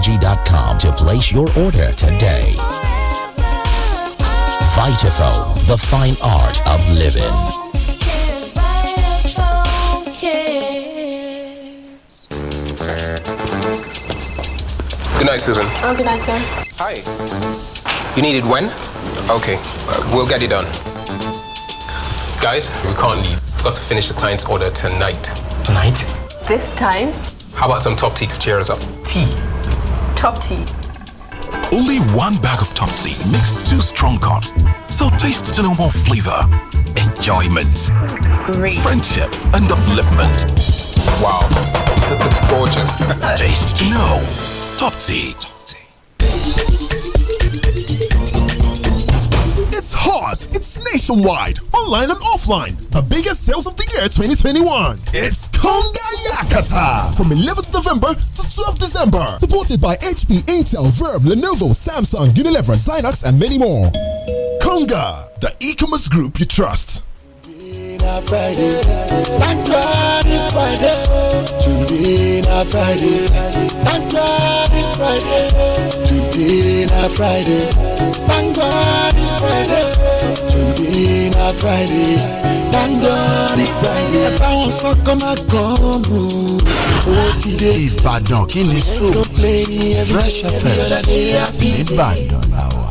to place your order today. Vitafo, the fine art of living. Good night, Susan. Oh, good night, sir. Hi. You need it when? Okay, uh, we'll get it done. Guys, we can't leave. We've got to finish the client's order tonight. Tonight? This time? How about some top tea to cheer us up? Tea? top tea. Only one bag of top tea makes two strong cups. So taste to know more flavor, enjoyment, Great. friendship, and upliftment. Wow, this is gorgeous. taste to know. Top tea. Top tea. It's hot. It's nationwide, online and offline. The biggest sales of the year 2021. It's Yakata from 11th November to 12th December. Supported by HP, Intel, Verve, Lenovo, Samsung, Unilever, Zynox, and many more. Conga, the e commerce group you trust. Friday na Friday. Thank God it's Friday. Ẹ bá wọn sọ kọ́ máa kàn mú. Owó ti dé. Ìbàdàn kí ni so? Fresh affair Ìbàdàn la wà.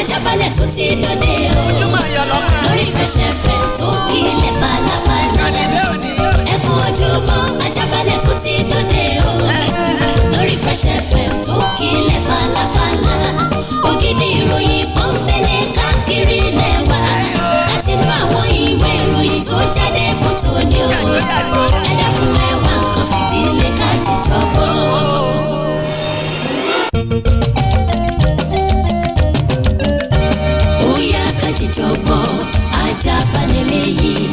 Ajábalẹ̀ tó ti dòde o. Lórí Fresh tó kílẹ̀ falafala. Ẹkún ojúbọ Ajábalẹ̀. Fresh FM tó kílẹ̀ falafala ògidì ìròyìn kan fẹ́lẹ̀ káàkiri lẹ́wà láti inú àwọn ìwé ìròyìn tó jáde fún tòní o ẹ dákun ẹ wá nǹkan fìdílé ká jíjọ gbọ́. ó gbọ́ ajá balẹ̀ lẹ́yìn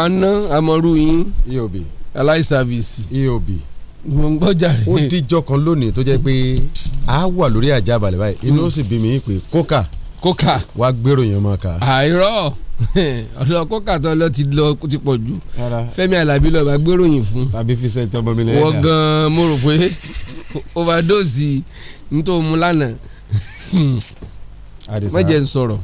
wa ná amọ̀rú yín e aláìsàvìsì eob mo ń gbọ́ jàre. ó kan lónìí tó jẹ́ pé a wà lórí ajá balẹ̀ báyìí inú ó sì bí mi pé kókà kókà wá gbèrò yẹn mọ́ ká. àìrọ́ ọ̀dọ̀ kókà tó lọ ti lọ ti pọ̀ jù Fẹ́mi Alábí bá fún. tàbí fi lẹ́yìn. wọ́n gan-an mo rò pé overdose nítorí mu lánàá. ń sọ̀rọ̀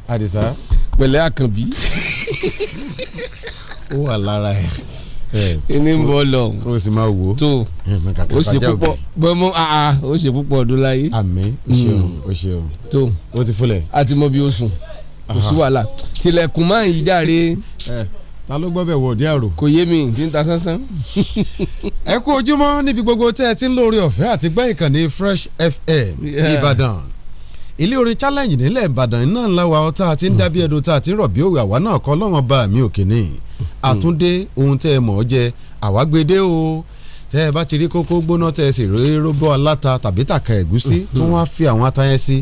ó wà lára ẹ̀ kíní ń bọ̀ lọ kó o sì máa wò ó tó o sì púpọ̀ bọ́mọ àà o sì púpọ̀ ọdún láyé. àmín o hmm. ṣeun o ṣeun tó o ti fúnlẹ̀. a ti mọ bí o sùn kò sí wàhálà tilẹ̀kùn máa ń yí járe ta ló gbọ́ bẹ̀ wọ̀ ọ̀dí àrò. kò yé mi ti ń ta sánsán. ẹ kú ojúmọ́ níbi gbogbo tẹ́ ẹ ti ń lóore ọ̀fẹ́ àti gbẹ́ ìkànnì fresh fm ìbàdàn ilé orin challenge nílẹ̀ ìbàdàn iná ńlá wa tá a ti ń dábí ẹ̀dùn tá a ti ń rọ̀ bí òwe àwa náà kọ́ lọ́wọ́n bá mi òkè ní àtúndé ohun tẹ́ ẹ mọ̀ ọ́ jẹ àwágbédé o tẹ́ ẹ bá ti rí kókó gbóná tẹ́ ẹ sì rí róbó aláta tàbí tàkà ẹ̀gúsí tí wọ́n á fi àwọn atayẹn sí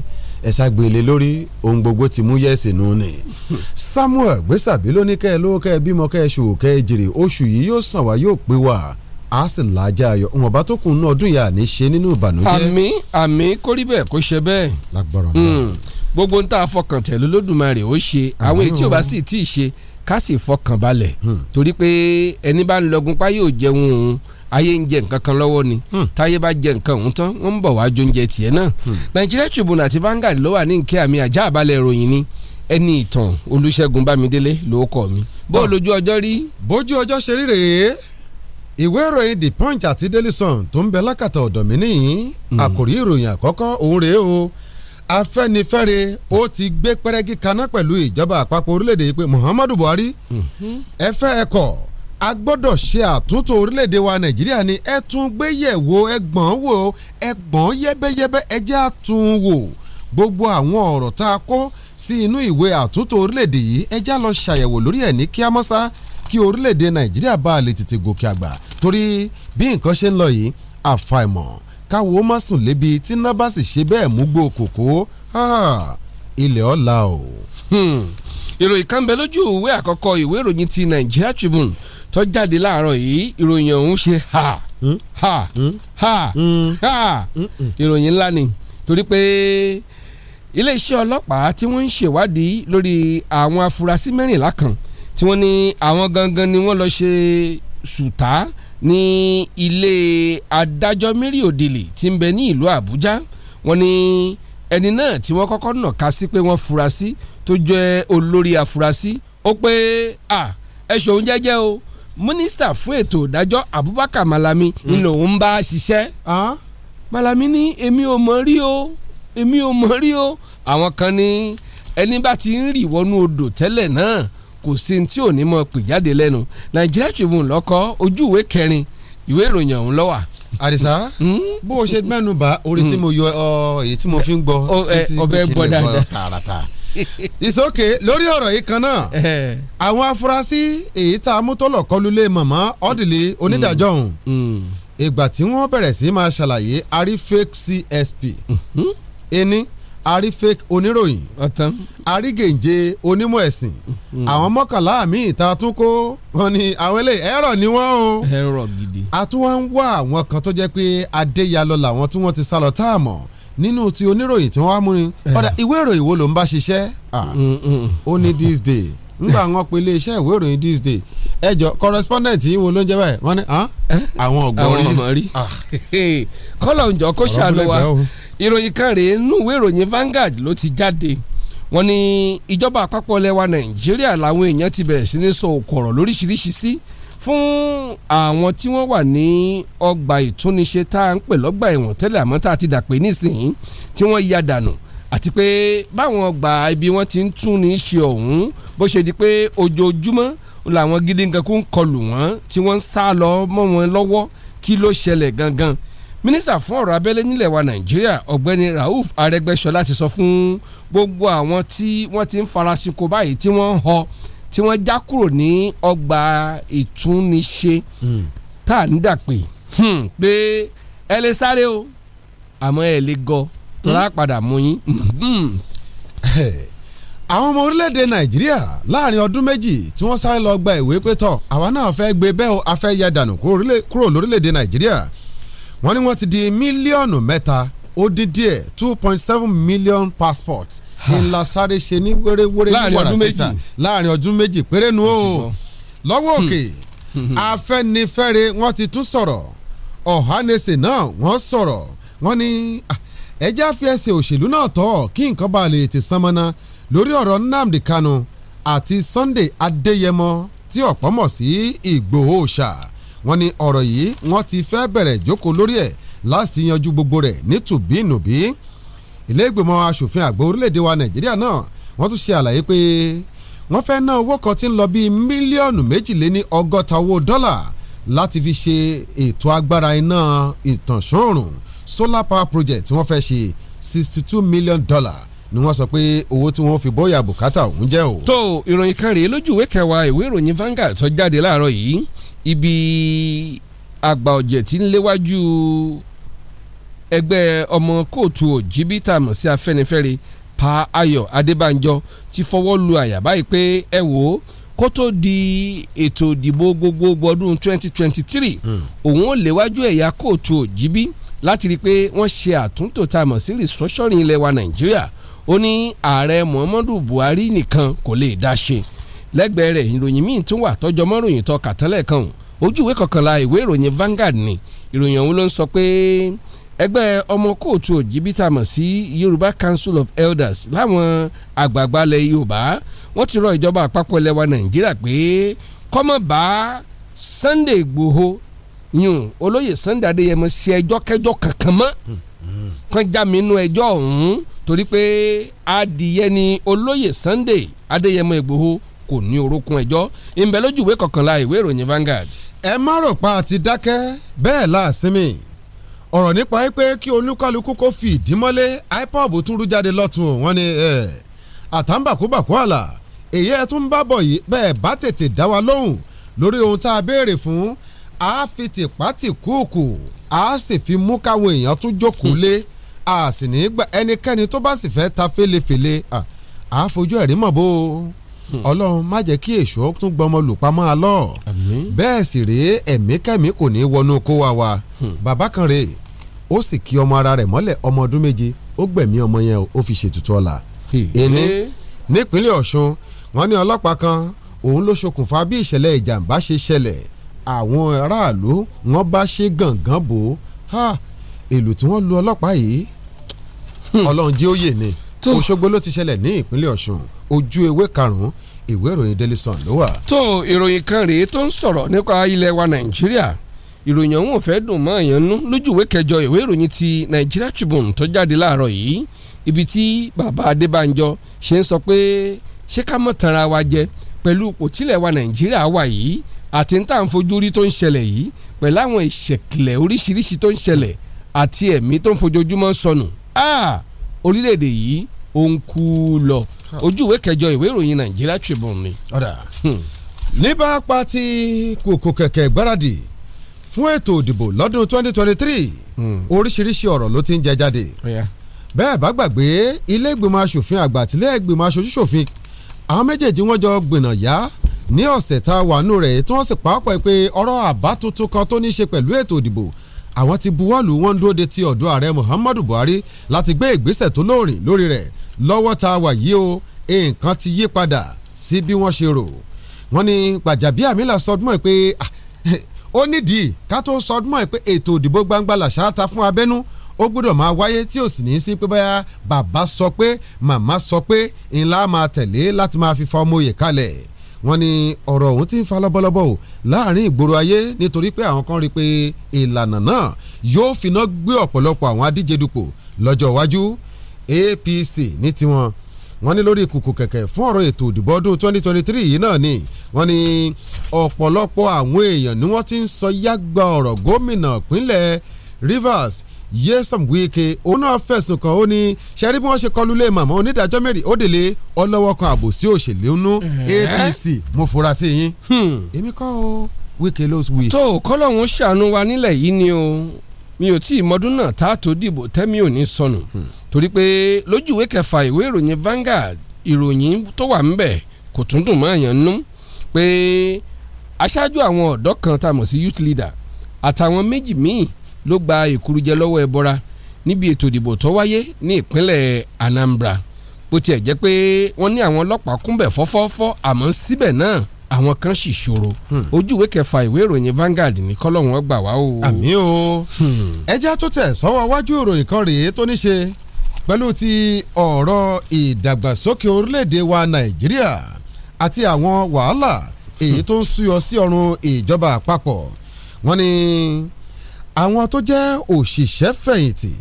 ẹ ṣàgbélé lórí ohun gbogbo ti mú yẹ́sì nù ni. Samuel gbèsàbí ló ní kẹ́ ẹ lówó kẹ́ ẹ bímọ kẹ́ ẹ ṣòwò kẹ́ ẹ jèrè oṣù yìí yóò sàn wá yóò pé wá a sì lájà ayọ̀ wọn bá tó kùn ní ọdún yà ní ṣe nínú ìbànújẹ́. àmín àmín kó bẹ́ẹ̀ kó ṣe bẹ́ẹ̀. lágbára hmm, náà. gbogbo ń tá a lódùmarè ó ṣe àwọn èyí ò bá sì tí ì ṣe ká sì fọkàn balẹ̀ hmm. torí pé ẹni bá ń lọgun pa yóò jẹun òun ayé ń jẹ nǹkan kan lọ́wọ́ ni hmm. táyé bá jẹ nǹkan òun tán wọ́n ń bọ̀ wá jóúnjẹ tiẹ̀ náà hmm. Nigeria Tribune àti Vanguard ló wà ní nkẹ́ àmì àjá àbálẹ̀ ìròyìn ni ẹni ìtàn Olúṣẹ́gun Bámidélé ló kọ́ mi bó lójú ọjọ́ rí. bójú ọjọ́ ṣe rí rèé ìwé ìròyìn The Punch àti Daily Sun tó ń bẹ lákàtà ọ̀dọ̀ mi nìyí àkòrí ìròyìn àkọ́kọ́ òun rèé o afẹ́nifẹ́re ó ti gbé pẹ́rẹ́gì kaná pẹ̀lú ìjọba àpapọ̀ orílẹ̀-èdè yìí pé Muhammadu Buhari mhm. ẹ fẹ́ ẹ kọ̀ a gbọ́dọ̀ ṣe àtúntò orílẹ̀-èdè wa Nàìjíríà ni ẹ tún gbé yẹ̀wò ẹgbọ̀n wò ẹgbọ̀n yẹ́bẹ́yẹ́bẹ́ ẹ àtún wò gbogbo àwọn ọ̀rọ̀ tá a kó sí inú ìwé àtúntò orílẹ̀-èdè yìí ẹ já lọ ṣàyẹ̀wò lórí ẹ̀ ní kíámọ́sá kí orílẹ̀-èdè Nàìjíríà bá a lè tètè gòkè àgbà torí bí nǹkan ṣe ń lọ yìí àfàìmọ̀ káwo má sùn lébi tí ná bá sì ṣe bẹ́ẹ̀ mú gbó kòkó ilẹ̀ ọ̀la o. Hmm. ìròyìn kan bẹ lójú ìwé àkọ́kọ́ ìwé ìròyìn ti Nigeria Tribune tó jáde láàárọ̀ yìí ìròyìn ọ̀hún ṣe ha hmm? ha hmm? ha ha ìròyìn ńlá ni torí pé iléeṣẹ́ ọlọ́pàá tí wọ́n ń ṣèwádìí lórí àwọn afurasí mẹ́rìnlá kan tí wọ́n ní àwọn gangan ni wọ́n lọ ṣe sùtá. So ní ilé adájọ́ Mary Odili tí ń bẹ ní ìlú Àbújá wọ́n ní ẹni náà tí wọ́n kọ́kọ́ nà ká sí pé wọ́n fura sí tó jẹ́ olórí afurasí ó pé ẹ ṣòun jẹ́jẹ́ o mínísítà fún ètò ìdájọ́ Abubakar Malami ń hmm. lòun ń bá ṣiṣẹ́ Malami ní èmi ò mọ̀ rí o èmi ò mọ̀ rí o àwọn kan ní ẹni bá ti ń rì wọnú odò tẹ́lẹ̀ náà kò sí ní tí ò ní mọ pè jáde lẹ́nu Nigeria Tribune lọ́kọ́ ojú ìwé kẹrin ìwé ìròyìn ọ̀hún lọ́wà àdìsá hmm? bó o ṣe mẹ́nu bá orí tí hmm. mo yọ ọ èyí tí mo fi ń gbọ́ sí ti kílẹ̀ bọ́ tààràtà ìsókè lórí ọ̀rọ̀ yìí kan náà àwọn afurasí èyí tá a mú tó lọ kọlu lé màmá ọ́dìlì onídàájọ́ ọ̀hún hmm. ìgbà tí wọ́n bẹ̀rẹ̀ sí máa ṣàlàyé arí fake CSP ẹni arifek oníròyìn arígèǹje onímọ̀ ẹ̀sìn hmm. àwọn mọ́kànlá míì ta tún kó wọn ni àwọn eléyìí ẹ̀rọ ni wọ́n o ẹ̀rọ gidi a tún wá ń wá àwọn kan tó jẹ́ pé adéyalọ làwọn tí wọ́n ti sálọ tá a mọ̀ nínú ti oníròyìn tí wọ́n wá mú ni eh. ọ̀dà ìwé ìròyìn wo ló ń bá ṣiṣẹ́ mm, mm, mm. ó ní this day nígbà wọn pe iléeṣẹ́ ìwé ìròyìn this day ẹjọ correspondent yìí wo ló ń jẹ báyìí wọ́n ní eh? àwọn ọ̀gbọ́n rí ah. kọ́lọ̀ ǹjọ́ kó ṣàlùwà ìròyìn kan rèé nùwé ìròyìn Vanguard ló ti jáde wọ́n ní ìjọba àpapọ̀ lẹwa Nàìjíríà làwọn èèyàn ti bẹ̀rẹ̀ sí ní sọ òkọ̀rọ̀ lóríṣiríṣi sí fún àwọn tí wọ́n wà ní ọgbà ìtúniṣe tá à ń pè lọ́gbà ẹ̀wọ̀n tẹ́lẹ̀ àmọ́ tá a ti dàpé nísìnyí tí wọ́n ya dànù àti pé báwọn ọgbà ibi wọ́n ti ń tún ní í ṣe ọ̀hún bó ṣe di pé ojoojúmọ́ làwọn gidi nǹkan kó ń kọlù wọ́n tí wọ́n ń sá lọ mọ́ wọn lọ́wọ́ kí ló ṣẹlẹ̀ gangan mínísítà fún ọ̀rọ̀ abẹ́lé nílẹ̀ wa nàìjíríà ọ̀gbẹ́ni rauf arẹ́gbẹ́ṣọlá ti sọ fún gbogbo àwọn tí wọ́n ti ń farasinko báyìí tí wọ́n ń họ tí wọ́n já kúrò ní ọgbà ìtúniṣe hmm. tá à ń dàpè hmm, pé ẹ lè sáré o àmọ́ ẹ lè gọ tó lá hmm. padà mú yín. àwọn ọmọ orílẹ̀-èdè nàìjíríà láàrin ọdún méjì tí wọ́n sáré lọ gba ìwé pé tọ̀ àwa náà fẹ́ gbé bẹ́ẹ̀ o a fẹ́ ya dànù kúrò lórílẹ̀-èdè nàìjíríà wọ́n ní wọ́n ti di mílíọ̀nù mẹ́ta ó dín díẹ̀ two point seven million passports ní lasare ṣe ní wéréwéré ní wàrà sísà láàrin ọdún méjì péré nu o lọ́wọ́ hmm. òkè hmm. afẹ́nifẹ́re wọ́n ti tún sọ̀rọ̀ ọ̀hánẹsẹ̀ náà wọ́n sọ̀rọ̀ wọ́n ní ah, ẹjẹ́ àfẹ́sẹ̀ òṣèlú náà tọ́ kí nǹkan bá lè ti sán mọ́ná lórí ọ̀rọ̀ Nnamdi Kanu àti Sunday Adéyẹmọ tí ọ̀pọ̀ mọ̀ sí Ìgbòho ṣáà wọ́n ní ọ̀rọ̀ yìí wọ́n ti fẹ́ bẹ̀rẹ̀ jókòó lórí ẹ̀ láti yanjú gbogbo rẹ̀ ní ilé ìgbìmọ̀ asòfin àgbà orílẹ̀-èdè wa nàìjíríà náà wọ́n tún ṣe àlàyé pé wọ́n fẹ́ ná owó kan tí ń lọ bíi mílíọ̀nù méjìléní ọgọ́ta owó dọ́là láti fi ṣe ètò agbára iná ìtànṣán solar power project tí wọ́n fẹ́ ṣe sixty two million dollar ni wọ́n sọ pé owó tí wọ́n fi bóyá bùkátà òun jẹ́ o. tó ìròyìn kan rèé lójú ìwé kẹwàá ìwé ìròyìn Vanguard tó jáde láàárọ̀ yìí ibi àgbà ọ̀jẹ̀ tí ń léwájú ẹgbẹ́ ọmọ kóòtù òjìbìtà mọ̀ sí afẹ́nifẹ́re pa ayọ̀ adébánjọ ti fọwọ́ lu àyà báyìí pé ẹ wò ó kó tó di ètò ìdìbò gbogbogbò ọdún 2023 hmm. òun ò léwájú ẹ̀yà kóòtù òjìbí láti rí i pé wọ́n ṣe àtúntò tá a mọ̀ sí restructuring ilẹ̀ wa nàìjíríà ó ní ààrẹ muhammadu buhari nìkan kò lè dá ṣe lẹ́gbẹ̀ẹ́ rẹ̀ ìròyìn míì tún wà tọ́jọ́ mọ́ ròyìn kan ojú ìwé kọkànlá ìwé ìròyìn Vanguard ni ìròyìn ọ̀hún ló ń sọ pé ẹgbẹ́ ọmọ kóòtù òjìbítà mọ̀ sí Yorùbá Council of Elders láwọn àgbààgbà ilẹ̀ Yorùbá wọ́n ti rọ ìjọba àpapọ̀ ilẹ̀ wa Nàìjíríà pé kọ́mọ̀ bá Sunday yùn olóyè Sunday Adéyẹmọ sí ẹjọ́ kẹjọ́ kankan mọ́ kan já mi nú ẹjọ́ ọ̀hún Sunday Adéyẹmọ kò ní orókun ẹjọ́ ìbẹ̀ lójú ìwé kọkànlá ìwé ìròyìn Vanguard. ẹ má rò pa àti dákẹ́ bẹ́ẹ̀ láàsínmì ọ̀rọ̀ nípa pé kí olúkálukú kó fi ìdí mọ́lé ipob tún rú jáde lọ́tún wọn ni àtàǹbàkúbàkú àlà èyí ẹ tún bá bọ̀ yìí bẹ́ẹ̀ bá tètè dá wa lóhùn lórí ohun tá a béèrè fún a fi tìpá tì kúùkù a sì fi mú káwọn èèyàn tún jókòó lé a sì ní gba ẹnikẹ́ni tó bá sì fẹ́ ta fẹ́lẹ́fẹ́lẹ́ a ẹ̀rí mọ̀ bó o ọlọ́run má jẹ́ kí èṣù ó tún gbọmọ lùpamọ́ alọ́ bẹ́ẹ̀ sì rèé ẹ̀mí kẹ́mi kò ní wọnú kó wa wa hmm. bàbá kan rèé ó sì kí ọmọ ara rẹ̀ mọ́lẹ̀ ọmọ ọdún méje ó gbẹ̀mí ọmọ yẹn ó fi ṣètùtù ọ̀la ìní nípínlẹ̀ ọ̀ṣun wọ́n ní ọlọ́pàá kan òun ló ṣokùnfà bí ìṣẹ̀lẹ̀ ìjàmbá ṣe ṣẹlẹ̀ àwọn aráàlú wọ́n bá ṣe gàngán bò ó èlò tí wọ́n lu ọlọ́pàá yìí hmm. ọlọ́run jẹ́ òye ni òṣogbo ló ti ṣẹlẹ̀ ní ìpínlẹ̀ ọ̀ṣun ojú ewé karùn ìwé ìròyìn Daily Sun ló wà. tó ìròyìn kan rèé tó ń sọ̀rọ̀ nípa ilẹ̀ wa Nàìjíríà ìròyìn ọ̀hún ò fẹ́ dùn mọ́ èèyàn nú lójú ìwé kẹjọ ìwé ìròyìn ti Nigeria Tribune tó jáde láàárọ̀ yìí ibi tí bàbá Adébánjọ ṣe ń sọ pé ṣé ká mọ̀ tanra wa jẹ pẹ̀lú ipò tílẹ̀ wa Nàìjíríà wà yìí àti ní tá à ń fojú rí tó ń ṣẹlẹ̀ yìí pẹ̀lú àwọn ìṣẹ̀kìlẹ̀ oríṣiríṣi tó ń ṣẹlẹ̀ àti ẹ̀mí tó ń fojoojúmọ́ sọnù orílẹ̀-èdè yìí ó ń kú lọ ojú ìwé kẹjọ ìwé ìròyìn Nigeria Tribune ni. ọ̀dà hmm. ní bá a pa ti kòkò kẹ̀kẹ́ gbáradì fún ètò òdìbò lọ́dún 2023 hmm. oríṣiríṣi ọ̀rọ̀ ló ti ń jẹ jáde bẹ́ẹ̀ bá gbàgbé ilé ìgbìmọ̀ asòfin àgbà àtìlẹ́ ìgbìmọ̀ aṣojú ṣòfin àwọn méjèèjì wọ́n jọ gbìnà yá ní ọ̀sẹ̀ tá a wà nù rẹ̀ tí wọ́n sì pàápàá pé ọ̀rọ̀ àbá tuntun kan tó ní í ṣe pẹ̀lú ètò òdìbò àwọn ti buwọ́lù wọn dúró ti ọ̀dọ̀ ààrẹ Muhammadu Buhari láti gbé ìgbésẹ̀ tó lóòrìn lórí rẹ̀ lọ́wọ́ tá a wà yìí o nǹkan ti yí padà sí bí wọ́n ṣe rò wọ́n ní Gbajabiamila sọdúnmọ́ ẹ pé ah, ó nídìí ká tó sọdúnmọ́ ẹ pé ètò òdìbò gbangba làṣà ta fún abẹ́nú ó gbọ́dọ̀ máa wáyé tí ò sì ní í sí pé báyà bàbá sọ pé màmá sọ pé ńlá máa tẹ̀lé láti máa fi fa ọmọ òye kalẹ̀ wọ́n ní ọ̀rọ̀ ọ̀hún ti ń fa lọ́bọ̀lọ́bọ̀ o láàrin ìgboro ayé nítorí pé àwọn kan rí i pé ìlànà náà yóò finá gbé ọ̀pọ̀lọpọ̀ àwọn adíje dupò lọ́jọ́ iwájú APC ní tiwọn wọ́n ní lórí ìkùkù kẹ̀kẹ́ fún ọ̀rọ̀ ètò ìdìbò ọdún 2023 yìí náà ni wọ́n ní ọ̀pọ̀lọpọ̀ àwọn èèyàn ni wọ́n ti ń sọ yágbá ọ̀rọ̀ gómìnà ìpínlẹ̀ Rivers Nyesom Wike òun náà fẹ̀sùn kàn ó ní ṣẹ́rí bí wọ́n ṣe kọlu lé màmá onídàájọ́ Mary Odele ọlọ́wọ́ kan àbòsí òṣèlú nú APC mo fura sí yín hmm. èmi kọ́ o Wike ló wí. tó kọ́lọ́hún ṣàánú wa nílẹ̀ yìí ni o mi ò tí ì mọdún náà tá tó dìbò tẹ́mi ò ní sọnù. Hmm torí pé lójú ìwé kẹfà ìwé ìròyìn Vanguard ìròyìn tó wà ńbẹ̀ kò tún dùn mọ́ àyàn nú pé aṣáájú àwọn ọ̀dọ́ kan tá a mọ̀ sí youth leader àtàwọn méjì míì ló gba ìkurujẹ lọ́wọ́ ẹbọra níbi ètò ìdìbò tó wáyé ní ìpínlẹ̀ Anambra bó tiẹ̀ jẹ́ pé wọ́n ní àwọn ọlọ́pàá kúnbẹ̀ fọ́fọ́fọ́ àmọ́ síbẹ̀ náà àwọn kan sì ṣòro hmm. ojú kẹfà ìwé ìròyìn Vanguard ní kọ́lọ́hún ọgbà wá o. àmì o hmm. ẹja tó tẹ̀ sọ́wọ́ wájú ìròyìn kan rèé tó ní ṣe pẹ̀lú ti ọ̀rọ̀ ìdàgbàsókè orílẹ̀-èdè wa nàìjíríà àti àwọn wàhálà èyí tó ń súyọ sí ọrùn ìjọba àpapọ̀ wọ́n ní àwọn tó jẹ́ òṣìṣẹ́ fẹ̀yìntì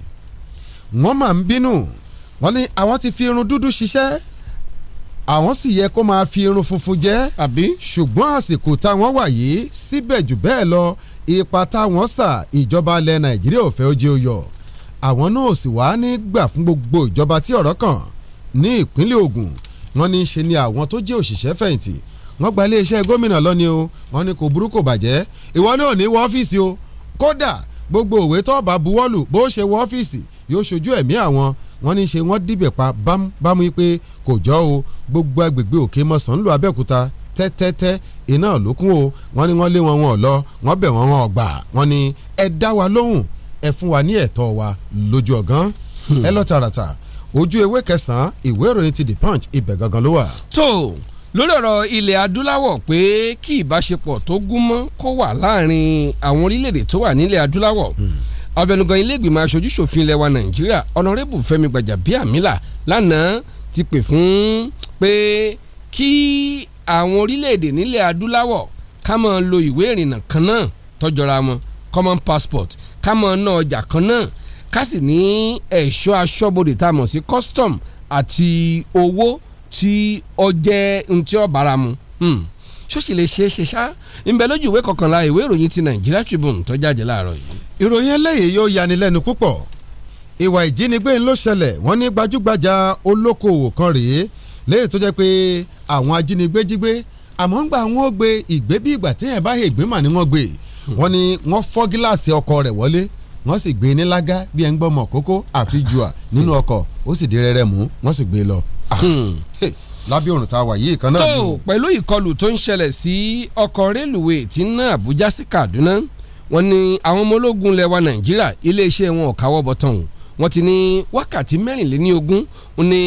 wọ́n máa ń bínú wọ́n ní àwọn ti fi irun dúdú ṣiṣẹ́ àwọn sì yẹ kó máa fi irun funfun jẹ́ ṣùgbọ́n àsìkò táwọn wà yìí síbẹ̀ jù bẹ́ẹ̀ lọ ipa táwọn sà ìjọba ilẹ̀ nàìjíríà ò fẹ́ ó jẹ́ ó yọ àwọn náà sì wá ní gbà fún gbogbo ìjọba tí ọ̀rọ̀ kàn ní ìpínlẹ̀ Ògùn wọ́n ní í ṣe ni àwọn tó jẹ́ òṣìṣẹ́ fẹ̀yìntì wọ́n gba iléeṣẹ́ gómìnà lọ́ni o wọ́n ní kò burú kò bàjẹ́ ìwọ náà ní wọ ọ́fíìsì o kódà gbogbo òwe tó bá buwọ́lù bó ṣe wọ ọ́fíìsì yóò ṣojú ẹ̀mí àwọn wọ́n ní ṣe wọ́n dìbẹ̀ pa bámú pé kò jọ o gbogbo agbègbè òkè mọ̀sán lù Abẹ́òkúta tẹ́tẹ́tẹ́ iná lókun o wọ́n ní wọ́n lé wọn wọn lọ wọ́n bẹ̀ wọ́n wọn ọgbà wọ́n ní ẹ dá wa lóhùn ẹ fún wa ní ẹ̀tọ́ wa lójú ọ̀gán hmm. ẹ lọ tààràtà ojú ewé kẹsàn-án ìwé ìròyìn ti the punch ibẹ̀ gangan ló wà. tó lórí ọ̀rọ̀ ilẹ̀ adúláwọ̀ pé kí ìbáṣepọ̀ tó gúnmọ́ kó wà láàrin àwọn orílẹ̀-èdè tó wà nílẹ̀ adúláwọ̀ hmm. abẹnugan ilé-ìgbìmọ̀ aṣojú-ṣòfin ilẹ̀ wa nàìjíríà ọ̀nàrẹ́bù fẹ́mi gbàjàbíàmílà lánàá ti pè fún pé kí àwọn orílẹ̀-èdè nílẹ̀ adúláwọ̀ ká máa lo ìwé ìrìnnà kan náà tọ́jọra wọn common passport ká mọ̀ ná ọjà kan náà ká sì ní ẹ̀ṣọ́ aṣọ́bodè tá a mọ̀ sí custom àti owó tí ó jẹ́ ntí ó bára mu hmm. ṣóṣì lè ṣe é ṣe ṣá ìbẹ̀ lójú ìwé kọkànlá ìwé ìròyìn ti Nigeria Tribune tó jáde láàárọ̀ yìí. ìròyìn eléyìí yóò yanilẹ́nu púpọ̀ ìwà ìjínigbé ló ṣẹlẹ̀ wọ́n ní gbajúgbajà olókoòwò kan rèé léyìí tó jẹ́ pé àwọn ajínigbé jígbé àmọ́ ń gbà wọ́n gbé ìgbé bí ìgbà téèyàn bá yẹ ìgbé mà ni wọ́n gbé wọ́n ní wọ́n fọ́ gíláàsì ọkọ̀ rẹ̀ wọlé wọ́n sì gbé e ní lágá bí ẹ ń gbọ́ mọ̀ kókó àfijùà nínú ọkọ̀ ó sì di rẹ́rẹ́ mú wọ́n sì gbé e lọ. Ah, hmm. lábẹ́ òrùn tá a wà yìí kan náà. tó pẹ̀lú ìkọlù tó ń ṣẹlẹ̀ sí ọkọ̀ rélùwé tí ń ná Àbújá sí Kaduna wọ́n ní àwọn ọmọ lẹwa Nàìjíríà iléeṣẹ́ wọn ò káwọ́ bọ̀tán o ti ní wákàtí mẹ́rìnléní ogún ní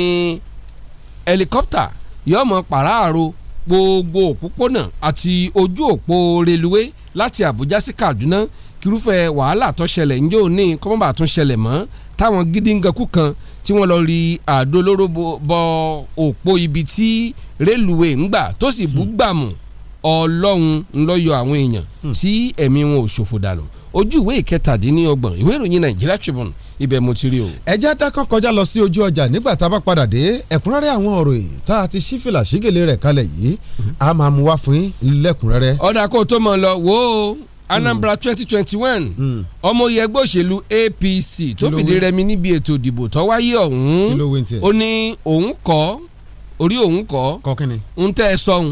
ẹlikọ́pítà yọ̀ọ́mọ̀ pàráàrò gbogbo òpópónà àti ojú òpó reluwé láti Àbújá sí Kaduna kírúfẹ́ wàhálà tó ṣẹlẹ̀ ń jò ní kọ́mọ́bà tún ṣẹlẹ̀ mọ́ táwọn gídíngankú kan tí wọ́n lọ rí àdó olóró bọ òpó ibi tí rélùwé ń gbà tó sì bú gbàmù ọlọ́run ńlọ́yọ̀ àwọn èèyàn hmm. tí ẹ̀mí wọn ò ṣòfò dànù ojú ìwé ìkẹtàdínlọ́gbọ̀n ìwé ìròyìn Nigeria Tribune ibẹ̀ mo ti rí o. ẹ já dákọ́ kọjá lọ sí ojú ọjà nígbà tá a bá padà dé ẹ̀kúnrẹ́rẹ́ àwọn ọ̀rọ̀ yìí tá a ti ṣí fìlà ṣígèlè rẹ̀ kalẹ̀ yìí a máa mú wá fún yín lẹ́kùnrẹ́rẹ́. ọ̀dà kó tó mọ̀ lọ wò Anambra hmm. twenty twenty one hmm. ọmọ oyè ẹgbẹ́ òṣèlú APC tó fìdí rẹmi níbi ètò ìdìbò tó wáyé ọ̀hún ó ní òun kọ́ orí òun kọ́ ń tẹ́ ẹ sọ́hun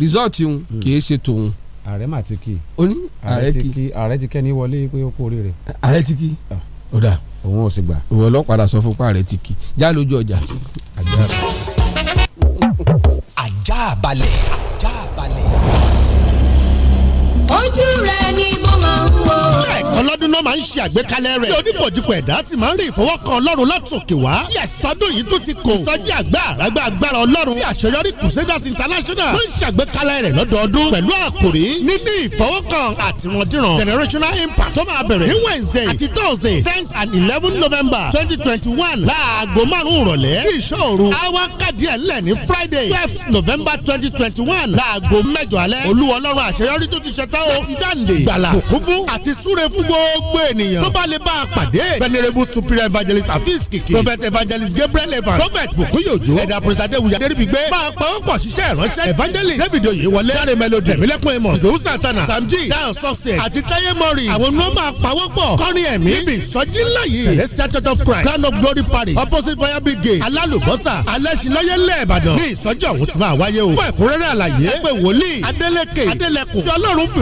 rìsọ́ọ̀tì òun hmm. kì í ṣe tòun ààrẹ mà ti kí i. ó ní ààrẹ ti kí ààrẹ ti kẹ́ni wọlé pé ó kú oríire. ààrẹ ti kí ah. ó dà òun ò sì gbà. ìwọ ọlọ́pàá sọ fún pa ti kí já lójú ọjà. ajá balẹ̀ ajá ojú rẹ ni mo máa ń wò. ọlọ́dún náà máa ń ṣe àgbékalẹ̀ rẹ̀. tí onípòjìpọ̀ ẹ̀dá sì máa ń rí ìfọwọ́kan ọlọ́run látòkè wá. yẹ̀sọ́dún yìí tó ti kò. ìsọjí àgbà àràgbà agbára ọlọ́run. tí àṣeyọrí Crusaders International. ló ń ṣàgbékalẹ̀ rẹ̀ lọ́dọọdún. pẹ̀lú àkòrí níní ìfọwọ́kan àtìmọ̀dìràn. generational impact tó máa bẹ̀rẹ̀ ní Wednesday àti Thursday tenth and eleven November 2021. twenty one láago márùn-ún rọ̀lẹ́. kí ìṣòro àwa kàdí Friday twelfth November twenty twenty one láago mẹ́jọ alẹ́. olú ọlọ́run àṣeyọrí tán o ti dáǹdè gbàlà kòkó àti súre fún gbogbo ènìyàn tó bá lè bá a pàdé venerable superior evangelist afis kìkì prophet evangelist gabriel evans prophet bukuyojo ẹ̀dà pòrìsàdé wuya dérìbìgbé máa pa ó pọ̀ ṣiṣẹ́ ìránṣẹ́ evangelist david oyewọlé dáre melody ẹ̀mílẹ́kùn ẹ̀mọ́ ìdòwú santana samji dan success àti táyé mọ́rì àwọn ni wọ́n máa pawọ́ pọ̀ kọ́rin ẹ̀mí níbi ìsọjí ńlá yìí celestial church of christ crown of glory parish opposite fire brigade alálùbọ́sà alẹ́sìnlọ́yẹ́lẹ̀ ìbàdàn ní ìsọjí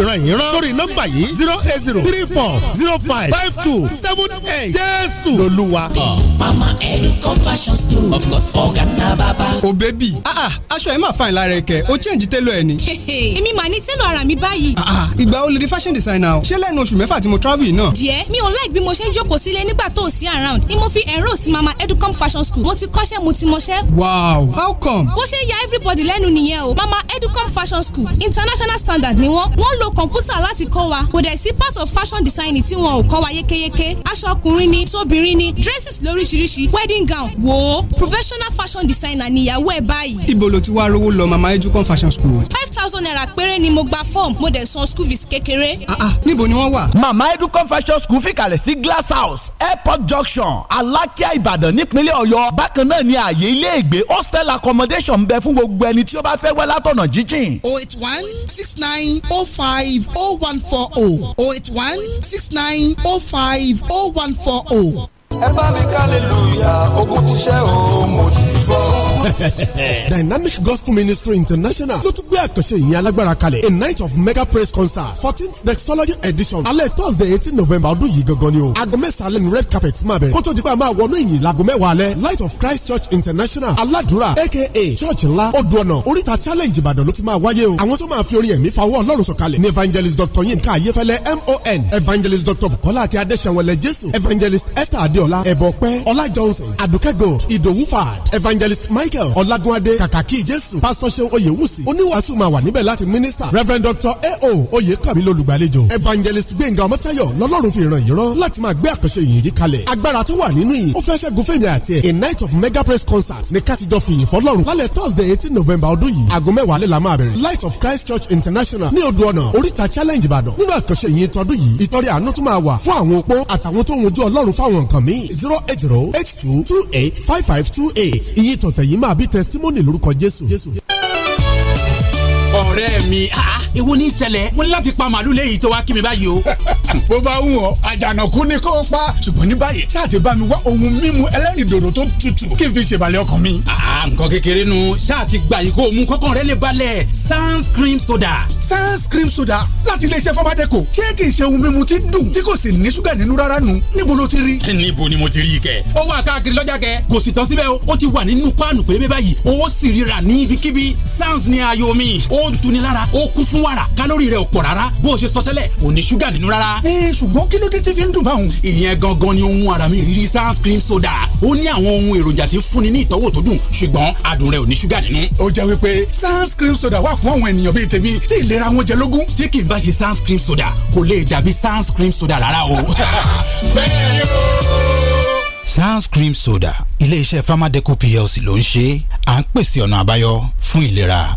ìran ìran sórí nọ́mbà yìí zero eight zero three four zero five five two seven eight jésù lolúwa. mama educom fashion school of course ọ̀gá ná bàbá. o bẹ́bí ah, ah, aṣọ ẹ̀ máa fa ìlara ẹ̀kẹ́ o change télọ̀ ẹ̀ ni. èmi màá ní télọ̀ ara mi báyìí. Ah, ìgbà wo lè di fashion designer o ṣé lẹ́nu oṣù mẹ́fà tí mo travel yìí náà. díẹ̀ mi ò like bí mo ṣe ń jókòó sílé nígbà tó o sí around ni mo fi enroll sí mama educom fashion school mo ti kọ́ṣẹ́ mo ti mọṣẹ́. wow how come. bó ṣe ya everybody lẹ́nu nìyẹn o mama educom fashion school international standard ni wọ́n wọ́n lo kọ̀ǹpútà láti kọ́ wa kò dẹ̀ sí part of fashion design tí wọn ò kọ́ wa yékéyéké aṣọ ọkùnrin ni tóbìnrin ni dresses lóríṣiríṣi wedding gown wo professional fashion designer níyàwó ẹ̀ báyìí. ibo ló ti wá rówó lọ mama ejukon fashion school. five thousand naira péré ni mo gba form mo dẹ̀ san school fees kékeré. ah ah níbo ni wọ́n wà. mama ejukon fashion school fìkàlẹ̀ sí glass house airport junction alákíá ìbàdàn nípínlẹ̀ ọ̀yọ́ bákan náà ni ààyè ilé ìgbé hostel accommodation ń bẹ fún gbogbo ẹni tí ó bá fẹ́ wá látọ̀nà jíjìn. oh eight one six nine oh five five oh one four oh oh eight one six nine oh five oh one four oh. ẹ bá mi ká lùyà ogun ti ṣẹ́ o mo ti bọ́. Dynamic Gospel Ministry International ló tún gbé àkànṣe ìyẹn alágbára kalẹ̀ a night of mega praise concert fourteenth Dextology edition alẹ́ Thursday eighteen November ọdún yìí gangan ni o aago mẹ́sàn-án lẹ́nu red carpet máa bẹ̀rẹ̀ kótó dípẹ́ máa wọnú ìyìn laago mẹ́wàá alẹ́ Light of Christ Church International aládùúrà aka church ńlá odò ọ̀nà oríta challenge Ìbàdàn ló ti máa wáyé o àwọn tó máa fi orin ẹ̀mí fawọ́ Ọlọ́run sọ̀kalẹ̀ ni evangelist Dr. Yinka Ayefẹ́lẹ́ MON evangelist Dr. Bukola Akin Adéṣẹ́wọlẹ̀ Jésù evangelist Esther Adéọlá ẹ̀bọ̀pẹ́ Ọlá Johnson Adùkẹ́ Gold evangelist Mike michael ọlágúnadé kàkàkí jésù pásítọ̀ ṣeun oyèwùsì oníwàásù máa wà níbẹ̀ láti mínísítà rev dr ao oyèkàmí lolùgbàlejò evangelist gbẹ̀ngà ọmọ́táyọ̀ lọ́lọ́run fi ràn yín rán láti máa gbé àkànṣe ìyìn yìí kalẹ̀ agbára tó wà nínú yìí ó fẹ́ ṣẹ́gun fèmí àti ẹ̀ a night of mega Press concert ní kátijọ́ fìyìn fọlọ́run lálẹ́ thursday eighteen november ọdún yìí aago mẹ́wàá lè la máa bẹ̀rẹ̀ light of christ church international ní odò ọ̀nà oríta challenge ìbàdàn nínú àkànṣe ìyìn tọdún yìí ìtọ́rí àánú tún máa wà fún àwọn opó àtàwọn tó ń wojú ọlọ́run fáwọn nǹkan míì zero eight zero eight two two eight five five two eight ìyìn tọ̀tẹ̀ máa bí testimony lórúkọ Jésù. ọ̀rẹ́ mi ah èwo ní ìṣẹ̀lẹ̀ mo ní láti pa màálù léyìí tó wá kí mi báyìí o. bó bá wù ọ́ àjànàkú ni kò pa ṣùgbọ́n ní báyìí ṣáà ti bá mi wá ohun mímu ẹlẹ́rìndòdò tó tutù kí n fi ṣèbàlẹ̀ ọkàn mi. àà nǹkan kékeré nu ṣáà ti gbà yìí kó o mú kọ́kàn rẹ lè balẹ̀ sans cream soda. sans cream soda láti iléeṣẹ́ fọ́bàdẹ́kọ̀ ṣé kì í ṣe ohun mímu tí dùn tí kò sì ní ṣúgà nínú rárá nu níbo ló ti rí. níbo ni mo ti rí i kẹ. ó wà káàkiri lọ́jà kẹ kò sì tán síbẹ̀ o ó ti wà nínú páànù pérébé báyìí ó sì ríra ní ibikíbi sans ni ayọ̀ mi ó ń tuni lára ó kún fún wàrà kálórì rẹ̀ ò pọ̀ rárá bó o ṣe sọ tẹ́lẹ̀ kò ní ṣúgà nínú rárá. ẹ ṣùgbọ́n kí ló dé tí fi ń dùn báwọn. ìyẹn gangan ni ohun ara mi rírí sunscreen soda ó ní àwọn ohun èròjà tí fúnni ní ìtọ́wò tó dùn ṣùgbọ́n adùn rẹ̀ ò ní ṣúgà nínú. ó jẹ́ wípé sunscreen soda wà fún àwọn ènìyàn bíi tèmi tí ìlera wọn jẹ lógún. tí kì í bá ṣe sunscreen soda kò lè dàbí sunscreen soda rárá o. bẹ́ẹ̀ soda ilé iṣẹ́ farmadeco plc ló ń ṣe à ń pèsè ọ̀nà àbáyọ fún ìlera.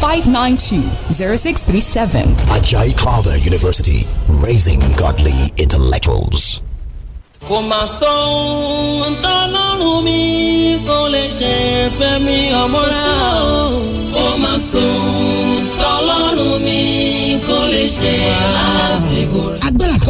592-0637. Ajay Carver University, raising godly intellectuals. kò sọ ohun mi kò lè ṣe fẹ́ mi ọmọ rẹ̀ kò sọ ohun mi kò lè ṣe lásìkò rẹ̀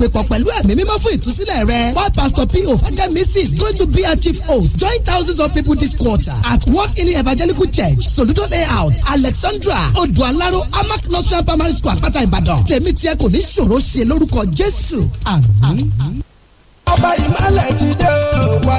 ìpèpọ̀ pẹ̀lú ẹ̀mí mímọ́ fún ìtúsílẹ̀ rẹ one pastor po fẹ́jẹ́ mrs going to be our chief host join thousands of people this quarter at world healing evangelical church soludo layout alexandra odualaro amak nursery primary school àpáta ìbàdàn tèmi tiẹ̀ kò ní ṣòro ṣe lórúkọ jésù àmín ọba ìmọ̀lẹ̀ ti dé o wa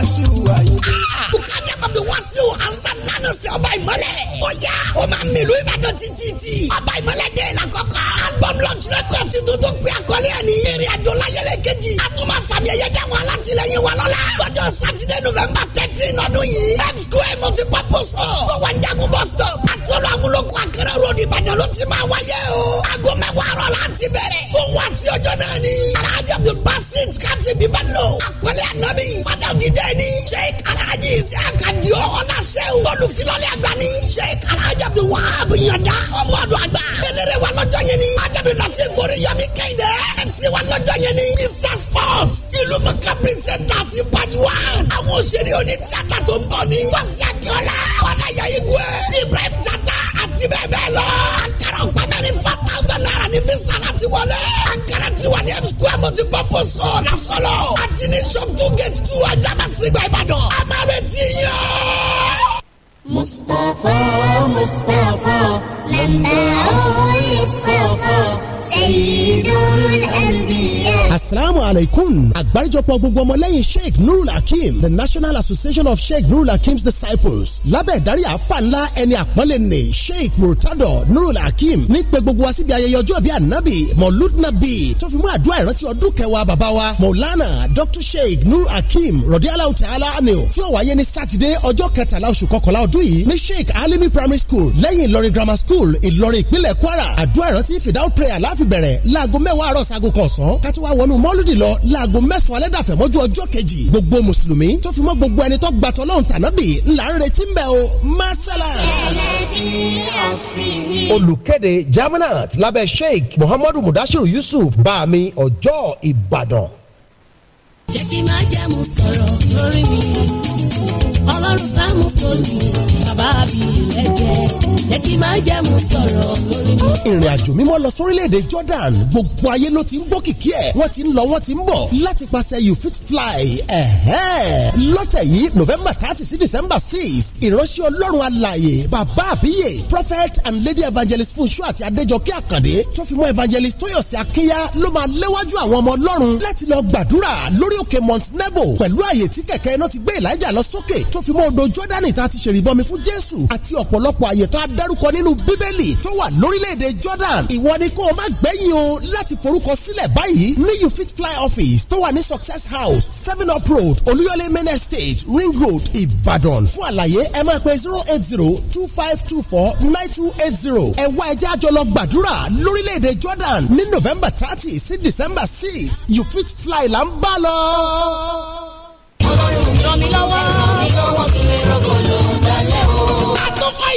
Ayinde. bukadi àpapọ̀ Wasiu asan nanu sí ọba ìmọ̀lẹ̀. ó yá o máa mi ìlú Ìbàdàn títí. ọba ìmọ̀lẹ̀ dé la kọ́kọ́. album launch record ti tuntun pé akọ́lé ẹni. eré àjò láyẹlẹ kejì. a tún máa fàmì ẹ̀yẹ dáhùn alátìlẹyìn wa lọ́la. lọ́jọ́ sátidé november thirteen ọdún yìí. m square multipurpose hall. tó wà ń jagun bus stop. àtúnṣe amúlòkọ akẹrẹ road Ìbàdàn ló ti máa wáyé o. aago mẹ́wàá rọ̀ la ti bẹ̀rẹ̀. fún Wasiu ọjọ́ náà ni. alhaji abdul basit kati bíbá lọ lò. àpẹẹrẹ ànábì fada òdìdẹ ni. sheik alhaji isiaka diọ ọlásẹ́wò. olùfilọ́lẹ̀ àgbà ni. sheik alhaji abdul wahab yọ̀dá ọmọdù àgbà. eléré wa lọ́jọ́ yẹn ni. ajabi láti forí yọmi kéde. mc wa lọ́jọ́ yẹn ni. mr sports ìlú mọ̀ká pírísẹ̀ntà ti pàjù wá. àwọn òṣèré oní tíátà tó ń bọ̀ ni. wọ́sí akíọ́lá ọ̀nàyà igwe ibrahim jata àti bẹ́ẹ̀ bẹ́ẹ̀ lọ. àkàrà ọ̀pamẹ́rin five thousand naira ní sísan àti wọlé. àkàrà tiwa ní m square multi purpose hall lásọ̀lọ̀ ní shop two gate two ajámasígbà ìbá. asalaamu alaykum àgbáríjọpọ̀ gbogbo ọmọlẹ́yìn sheikh nurul hakim the national association of sheikh nurul hakim's disciples lábẹ́ ìdarí àáfàá ńlá ẹni àpọ́nlé ni sheikh murtado nurul hakim ní pé gbogbo wa síbi ayẹyẹ ọjọ́ bíi ànábì mọ̀lúd nàbì tó fi mú àdúrà ìrántí ọdún kẹwàá bàbá wa maulana dr sheikh nurul hakim rọ̀díàlà ta'ala anil tí ó wáyé ní sátidé ọjọ́ kẹtàlá oṣù kọkànlá ọdún yìí ní sheikh alimi primary school lẹ́yìn ìlọrin grammar school ìlọrin ìpínlẹ̀ kwara àdúrà ìrántí fìdáwọ́ prayer láfi bẹ̀rẹ̀ láago mẹ́wàá àárọ̀ sago kọ̀ọ̀sán kátó wá wọnú m mọ́lúdì lọ láago mẹ́sàn-án alẹ́ dàfẹ́ mọ́jú ọjọ́ kejì gbogbo mùsùlùmí tó fi mọ́ gbogbo ẹni tó gbàtọ́ lọ́hùn tànábì ńlá ń retí ń o masala. olùkéde jamanat lábẹ́ sheikh muhammadu mudashiru yusuf báàmì ọjọ́ ìbàdàn. jẹ́ kí má jẹ́ mu sọ̀rọ̀ lórí mi ọlọ́run sáà mú sóòlù bàbá àbí ilẹ̀ jẹ́ jẹ́ kí máa jẹ́ mu sọ̀rọ̀ lórí. ìrìn àjò mímọ́ lọ sórílẹ̀-èdè Jordan gbogbo ayé ló ti ń gbọ́ kìkì ẹ̀ wọ́n ti ń lọ wọ́n ti ń bọ̀ láti pàṣẹ you fit fly lọ́tẹ̀ yìí November thirty sí December six ìránṣẹ́ ọlọ́run alààyè bàbá àbíyè prophet and lady evangelist Fúnṣọ́ àti Adéjọkẹ́ Àkàndé tó fi mọ́ evangelist Tóyọ̀sí Akínyá ló máa léwájú àwọn ọmọ ọlọ́run láti lọ gbàdúrà lórí òkè Mount Nebo pẹ̀lú àyè tí kẹ̀kẹ́ iná ti gbé Èlíjà lọ sókè tó fi mọ́ odò Jordan tá a ti ṣèrìbọmi fún Jésù àti ọ̀pọ̀lọpọ̀ àyè tó á dárúkọ nínú bíbélì tó wà lórílẹ̀‐èdè Jordan ìwọ ni kó o má gbẹ̀yìn o láti forúkọ sílẹ̀ báyìí ní you fit fly office tó wà ní success house seven up road olúyọlé main estate ring road Ìbàdàn fún àlàyé ẹ máa pe zero eight zero two five two four nine two eight zero ẹ wá ẹjẹ́ àjọlọ gbàdúrà lórílẹ̀‐èdè Jordan ní November thirty sí December six you fit fly là ń bá lọ. ọlọ́run ràn mí lọ́wọ́ ràn mí lọ́wọ́ kí lè rọ́gọ́ lọ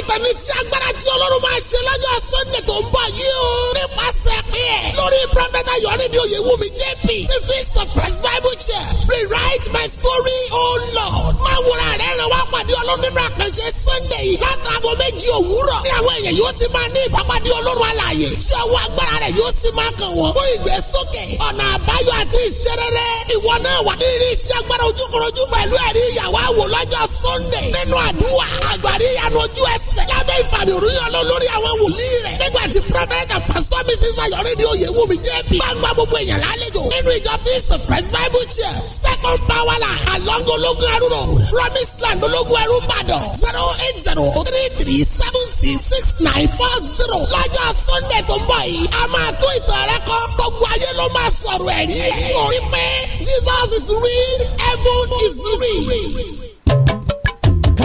ìtàn ní sí agbára tí Ọlọ́run máa ṣe lọ́jọ́ Sunday tó ń bọ̀ yìí o nípasẹ̀ bẹ́ẹ̀. lórí prọfẹ̀tà yọ̀ọ́nìdí òye wù mí jp ti feast of christ bible church rewrite my story oh lord. máa wúra rẹ̀ rẹ̀ wá pàdé ọlọ́run nínú àpẹ̀ṣẹ̀ sunday yìí látàgò méjì òwúrọ̀ ní àwọn èèyàn yóò ti máa ní ìbápadé ọlọ́run alààyè tí ọwọ́ agbára rẹ̀ yóò sì máa kàn wọ́n fún ìgbésókè ọ̀nà àbáyọ àti ìṣerere ìwọ náà wà nínú iṣẹ́ agbára ojúkorojú pẹ̀lú ẹ̀rí ìyàwó àwò lọ́jọ́ sunday nínú àdúrà àgbàrí ìyanu ojú ẹsẹ̀ lábẹ́ ìfàmì òrùyàn lọ lórí àwọn wòlíì rẹ̀ adégbà àti prọfẹ̀tà pásítọ̀ mrs ayọ̀rẹ́ ni oyè wù mí jẹ́bi. gbangba gbogbo èèyàn lálejò nínú ìjọ feast fresh bible church second power line along ológun arúgbó promise land ológun ẹrú ìbàdàn zero eight zero three three seven six six nine four zero lọ́jọ́ sunday tó ń bọ̀ yìí a máa tó ìtàn rẹ kọ́ gbogbo ayé ló máa sọ̀rọ̀ ẹ̀rí. torí pé jesus is real heaven is real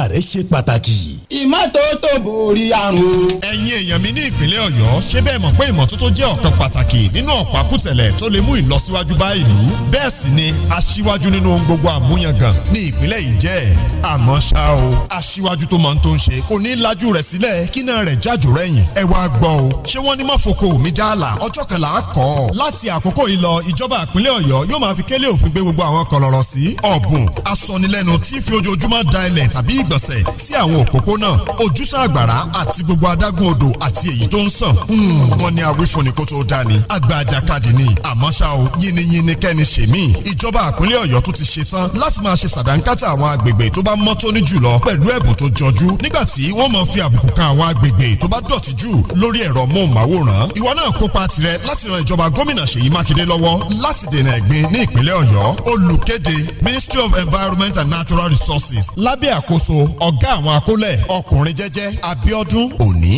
ìlera rẹ ṣe pàtàkì. ìmọ́tótó borí àrùn. ẹ̀yin èèyàn mi ní ìpínlẹ̀ ọ̀yọ́ ṣé bẹ́ẹ̀ mọ̀ pé ìmọ́tótó jẹ́ ọ̀kan pàtàkì nínú ọ̀pákùtẹ̀lẹ̀ tó lè mú ìlọsíwájú bá ìlú bẹ́ẹ̀ sì ni aṣíwájú nínú ohun gbogbo àmúyangàn ní ìpínlẹ̀ yìí jẹ́ àmọ́ ṣá o aṣíwájú tó máa ń tó ń ṣe kò ní lajú rẹ̀ sílẹ̀ kí náà rẹ̀ jájò rẹ̀yìn ẹ wá gbọ́ o ṣé wọ́n ní mọ́foko mi dáàlà ọjọ́ kan là kọ́ ọ láti àkókò yìí lọ ìjọba ìpínlẹ̀ ọ̀yọ́ yóò máa fi kélé òfin gbé gbogbo àwọn kọlọ̀rọ̀ sí ọ̀bùn asọnilẹ́nu tí fi ojoojúmọ́ da ilẹ̀ tàbí ì ìgbọ̀nsẹ̀ sí àwọn òpópónà ojúṣàn àgbàrá àti gbogbo adágún odò àti èyí tó ń sàn. Hmm, wọ́n ní awífúnni kó tó dá ni àgbà àjàkadì ni àmọ́ ṣá o yínníyínní kẹ́ni ṣe mí. ìjọba àpínlẹ̀ ọ̀yọ́ tún ti ṣe tán láti máa ṣe sàdánkátà àwọn agbègbè tó bá mọ́ tóní jùlọ pẹ̀lú ẹ̀bùn tó jọjú nígbà tí wọ́n máa fi àbùkù kan àwọn agbègbè tó bá dọ̀tí jù lórí ẹ̀rọ móhùnmáwòrán. ìwọ náà kópa tirẹ̀ láti ran ìjọba gómìnà Ṣèyí Mákindé lọ́wọ́ láti dènà ẹ̀gbin ní ìpínlẹ̀ ọ̀yọ́ olùkéde Ministry of Environment and Natural Resources lábẹ́ àkóso alákòóso ọ̀gá àwọn akólẹ̀ ọkùnrin jẹ́jẹ́ Abíọ́dún Òní.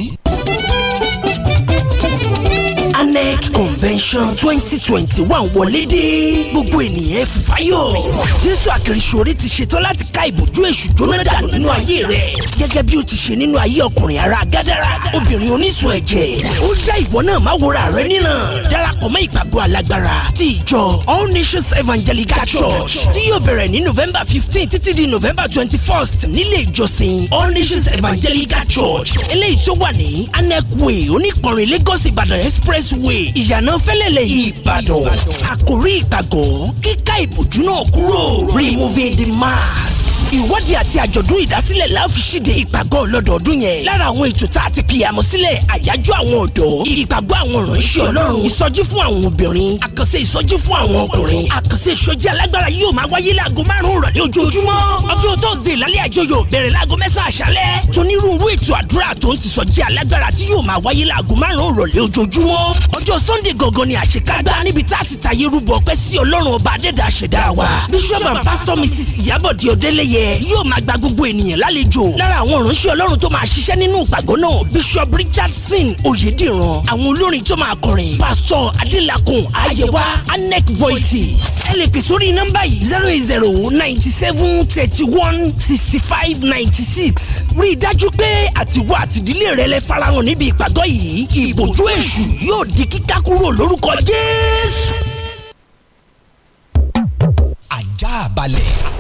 INEC convention twenty twenty one wọlé dé gbogbo ènìyàn fàyọ̀ jésù àkèrèsòrí ti ṣetán láti ká ìbòjú èṣù jóná dànù nínú ayé rẹ̀ gẹ́gẹ́ bí o ti ṣe nínú ayé ọkùnrin ara gádàrà obìnrin onísun ẹ̀jẹ̀ ó já ìwọ náà má wòra rẹ nínà darapọ̀ mọ́ ìpàgọ́ alágbára ti ìjọ all nations evangelical church tí yóò bẹ̀rẹ̀ ní november fifteen títí di november twenty first nílé ìjọsìn all nations evangelical church eléyìí tó wà ní anec way oníkọrin lagos ìbàdàn express highway ìyànà fẹ́lẹ́lẹ̀ ìbàdàn àkórí ìpàgọ́ kíká ìbòjú náà kúrò removing the mask ìwádìí àti àjọ̀dún ìdásílẹ̀ la fi ṣíde ìpàgọ́ ọlọ́dọọdún yẹn lára àwọn ètò tá a ti pi àmọ́ sílẹ̀ àyájọ́ àwọn ọ̀dọ́ ìpàgọ́ àwọn ìránṣẹ́ ọlọ́run ìsọjí fún àwọn obìnrin àkànṣe ìsọjí fún àwọn ọkùnrin àkànṣe ìsọjí alágbára yóò máa wáyé láago márùn-ún ìrọ̀lẹ́ ojoojúmọ́ ọjọ́ tóòzè lálẹ́ àjọyọ̀ bẹ̀rẹ̀ láago mẹ́sàn-án àṣálẹ́ tonírúurú ètò àdúrà tó ń ti sọjí alágbára tí yóò máa wáyé láago márùn-ún ìrọ̀lẹ́ ojoojúmọ́ ọjọ́ sunday gangan ni àṣekágbá níbi tá a ti tàyé rúbọ ọpẹ́ sí ọlọ́run ọba adẹ́dàá ṣẹ̀dá wa bishop and pastor mrs ìyábọ̀dé ọdẹ́lẹ́y ayẹyẹ yóò máa gba gbogbo ènìyàn lálejò lára àwọn ìránṣẹ́ ọlọ́run tó máa ṣiṣẹ́ nínú ìpàgọ́ náà bishop richardson oyediran àwọn olórin tó máa kọrin pásítọ̀ adélakùn ayẹwa anec voices ẹ sórí nọ́mbà yìí zero eight zero ninety seven thirty one sixty five ninety six rí i dájú pé àtiwọ́ àtìdílé rẹ lè farahàn níbi ìpàgọ́ yìí ìbòjú èṣù yóò di kíká kúrò lórúkọ jésù. ajá balẹ̀.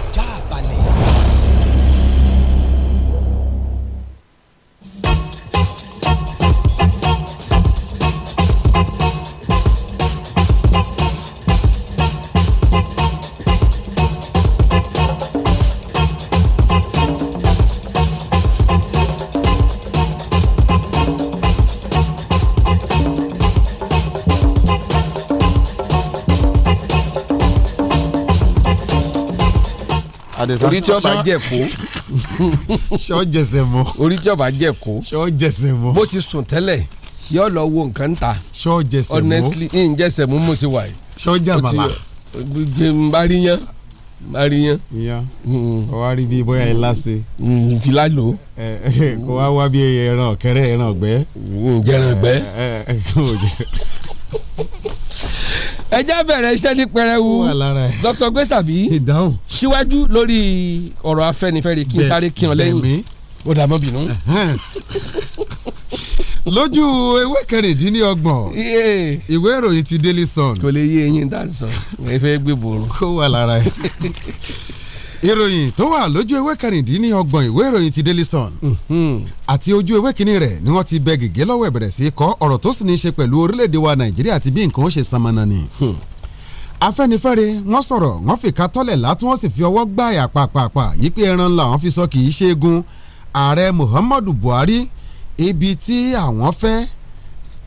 orí tí ọba jẹ kó. ṣọ́ jẹsẹ̀ bó ti sùn tẹ́lẹ̀ yóò lọ wo nǹkan ta. ṣọ́ honestly n jẹsẹ̀ mú mo ṣe wà yìí. ṣọ́ jà màmá. n bá rí yan n bá rí yan. yan hmm. kò wá rí bí bóyá hmm, ẹ láṣẹ. ìfìlà lò. kò wá wá bí ẹran ọ̀kẹ́rẹ́ ẹran ọ̀gbẹ́. ǹjẹ́ hmm, ẹran ọ̀gbẹ́ ẹ já bẹ̀rẹ̀ iṣẹ́ ní pẹrẹwu Dr. Gbèsàbí síwájú lórí ọ̀rọ̀ Afẹ́nifẹ́re kí n sáré kí ọ lẹ́yìn ó dààmú bínú. lójú ewé kẹrìndínlọ́gbọ̀n ìwé ìròyìn ti Daily Sun. kò lè yé eyín dáhùn sàn ẹ fẹ́ gbé bòrò. kó wà lára ẹ ìròyìn tó wà lójú ewé kẹrìndínlọ́gbọ̀n ìwé ìròyìn ti Daily Sun mhm. àti ojú ewé kínní rẹ̀ ni wọ́n ti bẹ gègé lọ́wọ́ ìbẹ̀rẹ̀ sí kọ́ ọ̀rọ̀ tó sì ní í ṣe pẹ̀lú orílẹ̀-èdè wa Nàìjíríà àti bí nǹkan ó ṣe sanmọ́nà ni. Hmm. Afẹ́nifẹ́re wọ́n sọ̀rọ̀ wọ́n fi ka látún wọ́n sì fi ọwọ́ gbáyà pàpàpà yìí pé ẹran làwọn fi sọ kì í ṣe egun ààrẹ Muhammadu Buhari ibi tí àwọn fẹ́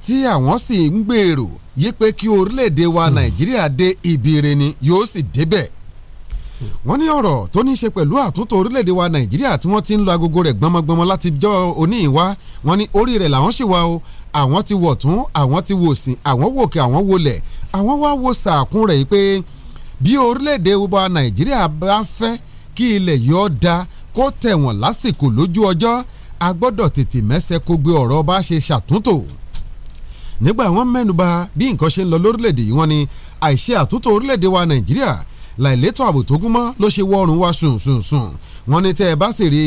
tí àwọn sì ń gbèrò yí pé kí orílẹ̀-èdè wa hmm. Nàìjíríà dé ibi ire ni yóò sì débẹ̀ wọ́n ní ọ̀rọ̀ tó ní í ṣe pẹ̀lú àtúntò orílẹ̀-èdè wa nàìjíríà tí wọ́n ti ń lo agogo rẹ̀ gbọmọgbọmọ láti jọ òní ìwá wọ́n ní orí rẹ̀ làwọn ṣì wà o àwọn ti wọ̀ tún àwọn ti wò sìn àwọn wò kí àwọn wò lẹ̀ àwọn wá wo sàkún rẹ̀ yìí pé bí orílẹ̀-èdè wa nàìjíríà bá fẹ́ kí ilẹ̀ yọ da kó tẹ̀ wọ́n lásìkò lójú ọjọ́ a gbọ́dọ̀ tètè mẹ́sẹ̀ kó gbé ọ̀rọ̀ bá ṣe ṣàtúntò nígbà wọ́n mẹ́nuba bí nǹkan ṣe ń lọ lórílẹ̀-èdè yìí wọ́n ní àìṣe àtúntò orílẹ̀-èdè wa nàìjíríà láìlétò ààbò tó gún mọ́ ló ṣe wọ ọrùn wa sùn sùn sùn wọ́n ní tẹ́ ẹ bá sì rí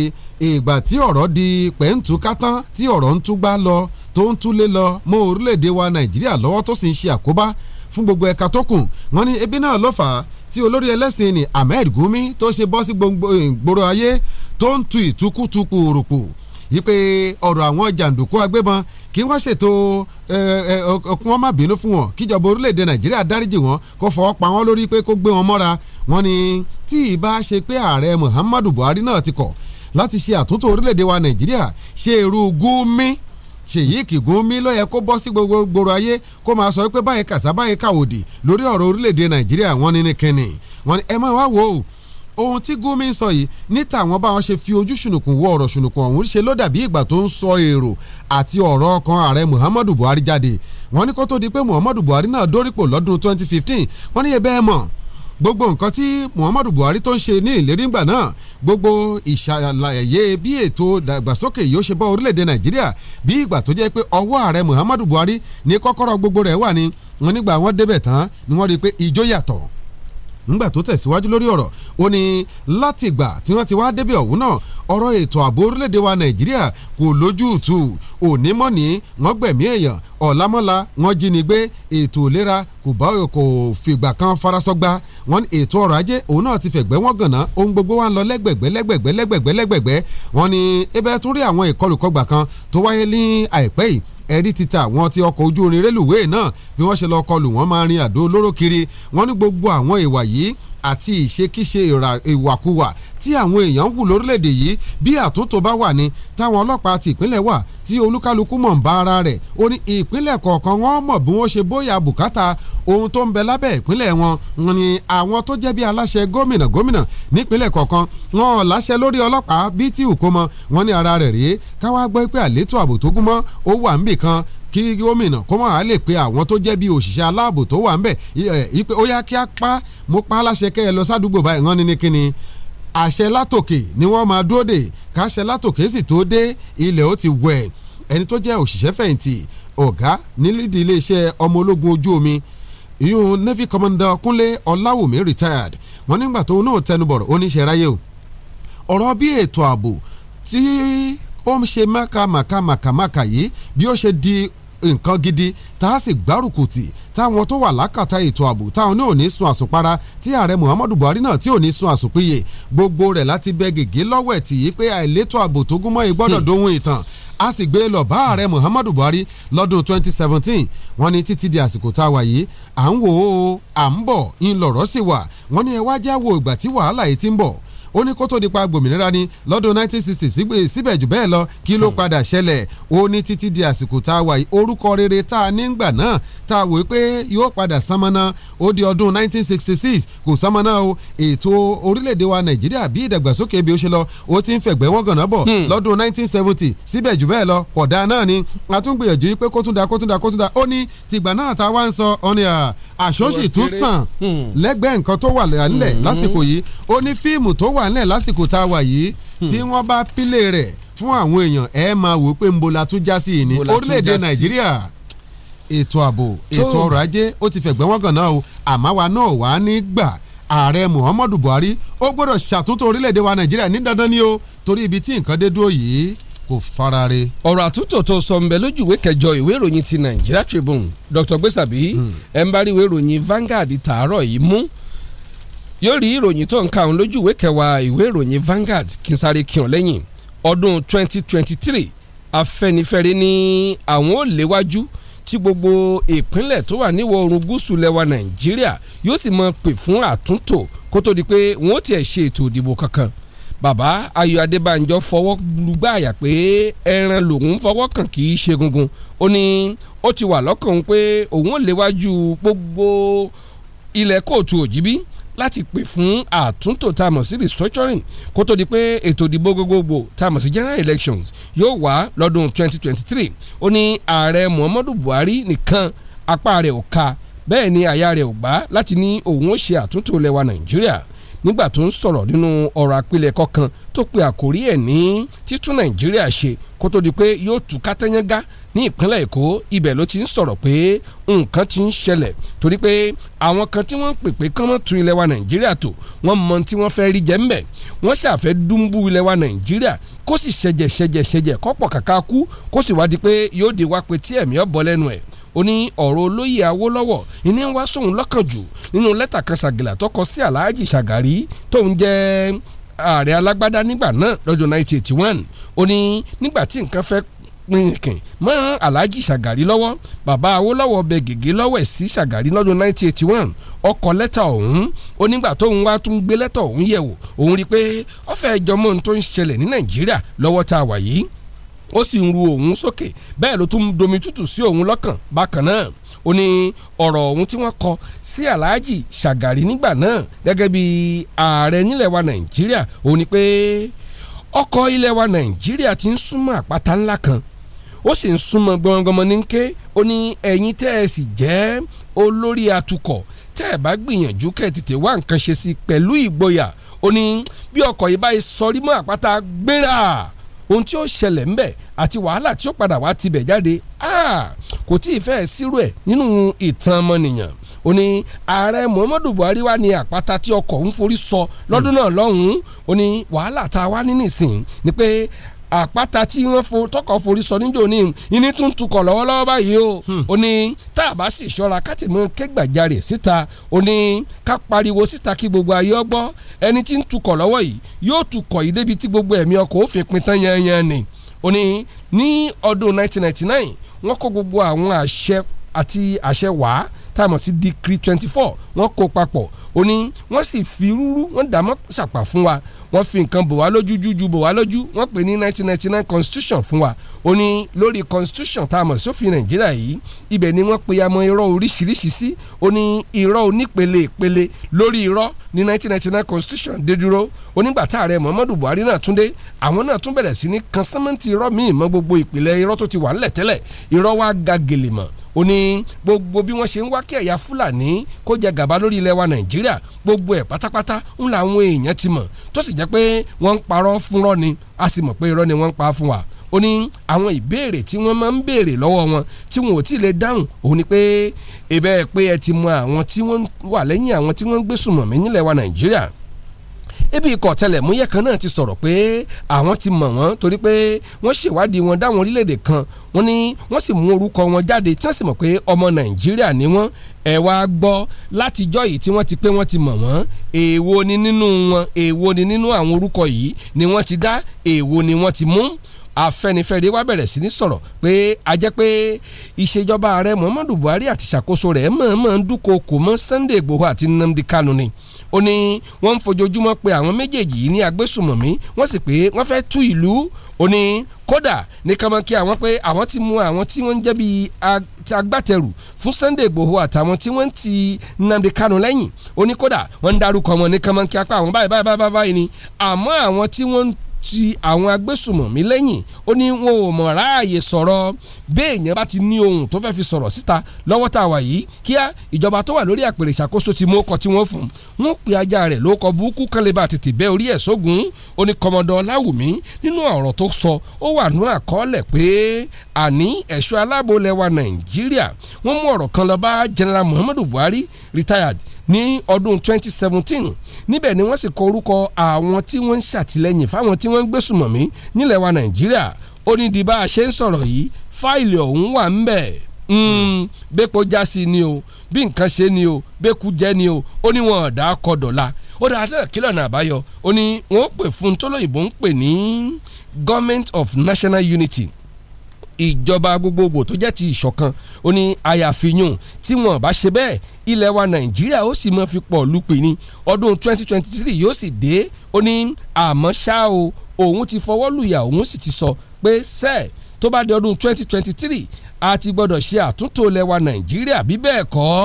ìgbà tí ọ̀rọ̀ di pẹ̀ǹtùká tán tí ọ̀rọ̀ ń túgbà lọ tó ń túlé lọ mọ́ orílẹ̀-èdè wa nàìjíríà lọ́wọ́ tó sì ń ṣe àkóbá fún gbogbo ẹ̀ka tó kù wọ́n ní ebi náà ló tí olórí ẹlẹ́sìn ni Ahmed Gumi tó ṣe bọ́ sí gbòòrò ayé tó ń tu ìtukùtukù òrùkù yí pé ọ̀rọ̀ àwọn jàǹdùkú agbébọn kí wọ́n ṣètò kí wọ́n má bínú fún wọn kíjọba orílẹ̀-èdè nàìjíríà dáríjì wọn kó fọwọ́ pa wọ́n lórí pé kó gbé wọn mọ́ra wọn ni tí ì bá ṣe pé ààrẹ muhammadu buhari náà ti kọ̀ láti ṣe àtúntò orílẹ̀-èdè wa nàìjíríà ṣe irú gúnmí ṣèyí kìgúnmí ló yẹ kó bọ́ sí gbogbogbòrò ayé kó máa sọ pé báyìí kàṣà báyìí kàwòdì lórí ọ̀rọ̀ orílẹ̀-èdè nàìjíríà wọn ní ní kẹ́ni wọn ni ẹ máa wá wò ó ohun tí Gumi ń sọ yìí níta àwọn báwọn ṣe fi ojú ṣùnùkùn wọ ọ̀rọ̀ ṣùnùkùn ọ̀hún ṣe ló dàbí ìgbà tó ń sọ èrò àti ọ̀rọ̀ ọkàn ààrẹ Muhammadu Buhari jáde wọ́n ní kó tó di pé Muhammadu Buhari náà dórípò lọ́dún 2015 wọ́n ní ebẹ́ ẹ mọ̀ gbogbo nǹkan tí Muhammadu Buhari tó ń ṣe ní ìlérí ńgbà náà gbogbo ìṣàlàyé bí ètò ìdàgbàsókè yóò ṣe bá orílẹ̀-èdè Nàìjíríà bí ìgbà tó jẹ́ pé ọwọ́ ààrẹ Muhammadu Buhari ní kọ́kọ́rọ́ gbogbo rẹ̀ wà ní wọ́n nígbà wọ́n débẹ̀ tán ni wọ́n rí i pé ìjó yàtọ̀ nígbà tó tẹ̀síwájú lórí ọ̀rọ̀ ó ní látìgbà tí wọ́n ti wá débẹ̀ ọ̀hún náà ọ̀rọ̀ ètò ààbò orílẹ̀-èdè wa nàìjíríà kò lójútùú òní mọ́ni wọ́n gbẹ̀mí èèyàn ọ̀làmọ́la wọ́n jínigbé ètò ìlera kùbáyò kò fìgbà kan farasọgbá wọn ètò ọrọ̀ ajé òun náà ti fẹ̀gbẹ́ wọn gànà ohun gbogbo wa ń lọ lẹ́gbẹ̀gbẹ́ lẹ́gbẹ̀gbẹ́ lẹ́gbẹ̀gbẹ́ lẹ́gbẹ̀gbẹ́ wọn ni ebe tún rí àwọn ìkọlùkọgbà kan tó wáyé ní àìpẹ́ yìí ẹ̀rí títa àwọn tí ọkọ̀ ojú irin rélùwéè náà bí wọ́n ṣe lọ kọlù wọ́n máa rin àdó olóró kiri wọ́n ní gbogbo àwọn ìwà yìí àti ìṣekíṣe ìwàkuwà tí àwọn èèyàn ń hù lórílẹ̀‐èdè yìí bí àtúntò bá wà ní táwọn ọlọ́pàá ti ìpínlẹ̀ wà tí olúkálukú mọ̀ ń bá ara rẹ̀ ó ní ìpínlẹ̀ kọ̀ọ̀kan wọ́n mọ̀ bí wọ́n ṣe bóyá bùkátà ohun tó ń bẹ lábẹ́ ìpínlẹ̀ wọn ni àwọn tó jẹ́ bí aláṣẹ gómìnà gómìnà nípínlẹ̀ kọ̀ọ̀kan wọn láṣẹ lórí ọlọ́pàá bíi tí ò kó mọ wọn ní ara rẹ̀ rèé káwá gbọ́ pé àlétò ààbò tó gúnmọ́ ó wà níbì kan kí gómìnà kó máa lè pe àwọn tó jẹ́ bí òṣìṣẹ́ aláàbò tó wà ń bẹ̀ ipe ó yá kí á pa mo pa aláṣẹ kẹ́ ẹ lọ sádùúgbò báyìí rán ni ní kíni àṣẹ látòkè ni wọ́n máa dúró dè káṣẹ látòkè sì tó dé ilẹ̀ ó ti wẹ̀ ẹni tó jẹ́ òṣìṣẹ́ fẹ̀yìntì ọ̀gá nílídìí iléeṣẹ́ ọmọ ológun ojú omi ìyún navy commander kúnlé ọláwùmí retired wọ́n nígbà tó náà tẹnubọ̀rọ̀ oníṣẹ́ ráyè ọ̀rọ̀ bí ètò ààbò tí ó ń ṣe mákàmàkàmàkàmàkà yìí bí ó ṣe di nǹkan gidi tá a sì gbárùkù tì táwọn tó wà lákàtà ètò ààbò táwọn náà ò sun àsùnpara tí ààrẹ Muhammadu Buhari náà tí ò ní sun àsùnpìyè gbogbo rẹ̀ láti bẹ gègé lọ́wọ́ ẹ̀ tì í pé àìlétò ààbò tó gúnmọ́ yìí gbọ́dọ̀ hmm. dohun ìtàn a sì gbé lọ bá ààrẹ Muhammadu Buhari lọ́dún 2017 wọ́n ní títí di àsìkò tá a wà yìí à ń wò ó à ń bọ̀ ń lọ̀rọ̀ sí wọ́n ní ẹ wá já wo ìgbà tí wàhálà yìí ti ń bọ̀ ó ní kó tó di pa gbòmìnira ni lọ́dún 1960 síbẹ̀ jù bẹ́ẹ̀ lọ kí ló hmm. padà ṣẹlẹ̀ ó ní títí di àsìkò tá a wà yìí orúkọ rere tá a nígbà náà tá a wòó pé yóò padà sánmọ́ná ó di ọdún 1966 kò sánmọ́ná o ètò orílẹ̀-èdè wa nàìjíríà bí ìdàgbàsókè bí ó ṣe lọ ó ti ń fẹ̀gbẹ́ wọ́gànà bọ̀ hmm. lọ́dún 1970 síbẹ̀ jù bẹ́ẹ̀ lọ kódà náà ni àtúngbìyànjú yìí pé kó tún da kó tún da kó tún da ó ní tìgbà náà tá a wá ń sọ wà nílẹ̀ lásìkò tá a wà yìí tí hmm. wọ́n bá pílé rẹ̀ fún àwọn èèyàn ẹ máa wò pé nbo la tún já sí ni orílẹ̀-èdè nàìjíríà ètò ààbò ètò ọrọ̀ ajé ó ti fẹ̀gbẹ́ wọn gànà o àmọ́ wa náà wà á ní gbà ààrẹ muhammadu buhari ó gbọ́dọ̀ ṣàtúntò orílẹ̀-èdè wa nàìjíríà ní dandan ni o torí ibi tí nǹkan dé dúró yìí kò farare. ọ̀rọ̀ àtúntò tó sọ ńbẹ lójú kẹjọ ìwé ìròyìn ti nigeria tribune dr gbèsàbí hmm. ẹ̀ ń bá rí ìwé ìròyìn Vanguard tààrọ̀ yìí mú yóò rí ìròyìn tó ń ka òun lójú ìwé kẹwàá ìwé ìròyìn Vanguard kí n sáré kí wọn lẹ́yìn ọdún 2023 Afẹ́nifẹ́re ní àwọn ò léwájú tí gbogbo ìpínlẹ̀ tó wà níwọ̀ oòrùn gúúsù lẹwa Nàìjíríà yóò sì mọ pè fún àtúntò kó tó di pé wọn ò tiẹ̀ ṣe ètò ìdìbò kankan bàbá Ayọ̀ Adébánjọ fọwọ́ lùgbàyà pé ẹran lòun fọwọ́ kàn kì í ṣe gungun ó ní ó ti wà lọ́kàn pé òun ò léwájú gbogbo ilẹ̀ kóòtù òjìbí láti pè fún àtúntò tá a mọ̀ sí restructuring kó tó di pé ètò ìdìbò gbogbogbò tá a mọ̀ sí general elections yóò wá lọ́dún 2023 ó ní ààrẹ Muhammadu Buhari nìkan apá rẹ̀ ò ka bẹ́ẹ̀ ni àyà rẹ̀ ò gbà láti ní òun ó ṣe àtúntò lẹ́wà Nàìjíríà nígbà tó ń sọ̀rọ̀ nínú ọ̀rọ̀ àpilẹ̀kọ kan tó pe àkórí ẹ̀ ní títún nàìjíríà ṣe kó tó di pé yóò tú kátẹ́yẹ́ngá ní ìpínlẹ̀ èkó ibẹ̀ ló ti ń sọ̀rọ̀ pé nǹkan ti ń ṣẹlẹ̀ torí pé àwọn kan tí wọ́n pèpè kán mọ́ tún ilẹ̀ wa nàìjíríà tò wọ́n mọ tí wọ́n fẹ́ rí jẹ́ ńbẹ̀ wọ́n ṣàfẹ́ dúnbú ilẹ̀ wa nàìjíríà kó sì ṣẹ̀jẹ̀ ṣẹ̀jẹ̀ ṣẹ̀jẹ̀ kọ́pọ̀ kàkà kú kó sì wá di pé yóò di wá pé tí ẹ̀mí ọ̀ bọ́ lẹ́nu ẹ̀ ó ní ọ̀rọ̀ olóyè Awólọ́wọ̀ ìní ń wá sóun lọ́kàn jù nínú lẹ́tà kan ṣàgìlà tó kọ sí Aláàjì Ṣàgàrí tóun jẹ́ ààrẹ alágbádá nígbà náà lọ́jọ́ 1981 ó ní nígbà tí nǹkan fẹ́ pinkin mọ́ Aláàjì Ṣàgàrí lọ́wọ́ bàbá Awólọ́wọ̀ bẹ gègé lọ́wọ́ ẹ̀ sí Ṣàgàrí lọ́jọ́ 1981 ó kọ lẹ́tà ọ̀hún ó nígbà tóun wá tún gbé lẹ́tà ọ̀hún yẹ̀wò òun rí i pé ó ó sì ń ru òun sókè bẹ́ẹ̀ ló tún domi tútù sí òun lọ́kàn bákan náà ó ní ọ̀rọ̀ ọ̀hún tí wọ́n kọ sí aláàjì ṣàgàrí nígbà náà gẹ́gẹ́ bí ààrẹ nílẹ̀ wa nàìjíríà ó ní pé ọkọ̀ ilẹ̀ wa nàìjíríà ti ń súnmọ́ àpáta ńlá kan ó sì ń súnmọ́ gbọmọgbọmọ ní ké ó ní ẹ̀yin tẹ́ ẹ sì jẹ́ olórí atukọ̀ tẹ́ ẹ bá gbìyànjú kẹ́ ẹ tètè wá nǹkan ṣe sí pẹ̀lú ìgboyà ó ní bí ọkọ̀ yìí báyìí sọrí mọ́ àpáta gbéra ohun tí ó ṣẹlẹ̀ ńbẹ̀ àti wàhálà tí ó padà wá tibẹ̀ jáde kò tí ì fẹ́ẹ̀ sírú ẹ̀ nínú ìtàn ọmọnìyàn o ní ààrẹ Muhammadu Buhari wà ní àpáta tí ọkọ̀ ń forí sọ lọ́dún náà lọ́hùn-ún ó ní wàhálà tá a wá ní nísìn ni pé àpáta tí wọ́n tọkọ̀ forí sọ níjó ní ìní tún tukọ̀ lọ́wọ́lọ́wọ́ báyìí o hmm. ó ní tá a bá sì ṣọ́ra ká tèmi kẹ́gbàjarè síta ó ní ká pariwo síta kí gbogbo ayé ọgbọ́ ẹni tí ń tukọ̀ lọ́wọ́ yìí yóò tukọ̀ yìí débi tí gbogbo ẹ̀mí ọkọ̀ òfin pin tán yanyan ni ó ní ní ọdún 1999 wọ́n kó gbogbo àwọn àṣẹ àti àṣẹ wàá tá a mọ̀ sí decree 24 wọ́n kó papọ̀ ó ní wọ́n sì fi rúrú wọ́n dà mọ́ sàpà fún wa wọ́n fi nǹkan bò wá lójú jújú bò wá lójú wọ́n pè ní 1999 constitution fún wa ó ní lórí constitution tá a mọ̀ sófin nàìjíríà yìí ibẹ̀ ni wọ́n pe amọ̀ irọ́ oríṣiríṣi sí ó ní irọ́ onípele ìpele lórí irọ́ ní 1999 constitution dé dúró onígbà tá ààrẹ muhammadu buhari náà tún dé àwọn náà tún bẹ̀rẹ̀ sí ní kan sẹ́mẹ́ǹtì irọ́ míì mọ́ gbogbo ìpìlẹ̀ irọ́ tó ti wà ńlẹ̀ tẹ́lẹ̀ irọ́ wa ga gèlè mọ́ ó ní gbogbo bí wọ́n ṣe ń wá kí ẹ̀yà fúlàní kó jẹ gàba lórí ilẹ̀ wa nàìjíríà gbogbo ẹ̀ pátápátá ń la àwọn èèyàn ti mọ̀ tó sì jẹ́ pé wọ́n ń parọ́ fúnrọ́ ni a sì mọ̀ pé irọ́ ni wọ́n ń pa fún wa ó ní àwọn ìbéèrè tí wọ́n máa ń béèrè lọ́wọ́ wọn tí wọn ò tí ì lè dáhùn òun ni pé ìbẹ́ẹ̀ pé ẹ ti mọ àwọn tí wọ́n wà lẹ́yìn àwọn tí wọ́n ń gbé sùnmọ̀mí nílẹ̀ wa nàìjíríà ebi ikọ̀ tẹlẹ̀múyẹ́ kan náà ti sọ̀rọ̀ pé àwọn ti mọ̀ wọ́n torí pé wọ́n ṣèwádìí wọn dáwọn orílẹ̀-èdè kan wọ́n ní wọ́n sì mú orúkọ wọn jáde tí wọ́n sì mọ̀ pé ọmọ nàìjíríà ni wọ́n ẹ wá gbọ́ látijọ́ yìí tí wọ́n ti pé wọ́n ti mọ̀ wọ́n èèwo ni nínú wọn èèwo ni nínú àwọn orúkọ yìí ni wọ́n ti dá èèwo ni wọ́n ti mú afẹ́nifẹ́re wá bẹ̀rẹ̀ sí ní sọ̀rọ̀ pé a jẹ́ pé ìṣèjọba ààrẹ muhammadu buhari àti ìṣàkóso rẹ̀ mọ̀ọ́mọ̀ ń dúnkookò mọ́ sunday igbòho àti nnamdi kanu ni ó ní wọ́n ń fojoojúmọ́ pé àwọn méjèèjì yìí ní agbésùmọ̀mí wọ́n sì pé wọ́n fẹ́ tú ìlú ó ní kódà ní kàmá kí àwọn pé àwọn ti mú àwọn tí wọ́n ń jẹ́ bíi agbátẹrù fún sunday igbòho àtàwọn tí wọ́n ń ti nnamdi kanu lẹ́yìn ó ní kódà wọ́n ń darúkọ wọn ní kàmá kí apá àwọn báyìí báyìí báyìí ni àmọ́ àwọn tí wọ́n ń ti àwọn agbésùmọ̀mí lẹ́yìn ó ní wọn ò mọ̀ ráàyè sọ̀rọ̀ béèyàn bá ti ní ohun tó fẹ́ fi sọ̀rọ̀ síta lọ́wọ́ tá a wà yìí kíá ìjọba tó wà lórí àpèrè ìṣàkóso ti mú ọkọ̀ tí wọ́n fún wọn pe ajá rẹ̀ ló kọ burúkú kan lè ba tètè bẹ́ orí ẹ̀ sógun ó ní kọmọdọ̀ Ọláwùmí nínú ọ̀rọ̀ tó sọ ó wà nínú àkọọ́lẹ̀ pé àní ẹ̀ṣọ́ aláàbò lẹwa Nàìjíríà wọ́n mú ọ̀rọ̀ kan lọ bá General Muhammadu Buhari retired ní ọdún 2017 níbẹ̀ ni wọ́n sì kọ orúkọ àwọn tí wọ́n ń ṣàtìlẹ́yìn fáwọn tí wọ́n ń gbésùmọ̀mí nílẹ̀ wa nàìjíríà ó ní di bá a ṣe ń sọ̀rọ̀ yìí fáìlì ọ̀hún wà ń bẹ̀ hmm, bẹ́pọ̀ já sí ni o bí nǹkan ṣe ni o bẹ́kú jẹ́ ni o ó ní wọn ọ̀dà kọdọ̀la ó dáa náà kílọ̀ náà àbáyọ ó ní wọn ó pè fún tọ́lọ́yìnbó ń pè ní government of national unity ìjọba gbogbogbò tó jẹ́ ti ìṣọ̀kan ó ní àyàfihàn tí wọn bá ṣe bẹ́ẹ̀ ilẹ̀ wa nàìjíríà ó sì mọ fi pọ̀ lùpì ní ọdún 2023 yóò sì dé ó ní àmọ́ ṣá o òun ti fọwọ́ lùyà òun sì ti sọ pé sẹ́ẹ̀ tó bá di ọdún 2023 a ti gbọ́dọ̀ ṣe àtúntò ilẹ̀ wa nàìjíríà bí bẹ́ẹ̀ kọ́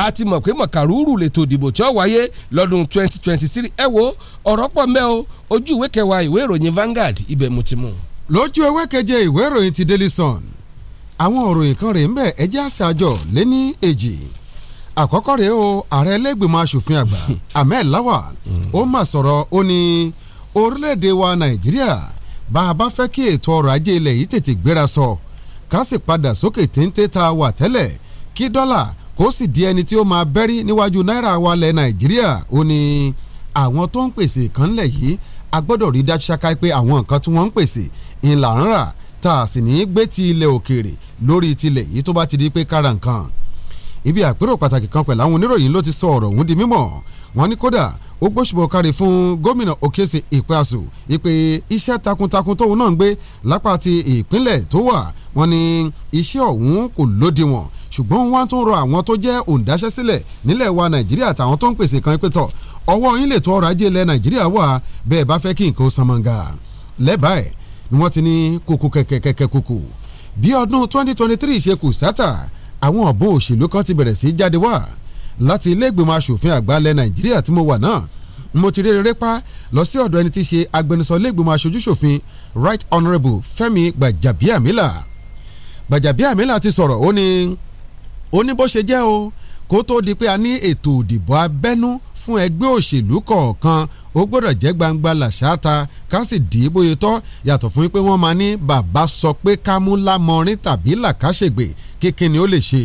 a ti mọ̀ pé mọ̀kàrúrù lètò ìdìbò tí ó wáyé lọ́dún 2023 ẹ wo ọ̀rọ̀ pọ̀ mẹ́ o ojú ìwé kẹwàá ìwé ìròyìn Vanguard ibẹ̀ mo ti mú. lójú ewé keje ìwé ìròyìn ti Daily Sun àwọn òròyìn kan rèé ń bẹ̀ ẹjẹ́ àṣàjọ lé èjì àkọ́kọ́ rèé o ààrẹ ẹlẹ́gbẹ̀mọ asòfin àgbà ahmed lawal ó hmm. mà sọ̀rọ̀ ó ní orílẹ̀-èdè wa nàìjíríà bá a bá fẹ́ kí ètò ọrọ̀ ajé ilẹ̀ yìí tètè gbéra sọ ká sì padà sókè téńté tá wà tẹ́lẹ̀ kí dọ́là kó sì di ẹni tí ó máa bẹ́rí níwájú náírà wa lẹ̀ nàìjíríà ó ní àwọn tó ń pèsè ìkànnlẹ̀ yìí a gbọ́dọ̀ rí dájú ṣáká pé àwọn nǹkan tí wọ́n ń pèsè ńlá ń rà tá a sì ní í gbé ti ilẹ̀ òkèèrè lórí tilẹ̀ yìí tó bá ti di pé kára nǹkan ibi àpérò pàtàkì kan pẹ̀lú àwọn oníròyìn ló ti sọ ọ̀rọ̀ ọ̀hún di mímọ̀ wọ́n ní kódà ó gbóṣùbọ̀ kárí fún gómìnà Okese Ikpeasu ìpè iṣẹ́ takuntakun tóun náà ń gbé lápá ti ìpínlẹ̀ tó wà wọ́n ní iṣẹ́ ọ̀hún kò lódiwọ̀n ṣùgbọ́n wọ́n tún rọ àwọn tó jẹ́ òǹdáṣẹ́sílẹ̀ nílẹ̀ wa Nàìjíríà àtàwọn tó ń pèsè kan pé tọ̀ ọwọ́ yín lè tó ọrọ̀ ajé ilẹ̀ Nàìjíríà wà bẹ́ẹ̀ bá fẹ́ kí nǹkan san mọ́ngà lẹ́bàá ẹ̀ ni wọ́n ti ní kòkò kẹ̀kẹ̀kẹ̀kẹ̀ kòkò bí ọdún 2023 ṣe kù sátà àwọn ọ̀bọ òṣèlú kan ti bẹ̀rẹ̀ sí í jáde wá láti ilé ìgbìmọ̀ asòfin àgbà ilẹ̀ nàìjíríà tí mo wà náà mo ti rí rere pa lọ sí ọ̀dọ̀ ẹni tí í ṣe agbẹnusọ ilé ìgbìmọ̀ aṣojúṣòfin right honourable fẹ́mi gbàjàbíàmílà gbàjàbíàmílà ti sọ̀rọ̀ ó ní ó ní bó ṣe jẹ́ o kó tó di pé a ní ètò òdìbò abẹ́nú fún ẹgbẹ́ òṣèlú kọ̀ọ̀kan ó gbọ́dọ̀ jẹ́ gbangba làṣáta ká sì dì í bóyá tọ́ yàtọ̀ fún pé wọ́n máa ní bàbá sọ pé kámú lámọrin tàbí làkàṣègbè kíkín ni ó lè ṣe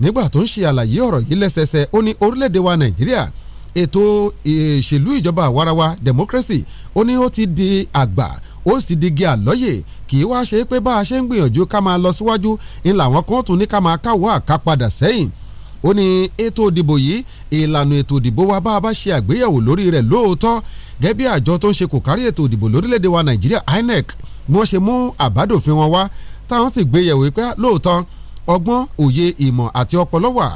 nígbà tó ń ṣe àlàyé ọ̀rọ̀ yìí lẹ́sẹsẹ ó ní orílẹ̀-èdè wa nàìjíríà ètò e, ìṣèlú ìjọba àwarawa democracy ó ní ó ti di àgbà ó sì digi àlọ́yè kì í wá ṣe pé bá a ṣe ń gbìyànjú ká máa lọ síwájú ńlá àwọn kan tún ní ká máa káwọ́ àká padà sẹ́yìn ó ní ètò òdìbò yìí ìlànà ètò òdìbò wa bá a bá ṣe àgbéyẹ̀wò lórí rẹ̀ lóòótọ́ gẹ́gẹ́ bí àjọ tó ń ṣe kò kárí ètò òdìbò lórílẹ̀‐èdè wa Nàìjíríà INEC bí wọ́n ṣe mú àbádòfin wọn wá táwọn sì gbé yẹ̀wò pé lóòótọ́ ọgbọ́n òye ìmọ̀ àti ọpọlọ wà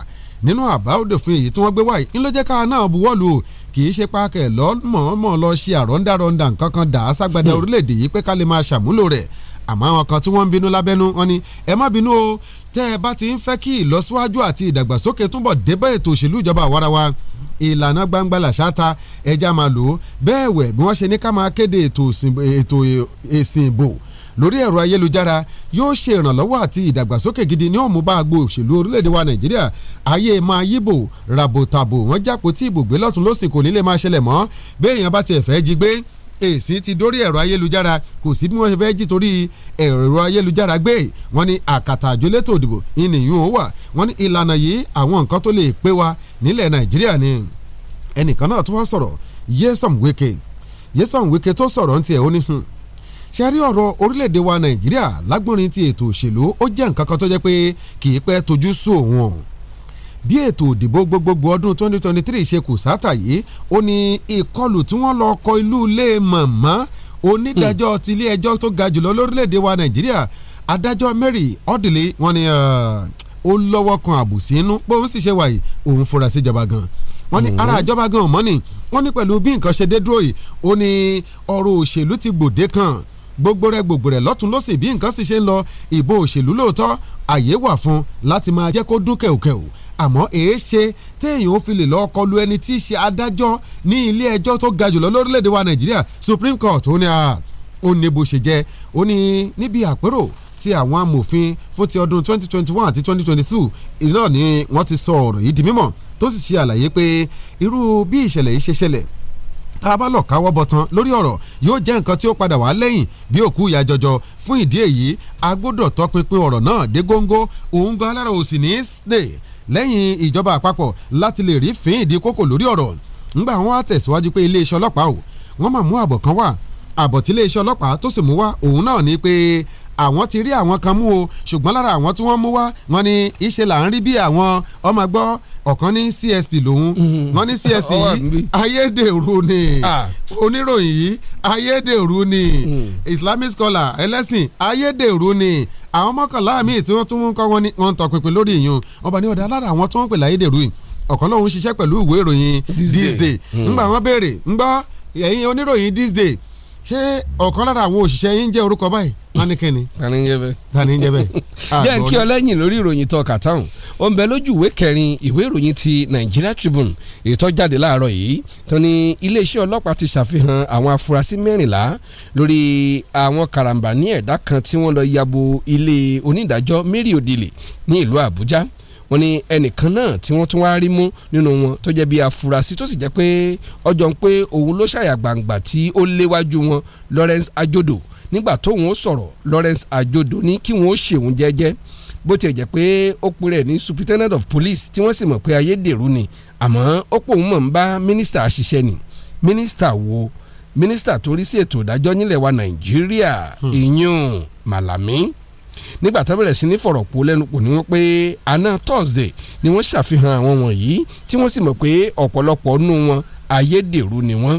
nínú àbádòfin èyí tí wọ́n gbé wáyé ńlọ jẹ́ káwa náà buwọ́lù kì í ṣe pákẹ́ lọ́mọ̀ọ́mọ̀ lọ ṣe àrọ́ndàrọ́ndà nǹkan kan dà á ságbádá hmm. orílẹ̀-èdè yìí pé ká lè máa ṣàmúlò rẹ̀ àmọ́ àwọn kan tí wọ́n ń bínú lábẹ́nú wọn ni ẹ má bínú o tẹ́ ẹ bá ti ń fẹ́ kí ìlọsíwájú àti ìdàgbàsókè túbọ̀ débá ètò òṣèlú ìjọba àwarawa ìlànà gbangba làṣáta ẹja máa lò ó bẹ́ẹ̀ wẹ̀ bí wọ́n ṣe ní ká máa kéde ètò èsìn ìbò lórí ẹ̀rọ ayélujára yóò ṣe ìrànlọ́wọ́ àti ìdàgbàsókè gidi ní òun mú bá agbo òṣèlú orílẹ̀-èdè wa nàìjíríà ayé máa yíbò ràbòtàbò wọ́n jápò tí ìbògbé lọ́tún lọ́sìn kò ní lè máa ṣẹlẹ̀ mọ́ bẹ́ẹ̀ èèyàn bá tiẹ̀ fẹ́ jí gbé èsì ti dórí ẹ̀rọ ayélujára kò sí bí wọ́n ṣe fẹ́ jí torí ẹ̀rọ ayélujára gbé wọ́n ní àkàtà àjọlétò òdìbò ìnìyún ó wà wọ́n ní ìlànà yìí àwọn nǹkan tó lè pé wa nílẹ̀ nàìjíríà ni ẹnìkan náà tún wá sọ̀rọ̀ yéésàn wéke yéésàn wéke tó sọ̀rọ̀ ń tiẹ̀ ó ní hùn hmm, ṣe rí ọ̀rọ̀ orílẹ̀-èdè wa nàìjíríà lágbórin ti ètò òṣèlú ó jẹ́ nǹkan kan tó jẹ́ pé kì í pẹ́ tojú sú bí ètò òdìbò gbogbogbò ọdún 2023 ṣe kù sátà yìí ó ní ìkọlù tí wọ́n lọ kọ ìlú ilé mọ̀mọ́ onídàájọ́ ti ilé ẹjọ́ tó ga jùlọ lórílẹ̀‐èdè wa nàìjíríà adájọ́ Mary Odile wọ́n ní ó lọ́wọ́ kan àbùsí inú pé òun sì ṣe wàyí òun fura síjọba gan wọ́n ní ara àjọba gan ọ̀mọ́ ni wọ́n ní pẹ̀lú bí nǹkan ṣe dé dúró yìí ó ní ọ̀rọ̀ òṣèlú ti gbòde kan gbogbo rẹ gbogbo rẹ lọ́tún lọ́sì bí nǹkan sì ṣe ń lọ ìbò òṣèlú lóòótọ́ àyè wà fún láti máa jẹ́ kó dún kẹ̀kẹ́ àmọ́ èé ṣe téèyàn ó fi lè lọ́ọ́ kọlu ẹni tí í ṣe adájọ́ ní ilé ẹjọ́ tó ga jùlọ lórílẹ̀‐èdè wa Nàìjíríà Supreme Court ó ní a ó ní bó ṣe jẹ́ ó ní níbi àpérò tí àwọn amòfin fún ti ọdún 2021 àti 2022 iná ni wọ́n ti sọ ọ̀rọ̀ yìí di mímọ̀ tó sì ṣe àlàyé pé irú bí ìṣẹ̀lẹ̀ yìí ṣe ṣẹlẹ̀ tá a bá lọ káwọ́ bọ̀ tán lórí ọ̀rọ̀ yóò jẹ́ nǹkan tí ó padà wá lẹ́yìn bí òkú ìyá jọjọ fún ìdí èyí a gbọ́dọ̀ tọpinpin ọ̀rọ̀ náà dé góńgó òun gan alára òsì ní í lẹ́yìn ìjọba àpapọ̀ láti lè rí fín ìdí kókò lórí ọ̀rọ̀ ńgbà wọn á tẹ̀síwájú pé iléeṣẹ́ ọlọ́pàá o wọ́n máa mú àbọ̀ kan wá àbọ̀ tí iléeṣẹ́ ọlọ́pàá tó sì mú wá òun náà ni pé àwọn ti rí àwọn kan mú o ṣùgbọ́n lára àwọn tí wọ́n mú wá wọ́n ní ìṣe là ń rí bí àwọn ọmọ gbọ́ ọ̀kan ní CSP lòun mhm. wọ́n ní CSP yìí ayédèrú ni oníròyìn yìí ayédèrú ni hmm. Islamic scholar ẹlẹ́sìn ayédèrú ni àwọn mọ́kànlá míì tí wọ́n tún ń kọ́ wọn ni wọ́n ń tọpinpin lórí ìyún ọba ní ọ̀dà lára àwọn tí wọ́n ń pè láyédèrú yìí ọ̀kan lòun ń ṣiṣẹ́ pẹ̀lú ìwé ìròyìn this day hmm. ńgbà wọ́n béèrè ńgbọ́ ẹ̀yin oníròyìn this day ṣé ọ̀kan lára àwọn òṣìṣẹ́ yín jẹ́ orúkọ báyìí wọ́n ní kíni. tani ń jẹ tani ń jẹ bẹ́ẹ̀. jẹ́ kí ọ lẹ́yìn lórí ìròyìn tó kà táwọn ó ń bẹ lójú ìwé kẹrin ìwé ìròyìn ti Nigeria Tribune ìtọ́jáde láàárọ̀ yìí tó ní iléeṣẹ́ ọlọ́pàá ti ṣàfihàn àwọn afurasí mẹ́rìnlá lórí àwọn karambà ní ẹ̀dá kan tí wọ́n lọ yabo ilé onídàájọ́ Mary Odile ní ìlú Àbújá wọ́n ní ẹnìkan náà tí wọ́n tún wá rí mú nínú wọn tó jẹ́ bí afurasí tó sì jẹ́ pé ọjọ́ ń pé òun ló ṣàyàgbàǹgbà tí ó léwájú wọn Lawrence Ajodo nígbà tóun ó sọ̀rọ̀ Lawrence Ajodo ní kí wọ́n ó ṣèun jẹ́jẹ́ bó tiẹ̀ jẹ́ pé ó pinrẹ̀ ní superintendent of police tí wọ́n sì mọ̀ pé ayédèrú ni àmọ́ ó pòun mọ̀ ń bá mínísítà ṣiṣẹ́ ni mínísítà wo mínísítà tó rí sí ètò ìdájọ́ nílẹ̀ wa Nàìjíríà hmm. ìyún Màlàmí nígbà tó bẹ̀rẹ̀ sí ní fọ̀rọ̀ pọ̀ lẹ́nu pò ní wọ́n pé àná Thursday ni wọ́n ṣàfihàn àwọn wọ̀nyí tí wọ́n sì mọ̀ pé ọ̀pọ̀lọpọ̀ nù wọn ayédèrú ni wọ́n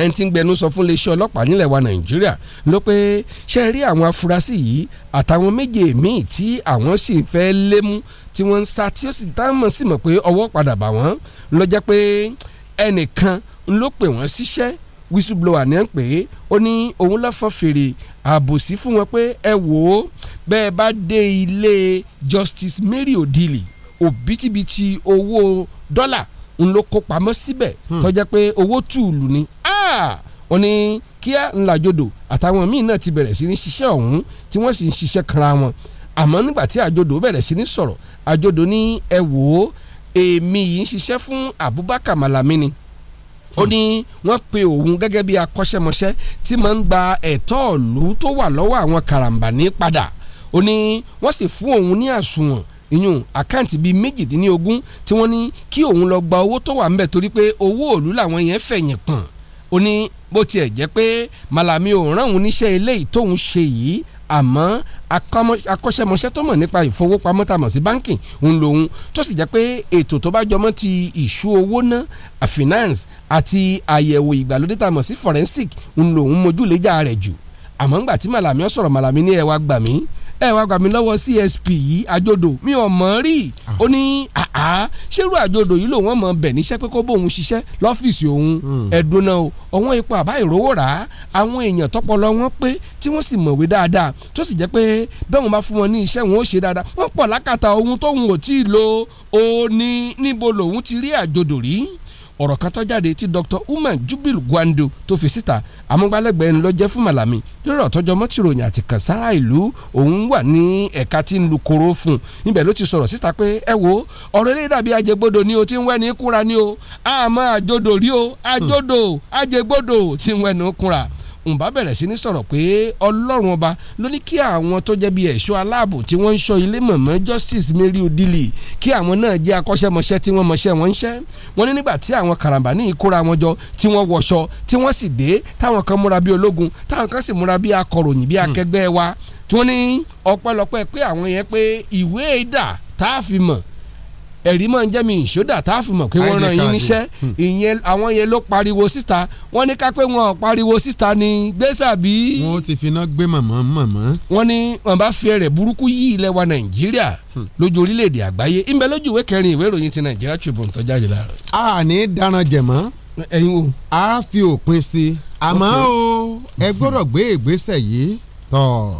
ẹni tí ń gbẹnu sọ fún iléeṣẹ́ ọlọ́pàá nílẹ̀ wa nàìjíríà ló pé ṣe rí àwọn afurasí yìí àtàwọn méje míì tí àwọn sì fẹ́ lé mú tí wọ́n ń sa tí ó sì tá mọ̀ sí mọ̀ pé ọwọ́ padà bà wọ́n ló jẹ́ pé ẹnìkan ló pè wọ́n síṣẹ́ whistleblower ní ẹ̀ ń pè é ó ní òun lọ́fọ̀n fèrè àbòsí fún wọn pé ẹ wò ó bẹ́ẹ̀ bá dé ilé Justice Mary Odili òbítíbitì owó dọ́là ń ló kó pamọ́ síbẹ̀ hmm. tó jẹ́ pé owó tùùlù ni ó ní kíá ńlájodò àtàwọn míì náà ti bẹ̀rẹ̀ sí ní ṣiṣẹ́ ọ̀hún tí wọ́n sì ń ṣiṣẹ́ kanra wọn àmọ́ nígbà tí àjodò bẹ̀rẹ̀ sí ní sọ̀rọ̀ àjodò ní ẹ wò ó èmi yìí ń ṣiṣẹ́ fún Abubakar Malami ni ó ní wọ́n pe òun gẹ́gẹ́ bí akọ́ṣẹ́mọṣẹ́ tí máa ń gba ẹ̀tọ́ ìlú tó wà lọ́wọ́ àwọn karambani padà ó ní wọ́n sì fún òun ní àsùnwọ̀n ìyún àkáǹtì bíi méjìdínlógún tí wọ́n ní kí òun lọ gba owó tó wà ńbẹ̀ torí pé owó òlú làwọn yẹn fẹ̀yìn pọ̀n ó ní bó tiẹ̀ jẹ́ pé Malami ò rán òun níṣẹ́ eléyìí tóun ṣe yìí àmọ́ akọ́ṣẹ́mọṣẹ́ tó mọ̀ nípa ìfowópamọ́ tá a mọ̀ sí báńkì ń lòun tó sì jẹ́ pé ètò tó bá jọmọ́ ti ìṣú owó ná finance àti àyẹ̀wò ìgbàlódé tá a mọ̀ sí forensic ń lòun mójúlẹ́jà rẹ̀ jù àmọ́ ńgbà tí Malami ó sọ̀rọ̀ Malami ní ẹ wá gbà mí ẹ wá gbà mí lọ́wọ́ CSP yìí àjọdò mi ò mọ̀ rí ah. ó ní àá ṣerú àjọdò yìí lòun mọ̀ bẹ̀ níṣẹ́ pé kó bóun ṣiṣẹ́ lọ́fíìsì òun hmm. ẹ̀dùn náà ọ̀wọ́n ipò àbá ìrówó rà á àwọn èèyàn tọpọlọ wọn pé tí wọ́n sì mọ̀wé dáadáa tó sì jẹ́ pé bẹ́ẹ̀ wọn bá fún wọn ní iṣẹ́ wọn ó ṣe dáadáa wọ́n pọ̀ lákàtà ohun tóun ò tí ì lo òní níbo lòun ti rí àjọdò rí ọ̀rọ̀ kan tó jáde tí Dr. Uman Jubril Gwando tó fi síta amúgbálẹ́gbẹ̀ẹ́ ńlọ jẹ́ fún Malami lórí ọ̀tọ́jọ́ mọ́tìròyìn àti kànsára ìlú òun wà ní ẹ̀ka tí ń lu koro fún un ibẹ̀ ló ti sọ̀rọ̀ síta pé ẹ wo ọ̀rọ̀ eléyìí dàbí ajẹgbodò ni o ti ń wẹ́ ní kúra ni o àmọ́ àjodò rí o àjodò ajẹgbodò ti ń wẹ́ ní kúra ń bá bẹ̀rẹ̀ sí ní sọ̀rọ̀ pé ọlọ́run ọba ló ní kí àwọn tó jẹ́ bí ẹ̀ṣọ́ aláàbò tí wọ́n ń ṣọ́ ilé mọ̀mọ́ Justice Mary Odili kí àwọn náà jẹ́ akọ́ṣẹ́mọṣẹ́ tí wọ́n mọṣẹ́ wọn ń ṣẹ́ wọ́n ní nígbà tí àwọn karambà ní ìkóra wọn jọ tí wọ́n wọṣọ tí wọ́n sì dé táwọn kan múra bí ológun táwọn kan sì múra bí akọ̀ròyìn bí hmm. akẹgbẹ́ wa tí wọ́n ní ọpẹ́lọpẹ́ pé àwọn yẹn pé ìwé ìdà tá a fi mọ̀ ẹ̀rí máa ń jẹ́ mi ìṣódà tá a fi mọ̀ pé wọ́n ràn yín níṣẹ́ hmm. ìyẹn àwọn yẹn ló pariwo síta wọ́n ní ká pé wọn pariwo síta ni gbèsàbí. wọn ó ti finá gbé màmá màmá. wọ́n ní wọn bá fi ẹ̀rẹ̀ burúkú yí ilẹ̀ wa nàìjíríà hmm. lójú orílẹ̀-èdè àgbáyé ìbẹ̀ lójú ìwé kẹrin ìwé ìròyìn ti nàìjíríà Tribune tó jáde láàárọ̀. a ní dáná jẹ̀mọ́. ẹ̀yin wo. a fi òpin sí i àmọ́ o ẹ gbọ́dọ̀ gbé ìgbésẹ̀ yìí tọ̀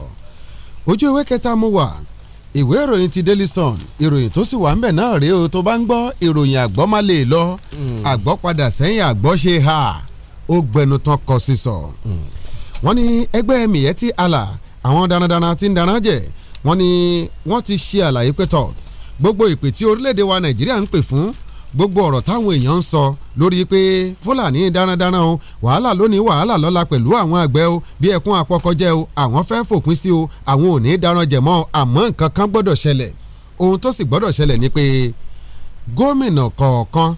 ojú ìwé kẹta mo wà ìwé ìròyìn ti Daily Sun ìròyìn tó sì wà ńbẹ̀ náà rèé o tó bá ń gbọ́ ìròyìn àgbọ́ má lè lọ hmm. àgbọ́ padà sẹ́yìn àgbọ́ ṣe hà ó gbẹnu tán kọ sí sọ. Hmm. wọ́n ní ẹgbẹ́ Miyetti Allah àwọn darandaran ti ń daran jẹ wọ́n ní wọ́n ti ṣe àlàyé pẹ́tọ̀ gbogbo ìpè tí orílẹ̀-èdè wa Nàìjíríà ń pè fún gbogbo ọ̀rọ̀ táwọn èèyàn ń sọ lórí pé fúlàní dáradára o wàhálà lónìí wàhálà lọ́la pẹ̀lú àwọn àgbẹ̀ o bí ẹkún àpọkọjẹ́ o àwọn fẹ́ fòpin sí o àwọn ò ní dáran jẹ̀ mọ́ àmọ́ nǹkan kan gbọ́dọ̀ ṣẹlẹ̀ ohun tó sì gbọ́dọ̀ ṣẹlẹ̀ ni pé gómìnà kọ̀ọ̀kan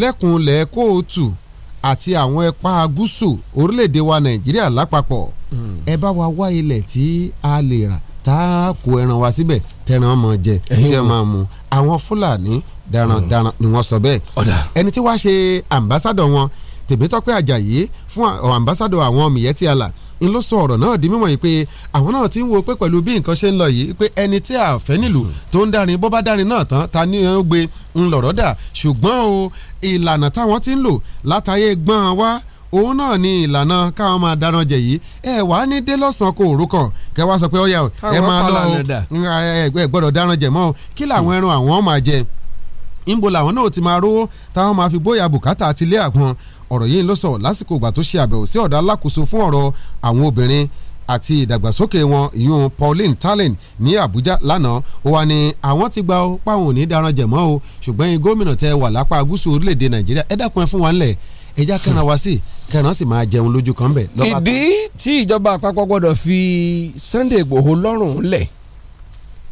lẹ́kùnlẹ̀ kóòtù àti àwọn ẹ̀pá gúúsù orílẹ̀-èdè wa nàìjíríà lápapọ̀ hmm. ẹ bá wa wá ilẹ̀ tí a lè rà tá a kó ẹran wa síbẹ̀ tẹ́ran máa jẹ tí ẹ máa mu àwọn fúlàní darandaran hmm. ni wọ́n sọ bẹ́ẹ̀ ẹni tí wàá ṣe àmbásádọ̀ wọn Tèmítọ́pẹ́ Àjàyí fún àmbásádọ̀ àwọn Miyetti Allah n ló sọ ọ̀rọ̀ náà di mímọ̀ yìí pé àwọn náà ti ń wo pé pẹ̀lú bí nǹkan ṣe ń lọ yìí pé ẹni tí a fẹ́ nílùú hmm. tó ń darin bó bá darin náà tán ta ni ó gbé ń lọ̀rọ̀ dà ṣùgbọ́n o ìlànà táwọn ti ń lò látàyè gbọ́n wá òun náà ni ìlànà káwọn máa dáná jẹ yìí ẹ wàá ní dé lọ́sàn-án kó òru kàn kẹ wá sọ pé ó yà ẹ máa lọ ẹ gbọ́dọ̀ dáná jẹ mọ́ kí làwọn ẹran àwọn máa jẹ ńbo làwọn náà ti máa rówó táwọn máa fi bóyá bùkátà àti ilé àgbọn ọ̀rọ̀ yìí ló sọ lásìkò ìgbà tó ṣe àbẹ̀wò sí ọ̀dọ̀ alákòóso fún ọ̀rọ̀ àwọn obìnrin àti ìdàgbàsókè wọn ìyún Pauline Talen ní Àbújá lánàá ó wà ní àwọn ti gba ọpá òun ní daran jẹ̀mọ́ o ṣùgbọ́n yín gómìnà tẹ wà lápá gúúsù orílẹ̀-èdè Nàìjíríà ẹ dákun ẹ fún wa ńlẹ̀ ẹ já kẹran wá sí kẹran sì máa jẹun lójú kan bẹ̀. ìdí tí ìjọba àpapọ̀ gbọ́dọ̀ fi Sunday Ìgbòho lọ́rùn lẹ̀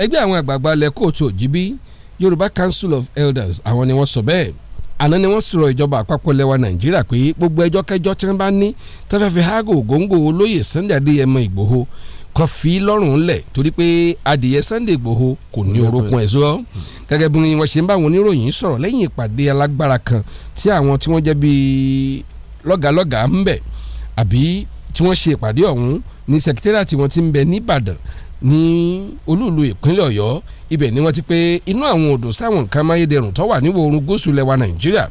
ẹgbẹ́ àwọn àgbààgbà lẹ kóòtù òjì bíi Yorùbá Council of Elders àwọn ni wọ́n sọ bẹ́ẹ̀ àná ni wọ́n sọ̀rọ̀ ìjọba àpapọ̀ lẹ́wà Nàìjíríà pé gbogbo ẹjọ́ kẹjọ́ tí wọ́n bá ní tó fẹ́ fi hágò góńgò olóyè Sunday Adéyẹmọ Ìgbòho kan fi lọ́rùn lẹ̀ torí pé adìyẹ Sunday Ìgbòho kò ní orókun ẹ̀ sọ́ gẹ́gẹ́ bí wọ́n ṣe ń bá àwọn oníròyìn sọ̀rọ̀ lẹ́yìn ìpàdé alágbára kan tí àwọn tí wọ́n jẹ́ bíi lọ́gàlọ́gà ń bẹ̀ àbí tí wọ́n ṣe ìpàdé ọ̀hún ní sẹkítẹ́rì àti wọn ti ń bẹ ní Ìbàdàn ní olúùlú ìpínlẹ̀ ọ̀yọ́ ibẹ̀ ni wọ́n ti pé inú àwọn odò sáwọn nǹkan amáyédẹrùn tó wà níwọ̀ oòrùn gúúsù lẹwa nàìjíríà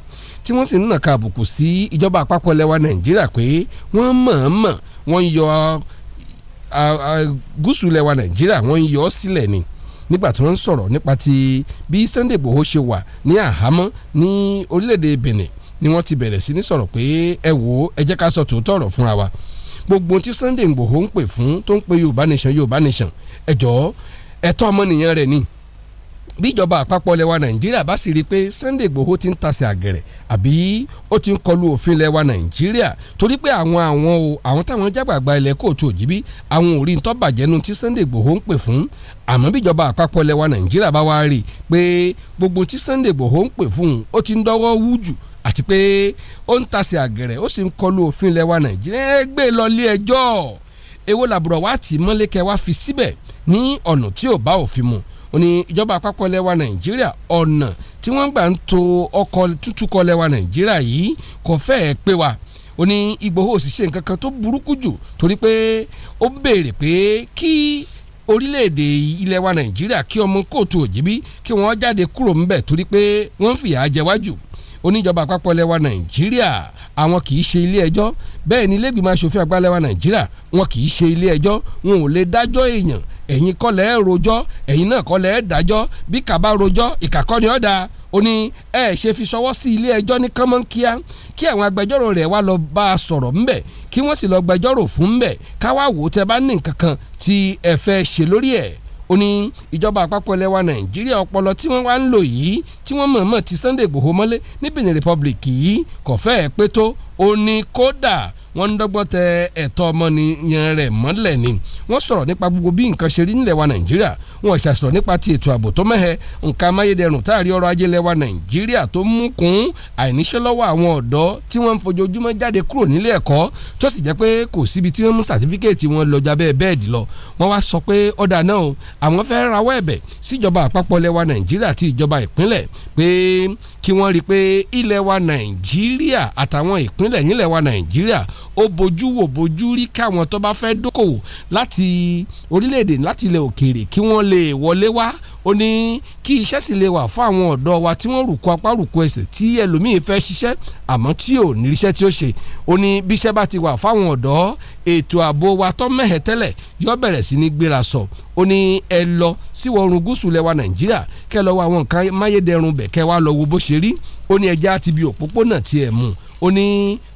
tí wọ́n sì ń nàka àbùkù sí ìjọba àpapọ̀ lẹwa nàìjíríà pé wọ́n mọ̀ọ́mọ̀ wọ́n ń yọ gúúsù lẹwa nàìjíríà wọ́n ń yọ ọ́ sílẹ̀ ni nígbà tí wọ́n ń sọ̀rọ̀ nípa ti bí Sunday Igboho ṣe wà ní àhámọ́ ní orílẹ̀-èdè Benin ni wọ́n ti bẹ̀rẹ̀ sí ní sọ̀rọ̀ pé ẹ wò ẹ jẹ́ ká sọ tòótọ́ ọ̀rọ̀ fúnra wa gbogbo tí Sunday Igboho ń pè fún tó ń pe Yorùbá nation Yorùbá nation ẹ̀jọ̀ ẹ̀tọ́ ọmọnìyàn rẹ̀ ni bíjọba àpapọ̀ lẹwa Nàìjíríà bá sì rí i pé Sunday Igboho ti ń tasẹ̀ àgẹ̀rẹ̀ àbí ó ti ń kọlu òfin lẹwa Nàìjíríà torí pé àwọn àwọn o àwọn táwọn jágbàgbà ilẹ̀ kóòtù òjìbí àwọn ò rí ntọ́bàjẹ́nu tí Sunday Igboho ń pè fún àmọ́ bíjọba àpapọ̀ lẹwa Nàìjíríà bá wá rí i pé gbogbo tí Sunday Igboho ń pè fún ó ti ń dọ́wọ́ wú jù àti pé ó ń tasẹ̀ àgẹ̀rẹ̀ ó sì ń kọlu òfin ilẹ̀ wa nàìjíríà ẹ gbé lọ ilé ẹjọ́ èwo làbúrò wa tì mọ́lé kẹ wá fi síbẹ̀ ní ọ̀nà tí ò bá òfin mu ó ní ìjọba àpapọ̀ ilẹ̀ wa nàìjíríà ọ̀nà tí wọ́n gbà ń to ọkọ̀ tútúkọ̀ ilẹ̀ wa nàìjíríà yìí kò fẹ́ẹ̀ pé wa ó ní Ìgbòho òṣìṣẹ́ nǹkan kan tó burúkú jù torí pé ó béèrè pé kí orílẹ̀ ilẹ̀ wa nàìjíríà kí ọmọ kóòtù òjìbí kí wọ́n jáde kúrò ńbẹ̀ torí pé wọ́n fìyà jẹ wájú oníjọba àpapọ̀ lẹ́wà nàìjíríà àwọn kì í ṣe ilé ẹjọ́ bẹ́ẹ̀ ni lẹ́gbìmọ̀ asòfin àgbà lẹ́wà nàìjíríà wọn kì í ṣe ilé ẹjọ́ wọn ò lè dájọ́ èèyàn ẹ̀yin kọ́ lẹ́ẹ̀ rojọ́ ẹ̀yin náà kọ́ dájọ́ bí kàbá rojọ́ ìkàkọ́ ni da ó ní ẹ ṣe fi ṣọwọ́ sí ilé ẹjọ́ ní kánmọ́nkíá kí àwọn agbẹjọ́rò rẹ̀ wá lọ bá a sọ̀rọ̀ ńbẹ̀ kí wọ́n sì lọ gbẹjọ́rò fún ńbẹ̀ káwá wò tẹ́ bá ní nǹkan kan tí ẹ fẹ́ ṣe lórí ẹ̀ ó ní ìjọba àpapọ̀ ilẹ̀ wa nàìjíríà ọpọlọ tí wọ́n wá ń lò yìí tí wọ́n mọ̀ọ́mọ̀ ti Sunday Igboho mọ́lé ní Benin Republic yìí kò fẹ́ẹ̀ pé tó ó ní kódà wọ́n ń dọ́gbọ́n tẹ ẹ̀tọ́ ọmọnìyàn rẹ̀ mọ́lẹ̀ ni wọ́n sọ̀rọ̀ nípa gbogbo bí nǹkan ṣe rí nílẹ̀ wa nàìjíríà wọ́n ṣàṣọ̀rọ̀ nípa ti ètò ààbò tó mẹ́hẹ̀ nǹkan amáyédẹrùn táàrí ọrọ̀ ajé lẹ̀ wa nàìjíríà tó mú kún àìníṣẹ́ lọ́wọ́ àwọn ọ̀dọ́ tí wọ́n ń fojoojúmọ́ jáde kúrò nílé ẹ̀kọ́ tó sì jẹ́ pé kò síbi tí wọ́n mú sàtífíkẹ́ẹ̀tì wọn lọ jábẹ́ bẹ́ẹ̀dì lọ wọ́n wá sọ pé ọ̀dà náà o àwọn fẹ́ rawọ́ ẹ̀bẹ̀ síjọba àpapọ̀ lẹ̀ nàìjíríà àti ìjọba ìpínlẹ̀ pé kí wọ́n rí i pé ilẹ̀ wa nàìjíríà àtàwọn ìpínlẹ̀ nílẹ̀ wa nàìjíríà ó bojú wò bojú rí káwọn tó bá fẹ́ dókòwò láti orílẹ̀-èdè láti ilẹ̀ òkèèrè kí wọ́n lè wọlé wá ó ní kí iṣẹ́ sì lè wà fún àwọn ọ̀dọ́ wa tí wọ́n rùkú apá rùkú ẹsẹ̀ tí ẹlòmíì fẹ́ ṣiṣẹ́ àmọ́ tí ò ní iṣẹ́ tí ó ṣe ó ní bí iṣẹ́ bá ti wà fáwọn ọ̀dọ́ ètò ààbò wa tó mẹ́hẹ̀ tẹ́lẹ̀ yóò bẹ̀rẹ̀ sí ní gbéra sọ ó ní ẹ lọ sí ìwọ̀rùn gúúsù lẹwa nàìjíríà kẹ lọ wá àwọn nǹkan máyédẹrùn bẹ̀ kẹ wá lọ wo bó ṣe rí ó ní ẹja ti bi òpópónà tiẹ̀ mú ó ní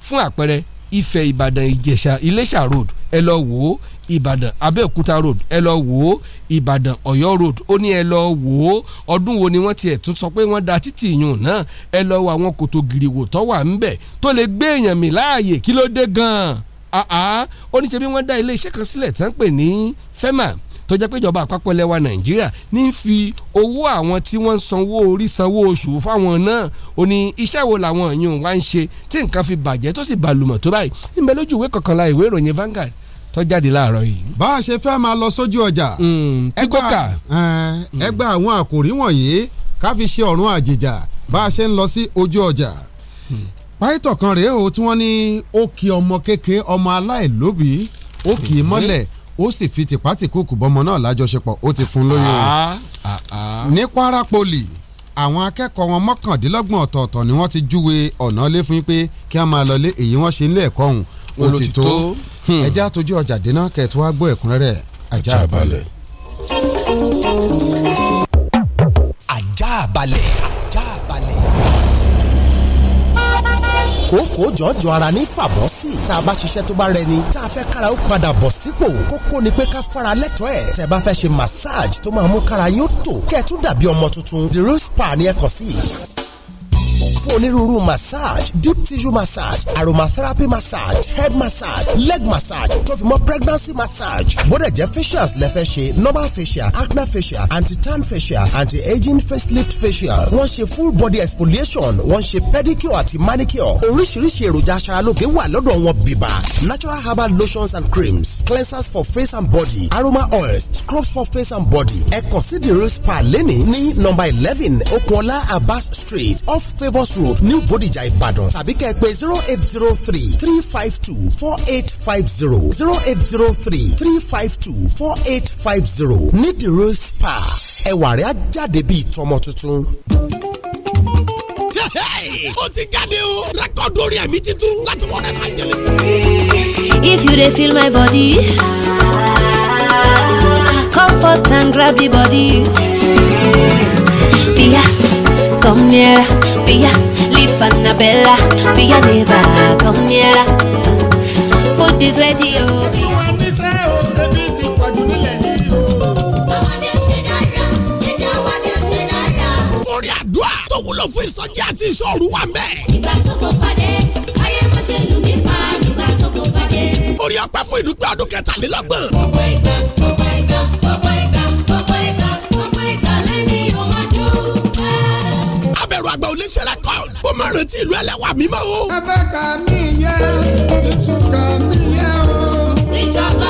fún àpẹẹrẹ Ife Ibadan Ìjẹ̀ṣà Iléṣà road ẹ lọ wò ó Ìbàdàn road ẹ lọ wò ó Ìbàdàn road ó ní ẹ lọ wò ó ọdún wo ni wọ́n tiẹ̀ tún sọ pé wọ́n da títì yùn náà ẹ lọ wo àwọn kòtò gìrìwò tó wà ńbẹ̀ tó lè gbé èèyàn mì láàyè kí ló dé gan ó ní ṣe bí wọ́n dá iléeṣẹ́ kan sílẹ̀ tán pè ní FEMA tó jẹ́ pé ìjọba àpapọ̀ lẹ́wà nàìjíríà ní fi owó àwọn tí wọ́n ń sanwó orí sanwó oṣù fáwọn náà ó ní iṣẹ́ wo làwọn èèyàn wá ń ṣe tí nǹkan fi bàjẹ́ tó sì bàlùmọ̀ tó báyìí ń bẹ lójú ìwé kọkànlá ìwé ìròyìn Vanguard tó jáde láàárọ̀ yìí. bá a ṣe fẹ́ máa lọ sójú ọjà. tí kò kà. ẹgbà àwọn àkòrí wọ̀nyí ká fi ṣe ọ̀run àjèjà bá a ṣe ń lọ sí ojú ọjà. Hmm. pàìtọ̀ kan rèé o tí wọ́n ní ó kì ọmọ kékeré ọmọ aláìlóbìí ó kì í hmm. mọ́lẹ̀ ó sì fi tìpátìkúùkù bọ́mọ náà lájọṣepọ̀ ó ti fún lóyún o ah. ní Kwara Poli àwọn akẹ́kọ̀ọ́ wọn mọ́kàndínlọ́gbọ̀n ọ̀tọ̀ọ̀tọ̀ ni wọ́n ti júwe ọ̀nà lé fún pé kí a máa lọ lé èyí wọ́n ṣe nílé ẹ̀kọ́ ọ̀hún ó ti tó hmm. ẹjẹ́ àtọ́jú ọjà dènà kẹ̀tù wá gbọ́ ẹ̀kúnrẹ́rẹ́ ajá balẹ̀. kókó jọ̀ọ́jọ̀ ara ní fàbọ̀ sí i. tá a bá ṣiṣẹ́ tó bá rẹ ni tá a fẹ́ kára ó padà bọ̀ sípò kókó ni pé ká fara lẹ́tọ̀ọ́ ẹ̀ tẹ́ bá fẹ́ ṣe massage tó máa mú kára yóò tò kẹ́ẹ̀ dàbí ọmọ tuntun the real spa ni ẹ kàn sí fún onírúurú massage deep tissue massage aromatherapy massage head massage leg massage tó fi pregnancy massage bódẹ̀ jẹ́ facials lẹ́fẹ́ ṣe normal facial acne facial anti-tan facial anti-aging facelift facial wọ́n ṣe full body exfoliation wọ́n ṣe pedicure àti manicure oríṣiríṣi èròjà aṣaralóge wà lọ́dọ̀ wọn bíbá natural herbal lotions and creams cleansers for face and body aroma oils scrubs for face and body ẹ kàn sí the real spa lẹ́ni ní nọ́mbà eleven okunola abas street off favours road new Bodija Ìbàdàn tàbí kẹ́ pè zero eight zero three three five two four eight five zero zero eight zero three three five two four eight five zero Need the nídìrú spa ẹwà rẹ̀ á jáde bíi tọmọ tuntun ó ti jáde o. rẹ́kọ̀dù orí ẹ̀mí títún láti wọ́n rẹ̀ máa jẹ́lẹ̀ sí. if you dey feel my body comfort and grab the body. Yeah come near. Be a leaf Annabella, be a neighbor, come near. Food is ready, oh. orin àdúrà tó wúlò fún ìsọjí àti ìṣòro wa mẹ́. ìgbà tó kò pàdé ayé mo ṣe lù mí pa ìgbà tó kò pàdé. orí ọpẹ́ fún ìdúpẹ́ ọdún kẹtàlélọ́gbọ̀n. ọ̀pọ̀ ìgbà ọ̀pọ̀ ìgbà ọ̀pọ̀ ìgbà. àgbà olóṣèlú record ó máa rántí ìlú ẹlẹ́wà mímọ́ o. abẹ́ka mi yẹ ìtúkà mi yẹ o. ìjọba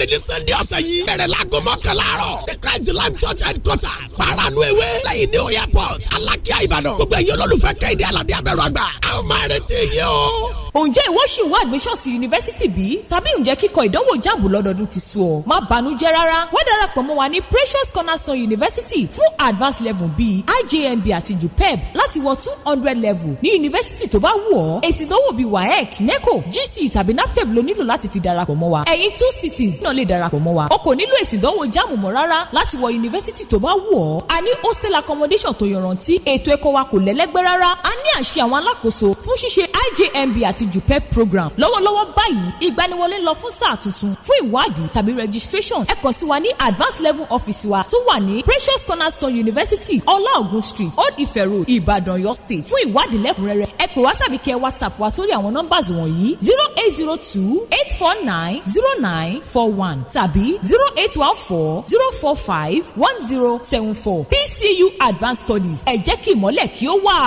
rẹ̀ ní sunday ọ̀sẹ̀ yìí. bẹ̀rẹ̀ laago mọ́kànlá àárọ̀. the christ lamb church headquarters. paranu ewé lẹ́yìn ní airport alákíá ìbàdàn. gbogbo ẹ̀yin olólùfẹ́ kẹ́hìndé aládé abẹ́rù àgbà. a máa retí yín o ǹjẹ́ ìwọ ṣì wá admission sí yunifásitì bí? tàbí ǹjẹ́ kíkọ ìdánwò jáàbù lọ́dọọdún ti sú ọ? má bànújẹ́ rárá wọ́n darapọ̀ mọ́ wa ní Precious Cornerstone University fún advanced level bíi IJMB àti JUPEB láti wọ two hundred level ní yunifásitì tó bá wù ọ́ èsì ìdánwò bíi WAEC NECO GC e tàbí NAPTEP ló nílò láti fi darapọ̀ mọ́ wa ẹ̀yin two cities náà lè darapọ̀ mọ́ wa o kò nílò èsì ìdánwò jáàmù mọ́ rárá láti wọ yunifásitì tó bá wù ọ́ a ní hostel accommodation tó yọrantí ètò ẹ̀kọ́ wa kò lẹ́lẹ́gbẹ́ rárá a ní àṣẹ àwọn alákòóso fún ṣíṣe IJMB àti àti jupep program lọ́wọ́lọ́wọ́ báyìí ìgbaniwọlé lọ fún sáà tuntun fún ìwádìí tàbí registration ẹ kàn sí wa ní advanced level office wa tó wà ní precious cornerstone university ọláògùn street old ife road ìbàdàn ọ̀yọ́ state fún ìwádìí lẹ́kùnrẹ́rẹ́ ẹ pè wá tàbí kẹ whatsapp wa sórí àwọn nọ́mbàs wọ̀nyí zero eight zero two eight four nine zero nine four one tàbí zero eight one four zero four five one zero seven four pcu advanced studies ẹ jẹ́ kí ìmọ́lẹ̀ kí ó wà.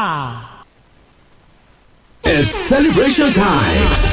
It's celebration time.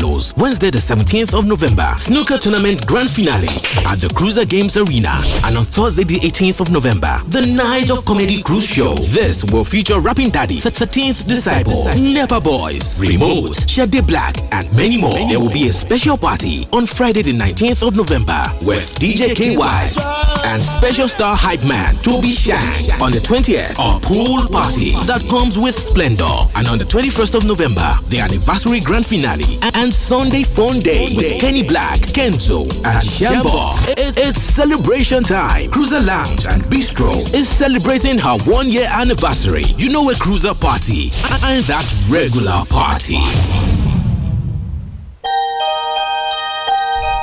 follows Wednesday, the 17th of November, Snooker Tournament Grand Finale at the Cruiser Games Arena. And on Thursday, the 18th of November, the Night of Comedy Cruise Show. This will feature Rapping Daddy, The 13th Disciple, Nepa Boys, Remote, Shade Black, and many more. There will be a special party on Friday, the 19th of November with DJ KY and special star hype man Toby Shang. On the 20th, a pool party that comes with splendor. And on the 21st of November, the anniversary grand finale and and Sunday fun Day with Kenny Black, Kenzo, and Shambo. It's celebration time. Cruiser Lounge and Bistro is celebrating her one year anniversary. You know a cruiser party and that regular party.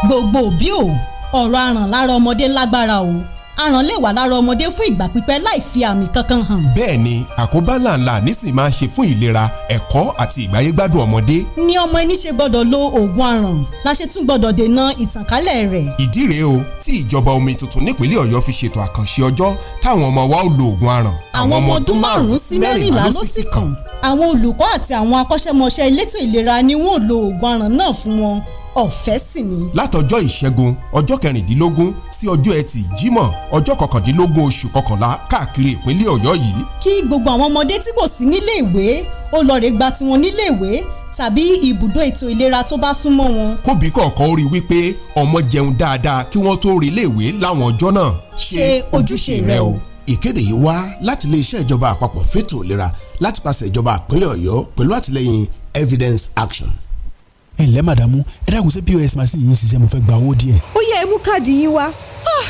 gbogbo bio or ọ̀rọ̀ aràn lára ọmọdé lágbára o aràn lè wà lára ọmọdé fún ìgbà pípẹ́ láì fi àmì kankan hàn. bẹ́ẹ̀ni àkóbá làǹlà nísìnyí máa ṣe fún ìlera ẹ̀kọ́ àti ìgbáyégbádùn ọmọdé. ni ọmọ ẹni ṣe gbọ́dọ̀ lo oògùn aràn la ṣe tún gbọ́dọ̀ dènà ìtànkálẹ̀ rẹ̀. ìdí rèé o tí ìjọba omi tuntun nípínlẹ̀ Ọ̀yọ́ fi ṣètò àkànṣe ọjọ́ táwọn ọmọ wa ó lo oògùn aràn. àwọn ọmọ ọdún márùn-ún sí mẹ́rìnlá ló sì kàn àwọn olùkọ́ àti àwọn akọ́ṣẹ́mọṣẹ́ elétò ìlera ni wọ́n lo oògùn aràn náà fún wọn ọ̀fẹ́ sì ni. látọjọ́ ìṣẹ́gun ọjọ́ kẹrìndínlógún sí ọjọ́ ẹtì jímọ̀ ọjọ́ kọkàndínlógún oṣù kọkànlá káàkiri ìpínlẹ̀ ọ̀yọ́ yìí. kí gbogbo àwọn ọmọdé tí kò sí nílé ìwé ó lọ rè gba tiwọn nílé ìwé tàbí ibùdó ètò ìlera tó bá súnmọ́ wọn. kóbìí kọ̀ọ̀kan ó rí i wípé ọmọ jẹun dáadáa kí wọ́n tó rí iléèwé láwọn ọjọ́ náà. ṣe ojúṣe rẹ o ìkéde yìí wá láti iléeṣẹ́ ìjọba àpapọ̀ fẹ́tò ìlera láti pàṣẹ ìjọba àpínlẹ̀ ọ̀yọ́ pẹ̀lú àtìlẹyìn evidence action. ẹ ǹlẹ́ màdàmú ẹ dákun sí pos machine yìí ń ṣiṣẹ́ mo fẹ́ gba owó díẹ̀. ó yẹ ẹ mú káàdì yín wá ah,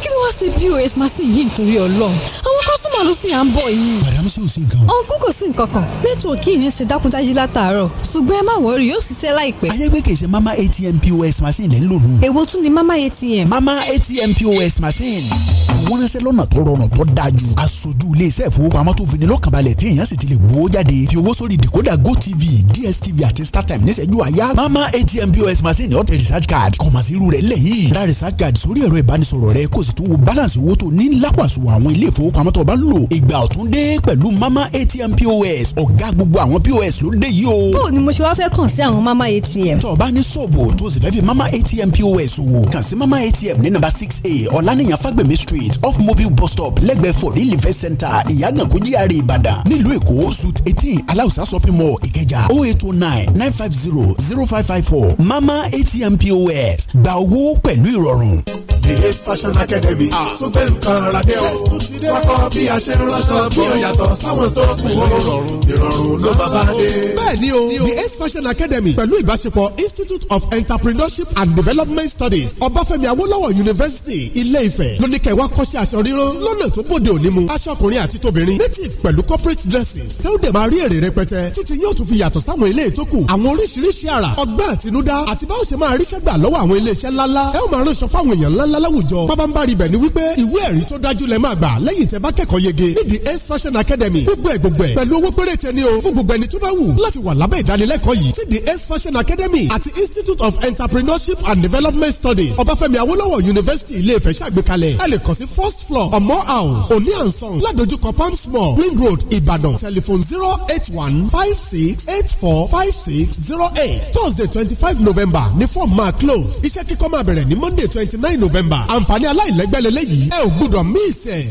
kí ló wá ṣe pos machine yìí nítorí ọlọ́run àwọn kọ́sọ́mà ló sì à ń bọ̀ yìí. màdàmú sì ò nǹkan o. ọ̀nkú kò sí nǹkan kan nẹ́tíwọ̀kì yìí ń ṣe dákúndájí látàárọ̀ ṣùgbọ́n ẹ má wọrí yóò ṣiṣẹ́ láìpẹ́. ayégbé kì í ṣe mama atm pos machine lẹ́ ń lò nù. èwo tún ni mama atm. mama atm pos machine wọ́n ránṣẹ́ lọ́nà tó rọrùn tó dájú. aṣojú iléeṣẹ́ ìfowópamọ́ tó fini lọ́kànbalẹ̀ tí èèyàn sì ti lè gbowó jáde fi owó sórí decoder gotv dstv àti startime níṣẹ́jú àyà mama atm pos machine ọ̀tẹ̀ research card kọ̀mọ̀sí irú rẹ̀ lẹ́yìn ra research card sórí ẹ̀rọ ìbánisọ̀rọ̀ rẹ kó sì tún wo balance owó tó ní lápàṣù àwọn ilé ìfowópamọ́ tó bá ń lò ìgbà ọ̀tún dé pẹ̀lú mama atm pos ọ̀gá gbogbo àwọn pos ló dé yìí o. bó o mama atm. tó o bá ní ṣọ́ọ̀bù mama atm pos wò kàn sí mama atm ní nàmbà six a ọ̀lànìyàn fagbemi street off mobile bus stop lẹ́gbẹ̀ẹ́ for real event center ìyàgànkó GRA ìbàdàn nílùú èkó suit eighteen aláùsá shopping mall ìkẹjà o oh eight o oh nine nine five zero zero five five four mama atm pos gba owó pẹ̀lú ìrọ̀rùn the fashion academy ah. tó gbé nǹkan ràdé o wákọ́ bí a ṣe ń rọ́ṣọ bí ó yàtọ̀ sáwọn tó kù ìrọ̀rùn ìrọ̀rùn ló bàbá dé. bẹ́ẹ̀ni o the ace fashion academy pẹ̀lú ìbáṣepọ̀ institute of entrepreneurship and development studies ọbáfẹ́mi Awolowo university ilé-ifẹ̀ lóní kẹwàá kọ́ṣẹ́ aṣọ ríran lọ́nà tó bòde òní mu aṣọ ọkùnrin àti tóbìnrin native pẹ̀lú corporate dresses sẹ́wọ́dẹ̀ máa rí èrè rẹpẹtẹ títí yóò tún fi yàtọ̀ sáwọn ilé ìtókù àwọn oríṣiríṣi àrà ọgbẹ́ àtinúdá àti báwo ṣe máa ríṣẹ́ gbà lọ́wọ́ àwọn ilé iṣẹ́ ńláńlá ẹ ó máa ránṣọ fáwọn èèyàn ńláńl ńláńlá láwùjọ pábánbárì bẹ̀ ni wípé ìwé ẹ̀rí tó dájú lẹ máa gbà lẹ́yìn tẹ́ bá kẹ́kọ̀ọ́ yege ní the ace fashion academy gbogbo ẹ̀ gbogbo ẹ̀ pẹ̀lú owó péréte ni o fún gbogbo ẹni tó bá wù láti wà lábẹ́ ìdánilẹ́kọ̀ọ́ yìí ti the ace fashion academy àti institute of entrepreneurship and development studies ọbáfẹ́mi Awolowo university ilé-ifẹ̀ ṣàgbékalẹ̀ ẹ lè kàn sí first floor omo house òní ànsán ládojúkọ palms Small, green road ìbàdàn telephone zero eight one five six eight four five six zero eight thursday twenty five november ní form máa close iṣẹ́ kíkọ́ máa bẹ̀rẹ̀ ní monday twenty nine november november àǹfààní aláìlẹ́gbẹ́lẹ́lẹ́ yìí ẹ ò gbúdọ̀ miss ẹ̀.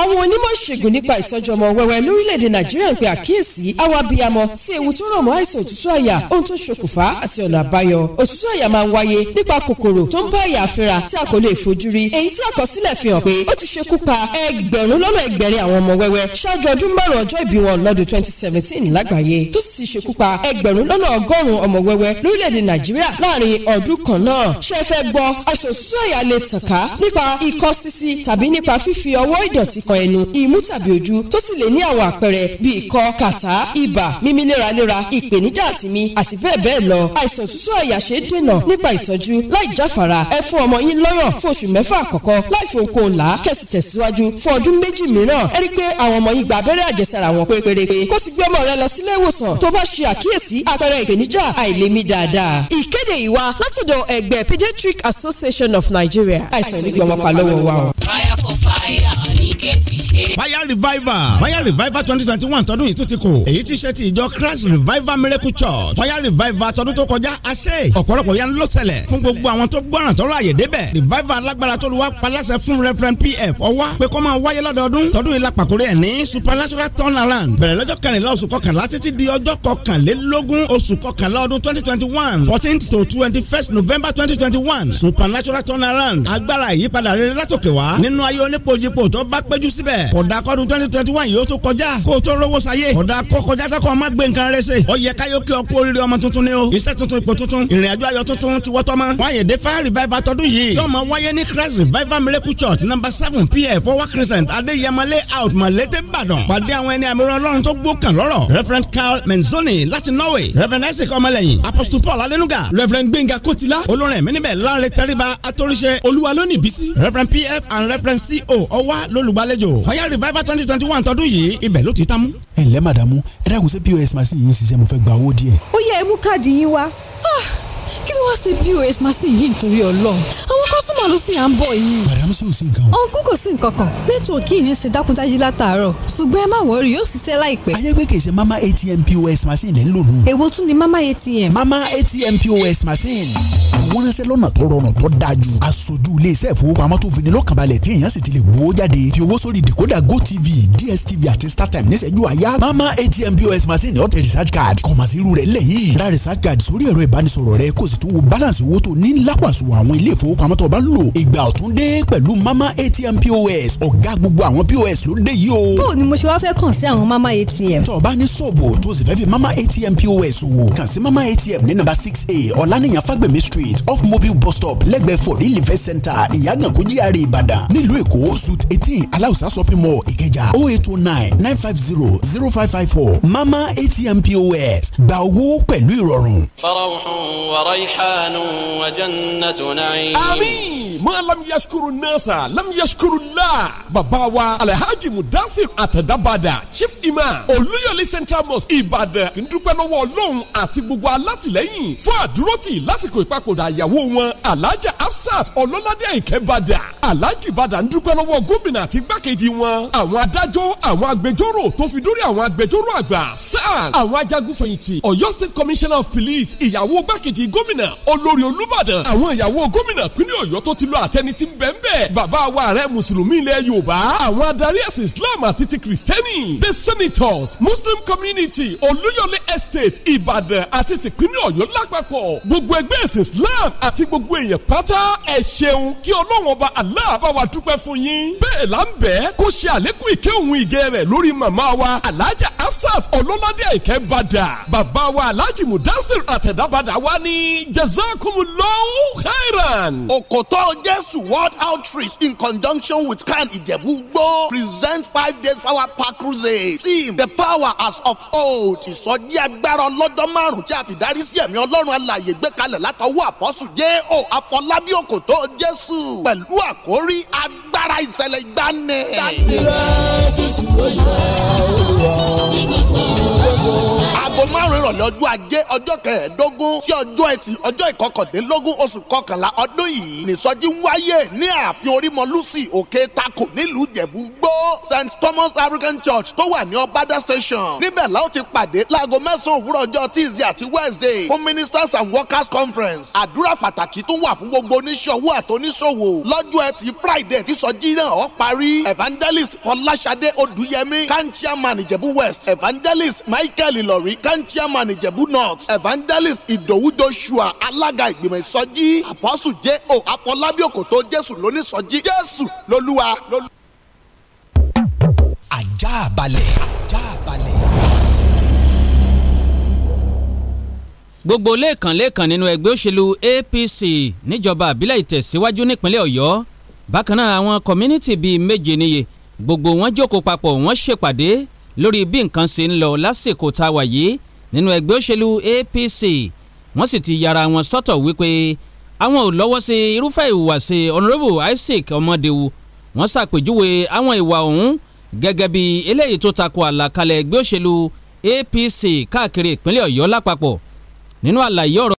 àwọn onímọ̀ ìṣègùn nípa ìsọjọmọ wẹ́wẹ́ lórílẹ̀‐èdè nàìjíríà ń pe àkíyèsí àwa abiyamọ sí ewu tó rọ̀ mọ́ àìsàn òtútù àyà ohun tó ṣokùnfà àti ọ̀nà àbáyọ òtútù àyà máa ń wáyé nípa kòkòrò tó ń bá àyà fínra tí a kò lè fojú rí èyí tí àkọsílẹ̀ fi hàn pé ó ti ṣekú pa ẹgbẹ̀rún lọ́nà ẹgbẹ̀rin àwọn ọmọ wẹ́wẹ́ ṣáájú ọdún márùn ọjọ́ ìbí wọn lọ́dún twenty seventeen lágbàáyé tó sì ti ṣekú pa ẹgbẹ̀rún lọ́nà ọgọ́rùn-ún ọmọ wẹ́wẹ́ lórílẹ̀‐èdè nàìjíríà láàrin ọdún kan náà ṣe fẹ́ gbọ́ àìsàn òtútù àyà lè t àìsàn ká nípa ikọ́ sísí tàbí nípa fífi ọwọ́ ìdọ̀tí kan ẹnu ìmú tàbí ojú tó sì lè ní àwọn àpẹẹrẹ bíi ikọ́ kàtá ibà mímí léraléra ìpèníjà àtìmí àti bẹ́ẹ̀ bẹ́ẹ̀ lọ àìsàn òtútù àyà ṣe é dènà nípa ìtọ́jú láì jáfara ẹ fún ọmọ yín lọ́yàn fún oṣù mẹ́fà àkọ́kọ́ láì fi ohunkóhun là á kẹ̀sì tẹ̀síwájú fún ọdún méjì mìíràn ẹ rí i pé àwọn ọmọ yín gba Pediatric Association of Nigeria àìsàn nígbà wọn pa lọ́wọ́ wa o. fire for fire fire revival fire revival 2021. twenty one tọdún yìí tún ti kù èyí ti ṣe ti ìjọ christ revival miracle church fire revival tọdún tó kọjá a ṣe ọ̀pọ̀lọpọ̀ yẹn ló ṣẹlẹ̀ fún gbogbo àwọn tó gbọ́ràn tọ́lọ́ àyè débẹ̀ revival alágbára tó lu wá paláṣẹ fún referent pf ọwá pé kó máa wáyé lọ́dọọdún tọdún yìí la pàkórí ẹ̀ ní supernatural turnaround bẹ̀rẹ̀ lọ́jọ́ kẹrìnlá oṣù kọkànlá títí di ọjọ́ kọkànlélógún oṣù kọkànlá ọdún twenty twenty to twenty first november twenty twenty one supernatural agbára ìyípadà rere látòkè wá nínú ayé onípojípo tó bá péjú síbẹ̀ kódà kọ́dún twenty twenty one yóò tó kọjá kó o tó rówó sayé kódà kó kọjá tó kọ́ ọ gbé nǹkan rẹ ṣe ó yẹ káyọ̀ kí ọkú oríire ọmọ tuntun ni o iṣẹ́ tuntun ipò tuntun ìrìn àjò ayọ̀ tuntun ti wọ́tọ́ mọ́ wáyé dé revival tọdún yìí tí ó wáyé ní Christ revival miracle church number seven pm power crescent adéyẹmọlé out malete pàdé àwọn ẹni àmì Ọlọ́run tó gbó kàn lọ́rọ̀ reverend Karl Menzoni láti Norway reverend Isaac Ọmọlẹ́yìn apostle Paul Alenuga reverend Gbẹ̀ngà Kotila olórin ẹ̀mí níbẹ̀ láre tẹ́ríba atóríṣẹ́ olú olúwa lónìí bísí. referent pf and referent co ọwá lólùgbàlejò fire revival twenty twenty one tọdún yìí ibẹ̀ ló ti tán mú. ẹ ǹlẹ́ màdàmú ẹ dákun sí pos machine yìí ń ṣiṣẹ́ mo fẹ́ gba owó díẹ̀. ó yẹ ẹ mú káàdì yín wá ah, kí ló wá ṣe pos machine yìí nítorí Ọlọ́run àwọn kọ́sọ́mà ló sì à ń bọ̀ yìí. màdàmú sì ò sí nǹkan o. ọ̀nkú kò sí nǹkan kan nẹ́tíwọ̀kì yìí ń ṣe dákúndájí látàárọ̀ ṣùgbọ́n ẹ má wọrí yóò ṣiṣẹ́ láìpẹ́. ayé kì í ṣe mama atm pos machine lẹ́ ń lò nù. èwo tún ni mama atm. mama atm pos machine wọ́n ránṣẹ́ tó rọrùn tó dájú. aṣojú iléeṣẹ́ ìfowópamọ́ tó fini lọ́kànbalẹ̀ tí èèyàn sì ti lè gbowó jáde fi owó sórí decoder gotv dstv àti startime níṣẹ́jú àyà mama atm pos machine ọ̀tẹ̀ research card kọ̀mọ̀sí irú rẹ̀ lẹ́yìn ra research card sórí ẹ̀rọ ìbánisọ̀rọ̀ rẹ kó sì tún wo balance owó tó ní lápàṣù àwọn ilé ìfowópamọ́ tó bá ń lò ìgbà ọ̀tún dé pẹ̀lú mama atm pos ọ̀gá gbogbo àwọn o. bó o ni mo ṣe wá fẹ́ kàn sí àwọn mama atm. tó o bá ní mama atm pos wò kàn mama atm ní nàmbà six a ọ̀lànìyàn fagbemi street off mobile bus stop lẹ́gbẹ̀ẹ́ for real event center ìyàgànkó GRA ìbàdàn nílùú èkó suit eighteen aláùsá shopping mall ìkẹjà o oh eight o oh nine nine five zero zero five five four mama atm pos gba owó pẹ̀lú ìrọ̀rùn. farawun wa raihanu wa jannatu na'im. àmín ma lam yashkuru nasa lam yashkuru la bàbá wa alhaji mudafir atadabada chief imam olúyọ̀lé central mosque ìbàdàn kì í dúpẹ́ lọ́wọ́ ọlọ́run àti gbogbo alátìlẹ́yìn fún àdúrótì lásìkò ìpapòdà àyàwó wọn alhaja hafsat ọlọ́ládé ìkẹ́bàdà alhaji bàdà ń dúpẹ́ lọ́wọ́ gómìnà àti gbákejì wọn àwọn adájọ́ àwọn agbẹjọ́rò tó fi dórí àwọn agbẹjọ́rò àgbà sàn àwọn ajagunfẹ̀yìntì ọ̀yọ́ state commissioner of police ìyàwó gbákejì gómìnà olórí olúbàdàn àwọn ìyàwó gómìnà pínlẹ̀ ọ̀yọ́ tó ti lọ àtẹni tí ń bẹ́ẹ̀ bàbá wa ààrẹ mùsùlùmí ilẹ̀ yorùbá àwọn adarí ẹ̀sìn islam àti ti kìrìsìtẹ́nì the senators muslim community olúyọ̀lé estate ìbàdàn àti tìpínlẹ̀ ọ̀yọ́ lápapọ̀ gbogbo ẹgbẹ́ ẹ̀sìn islam imam àti gbogbo èèyàn pátá ẹ ṣeun kí ọlọ́run ọba Allah dúpẹ́ fún yín. bẹ́ẹ̀ la ń bẹ̀ ẹ́ kó ṣe àlékún ìké òun ìgẹ̀ rẹ̀ lórí màmá wa alhaja Hafsat ọlọ́ládé àìkẹ́ bàdà bàbá wa alhaji mudasir àtẹ̀dábàdà wa ní jazakumullahu khairan. Òkòtó Jésù World Outreach in conjunction with Khan Ìjẹ̀bú-Gbó present five days power pack crusade team the power as of old ìsọjí agbára ọlọ́jọ́ márùn-ún tí a fìdarí sí ẹ̀mí ọlọ́run alààyè gbé kalẹ̀ látọwọ́ àpọ̀ apọ́sù jẹ́ o àfọlábí òkòtó jésù pẹ̀lú àkórí agbára ìṣẹ̀lẹ̀ ìgbàanì. dátìrẹ́ jésù ó yẹ aago márùn-ún ìrọ̀lẹ́ ọjọ́ ajé ọjọ́ kẹẹ̀ẹ́dógún sí ọjọ́ ẹtì ọjọ́ ìkọkàndínlógún oṣù kọkànlá ọdún yìí nìsọjí wáyé ní ààfin orímọlúsì òkè tako nílùú jẹ̀bú-gbó st thomas african church tó wà ní ọbádà station níbẹ̀ la ó ti pàdé láago mẹ́sàn-án òwúrọ̀ ọjọ́ tuesday àti wednesday fún ministers and workers conference àdúrà pàtàkì tún wà fún gbogbo oníṣẹ́ owó àtòníṣòwò lọ́jọ́ ẹtì friday tí sọjí náà ó parí evangelist ọláṣadé odúyẹmí kan chairman ìjẹ̀bú west evangelist michael ìlọ̀rí kan chairman ìjẹ̀bú north evangelist ìdòwú joshua alága ìgbìmọ̀ ìsọjí apostle j o afọlábí òkòtó jésù lónìsọjí jésù lolúwa. ajá balẹ̀ ajá balẹ̀. gbogbo lẹ́ẹ̀kan lẹ́ẹ̀kan nínú ẹgbẹ́ òṣèlú apc níjọba àbílẹ̀ ìtẹ̀síwájú nípínlẹ̀ ọ̀yọ́ bákan náà àwọn community bíi méje níye gbogbo wọn jókòó papọ̀ wọ́n ṣèpàdé lórí bí nǹkan ṣe ń lọ lásìkò tá a wà yìí nínú ẹgbẹ́ òṣèlú APC wọ́n sì ti yára wọn sọ́tọ̀ wípé àwọn ò lọ́wọ́ sí irúfẹ́ ìhùwàsí honorable Isaac Ọmọdéwu wọ́n ṣàpèjúwe àwọn ìwà ọ̀hún gẹ́gẹ́ bí eléyìí tó tako àlàkalẹ̀ ẹgbẹ́ òṣèlú APC káàkiri ìpínlẹ̀ Ọ̀yọ́ lápapọ̀ nínú àlàyé ọ̀rọ̀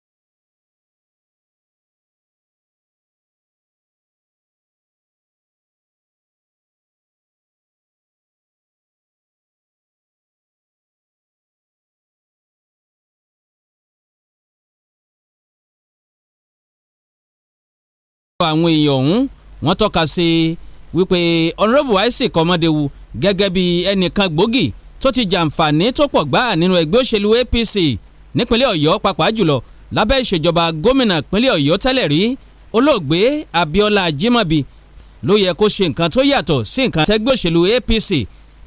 àwọn èèyàn ọ̀hún wọ́n tọ́ka sí wípé ọ̀nrọ́bù isaac ọmọdéwu gẹ́gẹ́ bí ẹnìkan gbòógì tó ti jàǹfààní tó pọ̀ gbáà nínú ẹgbẹ́ òṣèlú apc nípínlẹ̀ ọ̀yọ́ pàápàá jùlọ lábẹ́ ìṣèjọba gómìnà ìpínlẹ̀ ọ̀yọ́ tẹ́lẹ̀ rí olóògbé abiola jimobi ló yẹ kó ṣe nǹkan tó yàtọ̀ sí nǹkan tẹ́gbẹ́ òṣèlú apc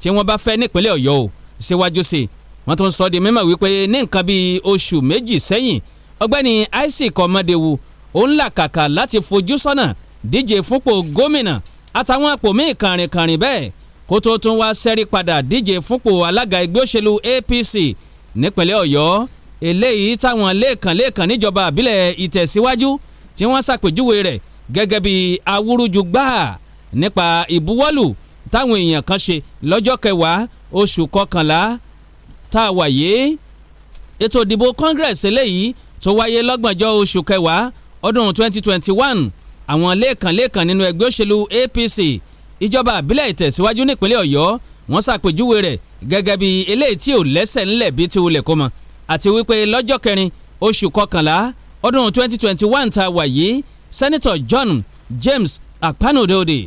tí wọ́n bá fẹ́ nípínlẹ̀ ọ̀yọ́ o síwájú sí wọ́n tún sọ di mímọ̀ wípé ní nǹkan bíi oṣù méjì sẹ́yìn ọgbẹ́ni isaac ọmọdéwu ó ń làkàkà láti fojú sọ́nà díje fúnpò gómìnà àtàwọn àpò míì kàrìnkàrìn bẹ́ẹ̀ kó tó tún wá sẹ́rí padà díje fúnpò alága ẹgbẹ́ òṣèlú APC nípínlẹ̀ Ọ̀yọ́ eléyìí táwọn lẹ́ẹ̀kanlẹ́ẹ̀kan níjọba àbílẹ̀ ìtẹ̀síwájú tí wọ́n ṣàpèjúwe rẹ̀ gẹ́gẹ́ bí awúrúju gbáà nípa ìbuwọ́lù táwọn èèyàn kan ṣe lọ́jọ́ kẹwàá oṣù kọkànlá tá a wà ètò ìdìbò Congress eléyìí tó wáyé lọ́gbọ̀njọ́ oṣù kẹwàá ọdún 2021 àwọn lẹ́ẹ̀kan lẹ́ẹ̀kan nínú ẹgbẹ́ òṣèlú APC ìjọba àbílẹ̀ ìtẹ̀síwájú nípínlẹ̀ Ọ̀yọ́ wọ́n ṣàpèjúwe rẹ̀ gẹ́gẹ́ bí eléyìí tí ò lẹ́sẹ̀ ńlẹ̀ bí ti wulẹ̀ kó mọ́ àti wípé lọ́jọ́ kẹrin oṣù kọkànlá ọdún 2021 ta wà yìí sẹ́nitọ̀ John James Akpanodode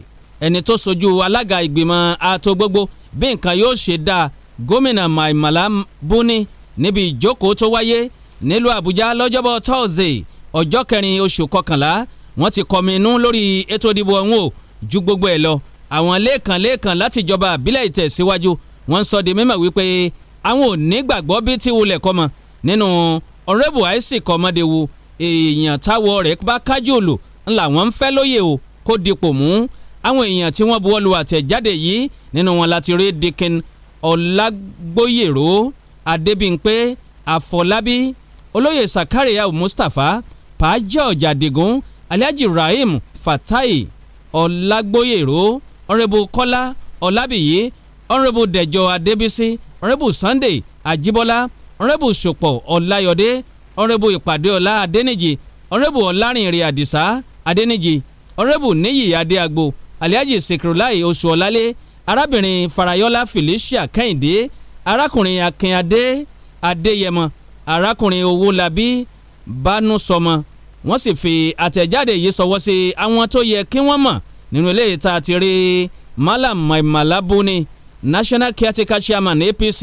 ẹni tó sojú alága ìgbìmọ̀ ààtò gbogbo bí nǹkan yóò ṣe dáa gómìnà Maimala Buni níbi ìjókòó tó wáyé nílùú Àbújá lọ́jọ́bọ̀ Thursday ọjọ́ kẹrin oṣù kọkànlá wọ́n ti kọminú lórí ètò ìdìbò ọ̀hún o ju gbogbo ẹ̀ lọ àwọn lẹ́ẹ̀kan lẹ́ẹ̀kan láti ìjọba àbílẹ̀ ìtẹ̀síwájú wọ́n ń sọ di mímọ̀ wípé àwọn ò ní gbàgbọ́ bí ti wulẹ̀ kọ́mọ nínú ọ̀rẹ́bù àìsí kọ́mọdéwu èèyàn táwọ̀ rẹ̀ bá kájú òlò ńlá wọn ń fẹ́ lóye o kó dipò mú àwọn èèyàn tí wọ́n buwọ́lu àtẹ̀jáde yìí nínú wọn láti rí Dikin Ọlágbóyèrò Adébímpé Àfọlábí Olóyè Sakaria Mustapha pàájà ọ̀jàdìgún alhaji rahim fatai ọlágbóyèrò ọ̀rẹ́bù kọ́lá ọlábìyí ọ̀rẹ́bù dẹjọ adébísí ọ̀rẹ́bù sunday ajíbọ́lá ọ̀rẹ́bù sọ̀pọ̀ ọláyọ̀dé ọ̀rẹ́bù ìpàdé ọlá adẹ́nìjì ọ̀rẹ́bù ọlárìnrìn àdìsá adẹ́nìjì ọ̀rẹ́bù níyì adéagbo alhaji sekirulai oṣù ọ̀lálé arábìnrin farayọlá felicia kẹ́hìndé arákùnrin akínyadé adéyẹmọ arákùnrin owólabí bánú sọmọ wọ́n sì fi àtẹ̀jáde yìí sọwọ́ sí àwọn tó yẹ kí wọ́n mọ̀ nínú eléyìí tá a ti rí Malam Maimala Buni National Caretaker Chairman APC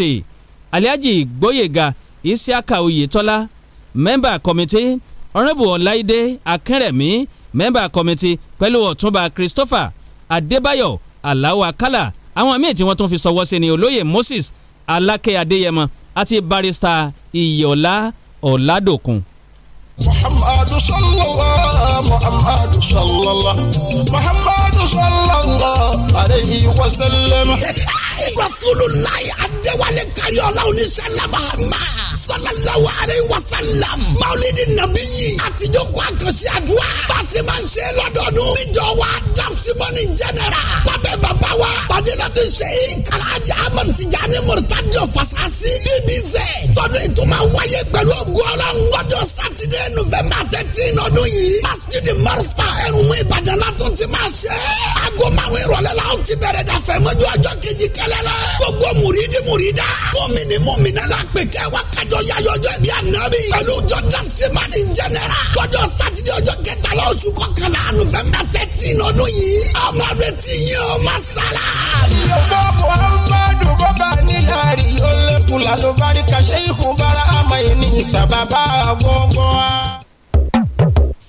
Alhaji Gboyega Isiaka Oyetola member committee ọ̀rẹ́bù ọ̀láìdé akínrẹ̀mí mẹ́mbà kọ́mìtì pẹ̀lú ọ̀túnba Christopher adébáyọ̀ aláwọ̀ akálà àwọn míì tí wọ́n tún fi sọwọ́ sí ni olóyè Moses alákẹ́ adéyẹmọ àti barista ìyọ̀lá ọ̀làdòkun. محمد صلى الله محمد صلى الله محمد صلى الله عليه وسلم rasulu layi adéwálé kariola oníṣẹ́lá mahama sallallahu alayhi wa maulidi nabi yi àtijọ́ kó àkànṣe àdúrà fàṣẹ máa ń níjọ wa dafsimoni jẹnẹra lábẹ́ bàbá wa fadilati sheik alhaji ahmed tijani murtadio fasasi bbz tọdún ìtumọ̀ wáyé pẹ̀lú ògùn ọlọ́run lọ́jọ́ sátidé nùfẹ̀mà ọdún yìí masjidi marfa ẹ̀rùnmú ìbàdàn látún ti máa ṣe é aago márùn la ó ti bẹ̀rẹ̀ dàfẹ́ mọ́jú ọjọ́ kejì kẹlẹ́ lẹ́rẹ́. gbogbo mùrídì mùrídà. mọ́mìnì mọ́mìnà la pè kẹ́ wa kájọ yayọjọ ibi ànábì. pẹ̀lú jọ dàmsímánì jẹnẹra. lọ́jọ́ sátidé ọjọ́ kẹtàlá oṣù kọkànlá nùfẹ̀mẹ́ tẹ́tì nọ́dún yìí. ọmọ rẹ ti yín o ma sara. ìyọ̀fọ̀ muhammadu bọ́ba níláàrí ó lẹ́kùn lálùbáríkà ṣé ìkùn bára àmọ́ ẹni ìsàbàbà gbọ́ngbọ́n.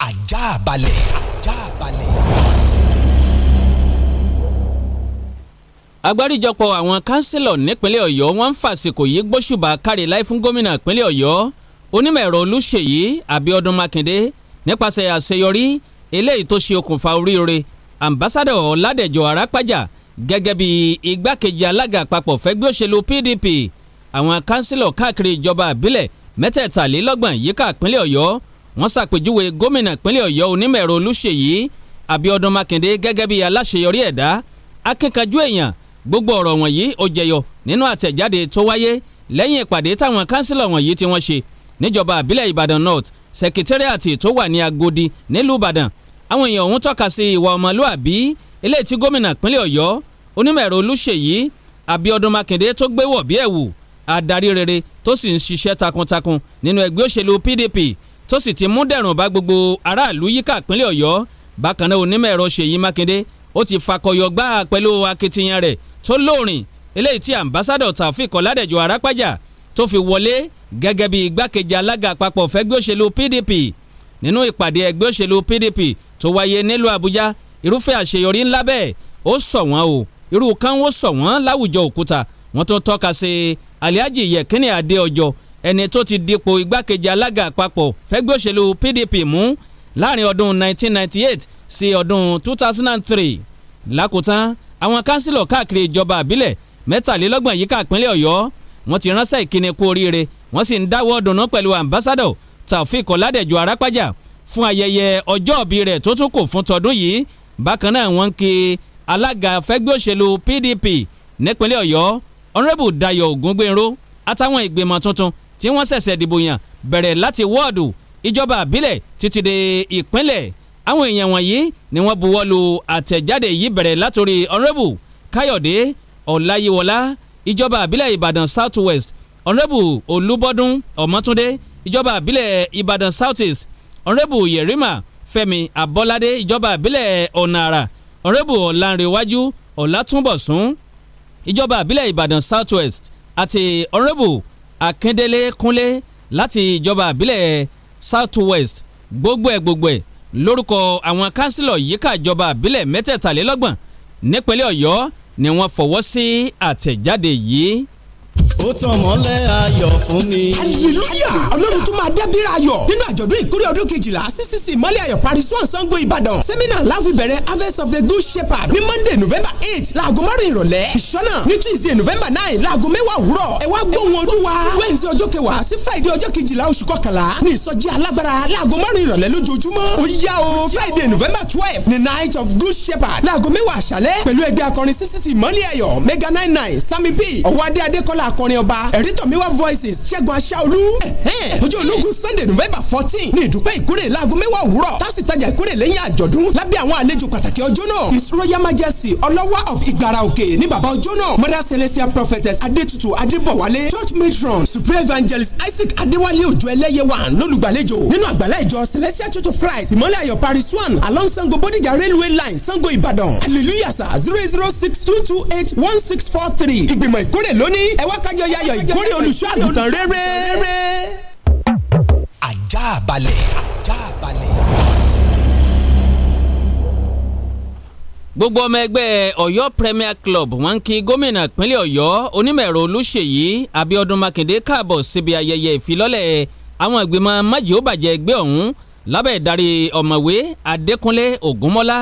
ajá balẹ̀ ajá balẹ̀. agbáríjọpọ̀ àwọn kánsílọ̀ nípínlẹ̀ ọ̀yọ́ wọ́n ń fàsìkò yìí gbóṣùbà kárí láì fún gómìnà ìpínlẹ̀ ọ̀yọ́ onímọ̀ ẹ̀rọ olúṣèyí abíọ́dún mákindé nípasẹ̀ àṣeyọrí eléyìí tó ṣe okùnfà oríire ambassadọ̀ ọ̀làdẹ̀jọ́ arápájà gẹ́gẹ́ bí igbákejì alága àpapọ̀ fẹ́gbẹ́ òṣèlú pdp àwọn kánsílọ̀ káàkiri ìjọba àbílẹ̀ mẹ́tẹ̀ẹ̀tàlélọ́gbọ̀n yíká ìpínlẹ̀ ọ̀yọ́ wọ́n ṣàpèjúwe gómìnà ìpínlẹ̀ ọ̀yọ́ onímọ̀ ẹ̀rọ olúṣèyí abíọ́dún mákindé gẹ́gẹ́ bí aláṣeyọrí ẹ̀dá akínkanjú èèyàn gbogbo ọ̀rọ̀ wọ̀nyí ó jẹyọ nínú àtẹ̀jáde tó wáyé lẹ́yìn ìpàdé táwọn kánsílọ̀ wọ̀nyí tí wọ́n ṣe níjọba àbílẹ̀ ìbàdàn north sẹkítẹ́rìàtì tó wà ní agodi nílùú ìbàdàn àwọn èèyàn ọ̀hún tọ́ka sí ìwà ọmọlúàbí ilé tí gómìnà pínlẹ̀ ọ̀yọ́ onímọ̀ ẹ̀rọ olúṣèyí abíọ́dún tó gbé wọ̀ bí ẹ̀wù adarí rere tó sì ń ṣiṣẹ́ takuntakun nínú ẹgbẹ́ òṣèlú pdp tó sì ti mú dẹ̀rùn bá gbogbo aráàlú yíká pínlẹ̀ ọ̀yọ́ bákan náà onímọ̀ ẹ̀rọ ṣèyí ó ti fakọyọ gbáà pẹ̀lú akitiyan rẹ̀ tó lóòrìn eléyìí tí ambassadọ̀ Taofik Ọládẹ̀jọ Arápájà tó fi wọlé gẹ́gẹ́ bí igbákejì alága àpapọ̀ fẹ́gbẹ́ òṣèlú PDP nínú ìpàdé ẹgbẹ́ òṣèlú PDP tó wáyé nílùú Àbújá irúfẹ́ àṣeyọrí ńlá bẹ́ẹ̀ ó sọ wọ́n o irú kan ó sọ wọ́n láwùjọ òkúta wọ́n tó tọ́ka sí Alhaji Yekini Adéọjọ́ ẹni tó ti dipò igbákejì alága àpapọ̀ fẹ́gbẹ́ òṣèlú PDP mú láàrin ọdún 1998 sí ọdún 2003 lákòótán àwọn kánsílọ̀ káàkiri ìjọba àbílẹ̀ mẹ́tàlélọ́gbọ̀n yíká ìpínlẹ̀ ọ̀yọ́ wọ́n ti ránṣẹ́ ìkíni kú oríire wọ́n sì ń dáwọ́ dùnú pẹ̀lú ambassadọ̀ taofik ọ̀làdẹ̀jọ arápájà fún ayẹyẹ ọjọ́ọ̀bí rẹ̀ tó tún kò fún tọdún yìí bákan náà wọ́n ń kí alága fẹ́gbẹ́ òṣèlú pdp nípínlẹ̀ ọ̀yọ́ ọ̀nrẹ́bù dayọ̀ ògúngbẹ̀rọ àtàwọn ìgbìmọ̀ tuntun tí wọ́n ṣẹ̀ṣẹ̀ dìbò yàn bẹ̀rẹ̀ láti wọ́ọ̀dù ìjọba àbílẹ̀ títí de ìpínlẹ̀ àwọn èèyàn wọ̀nyí ni wọ́n buwọ́ lu àtẹ̀jáde yìí bẹ̀rẹ̀ látòrí ọ̀nrẹ́bù káyọ̀dé ọláyíwọlá ìjọba àbílẹ̀ ìbàdàn south west ọ̀nrẹ́bù olúbọ́dún ọ̀mọ́túndé ìjọba àbílẹ̀ ìbàdàn south east ọ̀nrẹ́bù yerima fẹ́mi abọ́ládé ìjọba àbílẹ̀ ọ̀nàrà ọ̀nrẹ́bù ọ̀làǹrẹ̀wájú ọ̀làtúnbọ̀sún ìjọba àbílẹ̀ ìbàdàn south west àti ọ̀nrẹ́bù akíndélé kúnlé láti ìjọba àbílẹ̀ south west gbogbo ẹ̀ gbogbo ẹ̀ lórúkọ àwọn kánsílọ̀ yíká ìjọba àbílẹ̀ mẹ́tẹ̀ẹ̀talélọ́gbọ̀n nípínlẹ̀ ọ̀yọ́ ni wọ́n fọwọ́ sí àtẹ̀jáde yìí ó tàn mọ́lẹ̀ ayọ̀ fún mi. hallelujah ọlọ́run tó máa dábìrì ayọ̀ nínú àjọ̀dún ìkórè ọdún kejìlá ccc mọ́lẹ̀ ayọ̀ paris one sango ìbàdàn sẹ́mínà láfi bẹ̀rẹ̀ harvest of the good shepherd ní monday november eight láago márùn ìrọ̀lẹ́ ìṣọ́nà ní tuesday november nine láago mẹ́wàá òwúrọ̀ ẹ wá gbóhùn olúwa wednesday ọjọ́ kẹwàá sí friday ọjọ́ kejìlá oṣù kọkànlá ní ìsọjí alágbára láago márùn ìrọ̀lẹ́ lójoojúmọ́ ó yá o friday november twelve ní night of good shepherd láago mẹ́wàá àṣálẹ́ pẹ̀lú ẹgbẹ́ akọrin ccc mọ́lẹ̀ ayọ̀ mega nine nine sami p ọ̀wádé adékọ́lá akọrin akọrin ọba ẹ̀rítọ̀míwá voices ṣẹ́gun aṣáolú ọjọ́ ológun sunday november fourteen ní ìdúpẹ́ ìkórè láago mẹ́wàá òwúrọ̀ tásì tajà ìkórè lẹ́yìn àjọ̀dún lábẹ́ àwọn àlejò pàtàkì ọjọ́ náà his royal majesty ọlọ́wà of ìgbàrà òkè ní bàbá ọjọ́ náà mother celestial prophetess adétutù adébọ̀wálé church matron supreme evangelist isaac adéwálé òjò ẹlẹ́yẹ wà lólùgbàlejò nínú àgbàlá ìjọ celestial church of christ ìmọ̀lẹ̀ ayọ̀ paris one along sango bodijà railway line sango ìbàdàn hallelujah sir zero zero six two two eight one six four three ìgbìmọ̀ ìkórè lónìí ẹ wá ayẹyẹ ìkórè olùṣọ́ àgùntàn rere. ajá balẹ̀ ajá balẹ̀. gbogbo ọmọ ẹgbẹ́ ọ̀yọ́ premier club wọ́n ń kí gómìnà ìpínlẹ̀ ọ̀yọ́ onímọ̀ẹ̀rọ olùṣèyí abíọ́dún makinde káàbọ̀ síbi ayẹyẹ ìfilọ́lẹ̀ àwọn ìgbìmọ̀ májèóbàjẹ́ ẹgbẹ́ ọ̀hún lábẹ́ ìdarí ọ̀mọ̀wé adékúnlé ògúnmọ́lá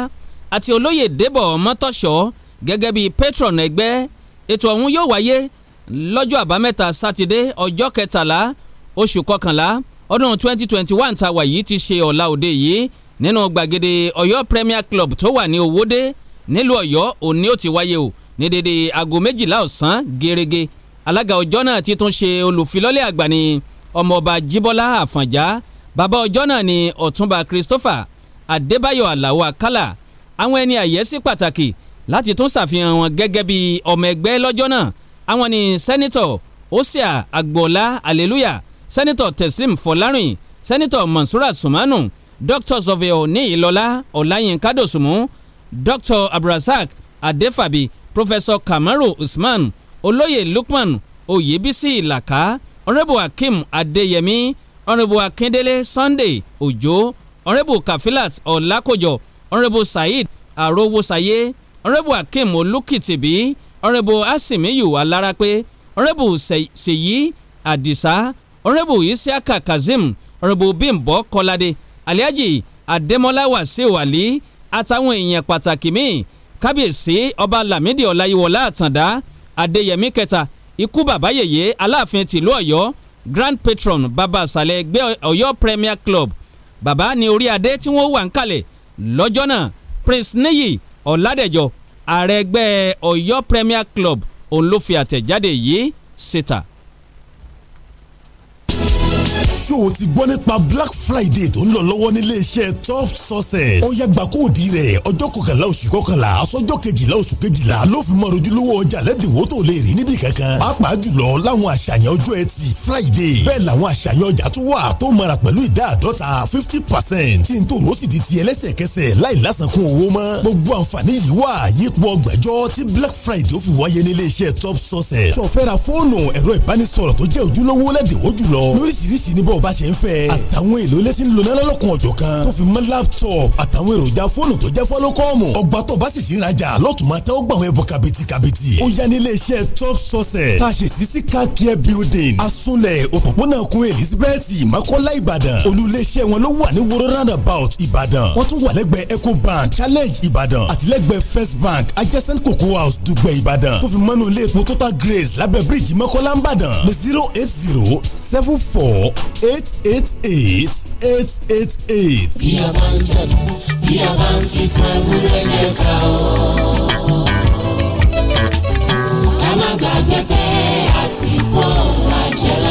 àti olóyè débọ̀ mọ́tọ́ṣọ́ gẹ́gẹ́ bíi patron ẹgbẹ́ ètò ọ̀hún yóò wáyé lọ́jọ́ àbámẹ́ta sátidé ọjọ́ kẹtàlá oṣù kọkànlá ọdún 2021 tá wà yìí ti ṣe ọ̀la òde yìí nínú gbàgede ọ̀yọ́ premier club tó wà ní owóde nílùú ọ̀yọ́ òní ó ti wáyé o ní dédé aago méjìlá ọ̀sán gẹ́rẹ́gẹ́ alága ọjọ́ náà ti tún ṣe olùfilọ́lẹ̀ àgbà ní ọmọọba jíbọ́lá àfọ̀njá bàbá ọjọ́ náà ni ọ̀túnba christopher adébáyọ̀ aláwọ̀ àkàlà àwọn ẹni àyẹ́sí pàtàkì láti tún ṣàfihàn wọn gẹ́gẹ́ bí ọmọ ẹgbẹ́ lọ́jọ́ náà àwọn ni sẹ́nitọ̀ osia agboola hallelujah sẹ́nitọ̀ teslim fọlárin sẹ́nitọ̀ mansurat sumanu doctors of ẹ̀ ní ìlọ́lá ọláyínká dòsùnmú doctor abdulrasaq adefabi professor kamaru usman olóyè lukman oyèbísí ìlàkà ọ̀rẹ́bù Akim Adeyemi, ọ̀rẹ́bù akíndélé sunday Ojo, ọ̀rẹ́bù kafilat ọ̀làkọjọ ọ̀rẹ́bù saheed àròwòsàyé ọ̀rẹ́bù akeem olùkìtìbí ọ̀rẹ́bù asimi yìwà lára pé ọ̀rẹ́bù ṣèyí àdìsá ọ̀rẹ́bù isiaka kazeem ọ̀rẹ́bù bímbọ́ kọ́ládé aliaji adémọ́lá wàsíù àlí àtàwọn èèyàn pàtàkì míì kábíyèsí ọba lámìdí ọláyíwọlá àtàndá adéyẹmí kẹta ikú bàbá yèyé aláàfin tìlú ọ̀yọ́ grand patron bàbá àṣàlẹ̀ ẹgbẹ́ ọ̀yọ́ premier club bàbá ní orí adé tí wọ́n wà ń kalẹ̀ lọ́jọ́ náà prince níyì ọ̀làdẹ̀jọ́ ààrẹ ẹgbẹ́ Ọ̀yọ́ Premier Club òun ló fi àtẹ̀jáde yìí síta ṣòwò ti gbọ́ nípa black friday tó ń lọ lọ́wọ́ nílé iṣẹ́ top success. ó yàgbà rẹ̀ ọjọ́ kọkànlá oṣù kọkànlá aṣọ́jọ́ kejìlá oṣù kejìlá ló fi mọ ojúlówó ọjà lẹ́dínwó tó lè rí nídìí kankan. pàápàá jùlọ láwọn àṣàyàn ọjọ́ ẹtì friday bẹ́ẹ̀ làwọn àṣàyàn ọjà tó wà tó mara pẹ̀lú ìdá àdọ́ta fifty percent tí n tó rò sì di ti ẹlẹ́sẹ̀kẹsẹ̀ láì lásàkún owó báwo bá ṣe ń fẹ́. àtàwọn èlò ilé ń lona lọ́lọ́kun ọ̀jọ̀ kan tó fi mọ́ laptop àtàwọn èròjà fóònù tó jẹ́ fọ́lọ́kọ́ọ̀mù ọgbà tó bá sì sí ìrajà lọ́tùmọ̀ tẹ́ ó gbà wọ́n ẹbọ kàbìtì kàbìtì. ó yá ní iléeṣẹ́ top sources tá a ṣe sí sí kákíẹ́ building asunlẹ̀ òpópónà kun elizabeth makola ìbàdàn olùléeṣẹ́ wọn ló wà ní woro roundabout ìbàdàn wọ́n tún wà lẹ́gbẹ̀ẹ́ ecobank challenge ìbàdàn àtìlẹ́gbẹ̀ẹ́ first bank adjacent cocoa house dùgbẹ̀ ìbàdàn tó fi mọ́nú ilé grace lábẹ́ bíríìjì makola zero eight zero seven four eight eight eight eight eight eight. bí a bá ń jẹ̀bú bí a bá ń fi tan ewúrẹ́ yẹn ká ọ́. ká má gbàgbé pé àtìpó àjẹlá.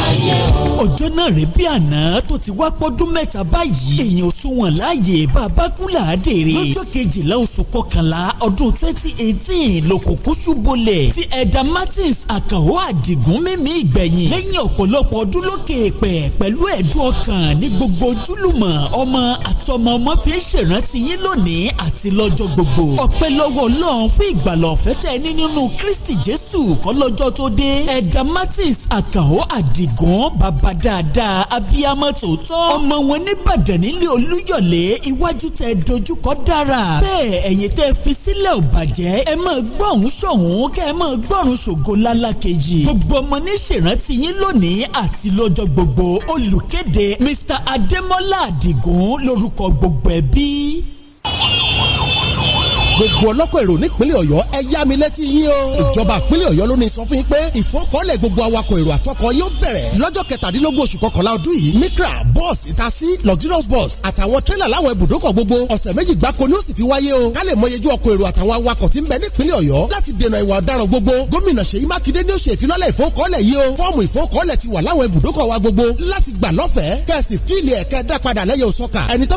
ọjọ́ náà rèé bí àná tó ti wá pọ́dún mẹ́ta báyìí èyàn ò sún wọn láàyè bàbá kúlà àdèrè lọ́jọ́ kejìlá oṣù kọkànlá ọdún twenty eighteen lòkùnkùn ṣubọlẹ̀ ti ẹ̀dà Martins àkànwó àdìgún mímí ìgbẹ̀yìn lẹ́yìn ọ̀pọ̀lọpọ̀ ọdún lókè èèpẹ̀ pẹ̀lú ẹ̀dùn ọkàn ní gbogbo ojúlùmọ̀ ọmọ àtọmọ ọmọ fi ń ṣèrántí yín lónìí àti lọ́jọ́ gbogbo àkànmọ́ bàbá dáadáa abiyamọ tòótọ́ ọmọ wọn nìbàdàn nílé olúyọ̀lé iwájú tẹ dojúkọ dára bẹ́ẹ̀ ẹ̀yìn tẹ fi sílẹ̀ ò bàjẹ́ ẹ máa gbọ́hùn ṣọ̀hún kẹ́ ẹ máa gbọ́rùn ṣògo lálá kejì gbogbo ọmọ ní ṣèrántí yín lónìí àti lọ́jọ́ gbogbo olùkéde Mr Adémọ́lá Àdìgún lórúkọ gbogbo ẹbí gbogbo ọlọ́kọ̀ èrò nípínlẹ̀ ọ̀yọ́ ẹ yá mi létí yín o. ìjọba ìpínlẹ̀ ọ̀yọ́ ló ní sọ fún yín pé ìfọkànlẹ̀ gbogbo awakọ̀ èrò àtọkọ̀ yóò bẹ̀rẹ̀ lọ́jọ́ kẹtàdínlógún oṣù kọkànlá ọdún yìí micra bus itasi luxurious bus àtàwọn tírélà láwọn ibùdókọ̀ gbogbo ọ̀sẹ̀ méjì gbáko ni ó sì fi wáyé o ká lè mọyejú ọkọ̀ èrò àtàwọn awakọ̀ tí ń bẹ nípínlẹ̀ ọ̀yọ́ láti dènà ìwà ọ̀daràn gbogbo gómìnà ṣèyí mákindé ni ó ṣe ìfilọ́lẹ̀ ìfowókọ́lẹ̀ yìí o fọ́ọ̀mù ìfowókọ́lẹ̀ ti wà láwọn ibùdókọ̀ wa gbogbo láti gbà lọ́fẹ̀ẹ́ kẹ̀sì fíìlì ẹ̀kẹ́ dá padà lẹ́yìn òsọ́kà ẹni tó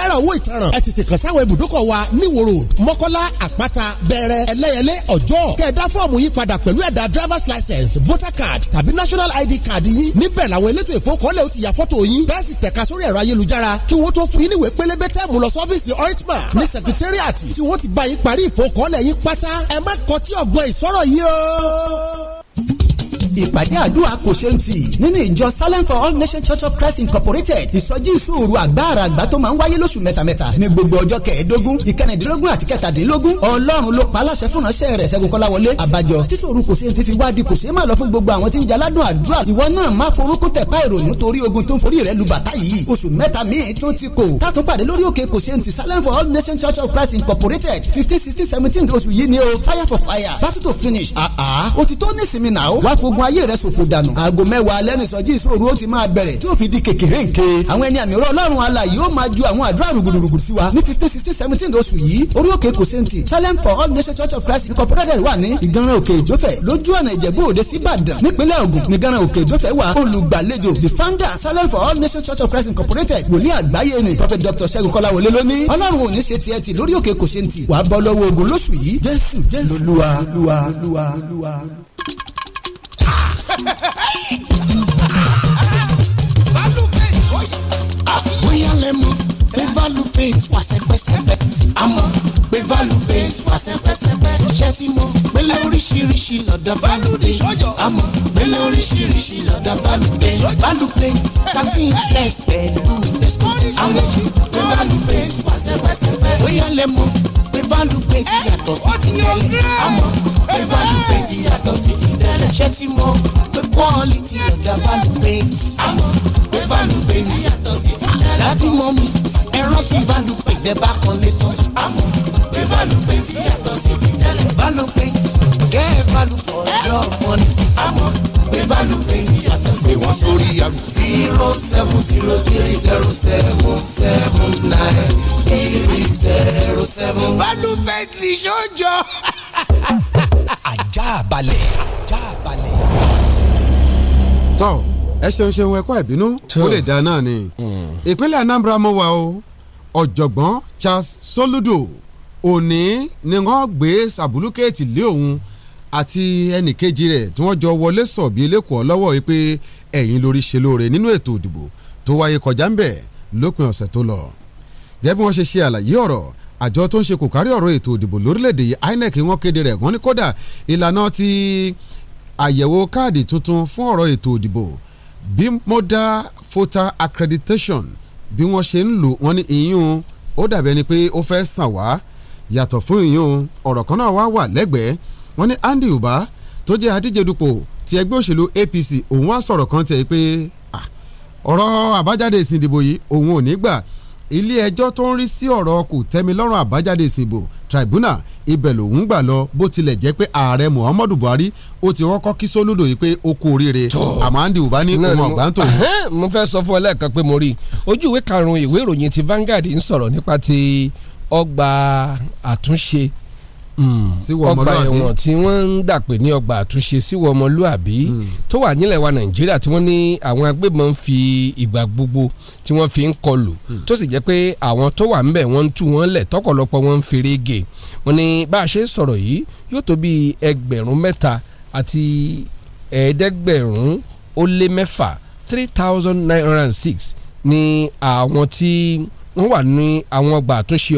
náírà owó ìtanràn ẹ tètè kàn sáwọn ibùdókọ̀ wa níwò road mọ́kọ́lá àpáta bẹ̀rẹ̀ ẹlẹ́yẹlé ọjọ́ kẹ̀ẹ́dá fọ́ọ̀mù yìí padà pẹ̀lú ẹ̀dà driver's license voter card tàbí national id card yín níbẹ̀ làwọn elétò ìfowópamọ́lẹ̀ ó ti yà fọ́tò yín bẹ́ẹ̀ sì tẹ̀ka sórí ẹ̀rọ ayélujára kí wọ́n tó fún yín níwèé pélébé tẹ́ẹ̀mù lọ sọ́fíìsì oritma ní secretariat tí wọ́n ti bá yín parí ìfowópamọ́lẹ̀ yín pátá ẹ má kọtí ọ̀gbọ́n ìsọ̀rọ̀ yìí o níbi ìpàdé àdúrà kò ṣe ń tì nínú ìjọ Salem for All Nations Church of Christ Incorporated ìsọjí ìṣòro àgbáàrà àgbà tó máa ń wáyé lóṣù mẹ́tamẹ́ta ní gbogbo ọjọ́ kẹẹ̀ẹ́dógún ìkẹrìndínlógún àti kẹtàdínlógún Ọlọ́run ló pa aláṣẹ fún ránṣẹ́ rẹ̀ Ṣẹ́gun Kọ́láwọlé àbájọ tí ṣòro kò ṣe ń ti fi wádìí kò ṣe má lọ fún gbogbo àwọn tí ń jaládùn àdúrà ìwọ náà má forúkú tẹ̀pá ìrònú torí ogun tó ń forí rẹ̀ lu bàtà yìí oṣù mẹ́ta míì tó ti kò tààtún pàdé lórí òkè kò ṣe ń ti Salem for All Nations Church of Christ Incorporated fifteen sixteen seventeen oṣù yìí ni o fire for fire battle to finish Ah àà òtítọ́ nísìnyí náà wá fogun ayé rẹ̀ ṣòfò dànù aago mẹ́wàá alẹ́ nìsọjí ìṣòro ó ti máa bẹ̀rẹ̀ tí ó fi di kékeré nke àwọn ẹni àmì ọlọ́run alààyè ó máa ju àwọn àdúrà rùgùdùrùgù sí wa ní fifteen sixteen seventeen oṣù yìí orí kò sẹ́ńtì salem for all nations church of christ incorporated wà ní ìganran òkè ìdófẹ̀ lójú ọ̀nà ìjẹ̀bú òde sí ìbàdàn nípínlẹ̀ ògùn nìganran òkè ìdófẹ̀ wà olùgbàlejò the founder salem for all nations church of christ incorporated wòlíì àgbáyé ni prophet dr ṣẹ́gun kọ́láwọlé lónìí ọlọ́run ò ní ṣe tiẹ̀ ti lórí òkè kò sẹ́ńtì wàá bọ́ lọ́wọ́ ogun lóṣù yìí jésù jésù lolúwa lolúwa lolúwa bóyá lẹ mọ̀ pé value paint wà sẹ́pẹ́sẹ́pẹ́ àmọ́ pé value paint wà sẹ́pẹ́sẹ́pẹ́ ṣé ti mọ̀ pélé oríṣiríṣi lọ́dọ̀ value paint àmọ́ pélé oríṣiríṣi lọ́dọ̀ value paint value paint satin flex pẹ̀lú àwọn pé value paint wà sẹ́pẹ́sẹ́pẹ́ bóyá lẹ mọ̀ evalupate yàtọ̀ sí ti tẹ́lẹ̀ àmọ́ evalupate yàtọ̀ sí ti tẹ́lẹ̀ ṣé ti mọ̀ pé quality ọ̀dà valupate àmọ́ evalupate yàtọ̀ sí ti tẹ́lẹ̀ láti mọ̀ mi ẹ̀rọ ti valupate dẹ̀ bá kan lé tán àmọ́ evalupate yàtọ̀ sí ti tẹ́lẹ̀ valupate get evalupate ọ̀dọ́ ọ̀pọ̀ ni àmọ́ evalupate pè wọ́n sórí àlù. zero seven zero three zero seven seven nine three zero seven. balùwẹ̀ ní sọ́jọ́. ajá balẹ̀ ajá balẹ̀. tán ẹ ṣeun ṣeun ẹ kú ó lè dá náà ni hmm. ìpínlẹ̀ Anambra mo wà o ọ̀jọ̀gbọ́n Charles Soludo òní ni wọ́n gbé sàbúlùkẹ́ẹ̀tì lé òun àti ẹnìkejì rẹ̀ tí wọ́n jọ wọlé sọ̀bí elékòó lọ́wọ́ yìí pé ẹ̀yin lórí ṣe lóore nínú ètò òdìbò tó wáyé kọjá ń bẹ̀ lópin ọ̀sẹ̀ tó lọ. gẹ́gẹ́ bí wọ́n ṣe ṣe àlàyé ọ̀rọ̀ àjọ tó ń ṣe kòkárí ọ̀rọ̀ ètò òdìbò lórílẹ̀‐èdè INEC wọ́n kéde rẹ̀ wọ́n ní kódà ìlànà ti àyẹ̀wò káàdì tuntun fún ọ̀rọ̀ ètò òdìbò bí mọ́dá voter accreditation bí wọ́n ṣe ń lò wọ́n ní ìyún ó dàbí ẹni pé ó fẹ́ sàn wá yàtọ̀ fún ìyún ọ̀rọ̀ kan náà wá wà lẹ́gbẹ̀ẹ́ wọ́n ní Andy Uba tó jẹ́ adíjedupò ti ẹgbẹ́ òṣèlú APC òun wá sọ̀rọ̀ kan tiẹ̀ pé ọ̀rọ̀ àbájáde ìsìn ìdìbò yìí òun ò ní gbà ilé ẹjọ́ tó ń rí sí ọ̀rọ̀ kò tẹ́milọ́rùn àbájáde ìsìnbò tribunal ibẹ̀ lòún gbà lọ bó tilẹ̀ jẹ́ pé ààrẹ muhammadu buhari ó ti kọ́kọ́ kí sólúdò yìí pé ó kú oríire àmọ́ andy uba ní òun ọ̀gbá ń tò. mo fẹ́ sọ fún ọ lẹ́ẹ̀kan pé mo rí ojú ìwé karùn-ún ìwé ìròyìn ti Vanguard ń sọ̀rọ̀ nípa ti ọgbà àtúnṣe ọgbà ẹ̀wọ̀n tí wọ́n ń dàpè ní ọgbà àtúnṣe síwọ ọmọlúàbí mm. tó wà nílẹ̀ wa nàìjíríà tí wọ́n ní àwọn agbébọn ń fi ìgbà gbogbo tí wọ́n fi ń kọlù mm. tó sì jẹ́ pé àwọn tó wà ńbẹ̀ wọ́n ń tú wọn lẹ̀ tọ́pọ̀lọpọ̀ wọn ń feré gè wọ́n ní bá a ṣe sọ̀rọ̀ yìí yóò tó bí ẹgbẹ̀rún mẹ́ta àti ẹ̀ẹ́dẹ́gbẹ̀rún ó lé mẹ́fà three thousand nine hundred and six ni àwọn tí wọ́n wà ní àwọn ọgbà àtúnṣe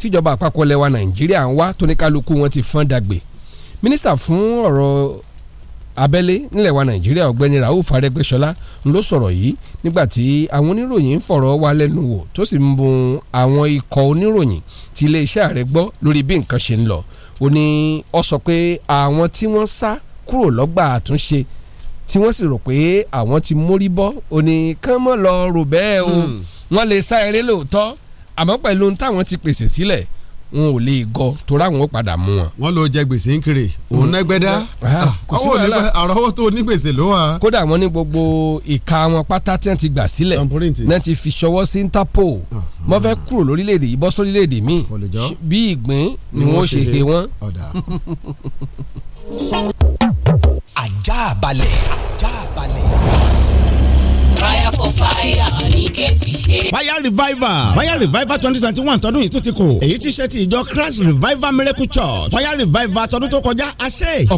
tíjọba àpapọ̀ lẹwa nàìjíríà ń wá tóníkálukú wọn ti fọ́n dàgbé mínísítà fún ọ̀rọ̀ abẹ́lé nílẹ̀ wa nàìjíríà ọ̀gbẹ́ni rauf arẹ́gbẹ́ṣọlá ló sọ̀rọ̀ yìí nígbà tí àwọn oníròyìn ń fọ̀rọ̀ wá lẹ́nu wò tó sì ń bun àwọn ikọ̀ oníròyìn ti iléeṣẹ́ ààrẹ gbọ́ lórí bí nǹkan ṣe ń lọ ó ní ó sọ pé àwọn tí wọ́n sá kúrò lọ́gbà àtúnṣe tí wọ́n sì rò pé àwọn ti mórí bọ́ ó ní kán mọ́ lọ rò bẹ́ẹ̀ o hmm. wọ́n lè sá eré lóòótọ́ àmọ́ pẹ̀lú ohun táwọn ti pèsè sílẹ̀ wọn ò lè gọ torí àwọn ó padà mú wọn. wọn ló jẹ gbèsè ń kiri òun nẹgbẹdá ọwọ onígbà àrọwọ tó onígbèsè ló wà. kódà wọn ní gbogbo ìka wọn pátá tí wọn ti gbà sílẹ̀ náà ti fi ṣọwọ́ sí Interpol ah, hmm. wọn fẹ́ kúrò lórílẹ̀‐èdè yìí bọ́ sórílẹ̀‐èdè míì bí ìgbín ni wọn ó ṣe he wọn. ajá balẹ̀ ajá balẹ̀ fire for fire fire revival fire revival twenty twenty one tọdún yìí tún ti kù èyí ti ṣe ti ìjọ christ revival miracle church fire revival tọdún tó kọjá a ṣe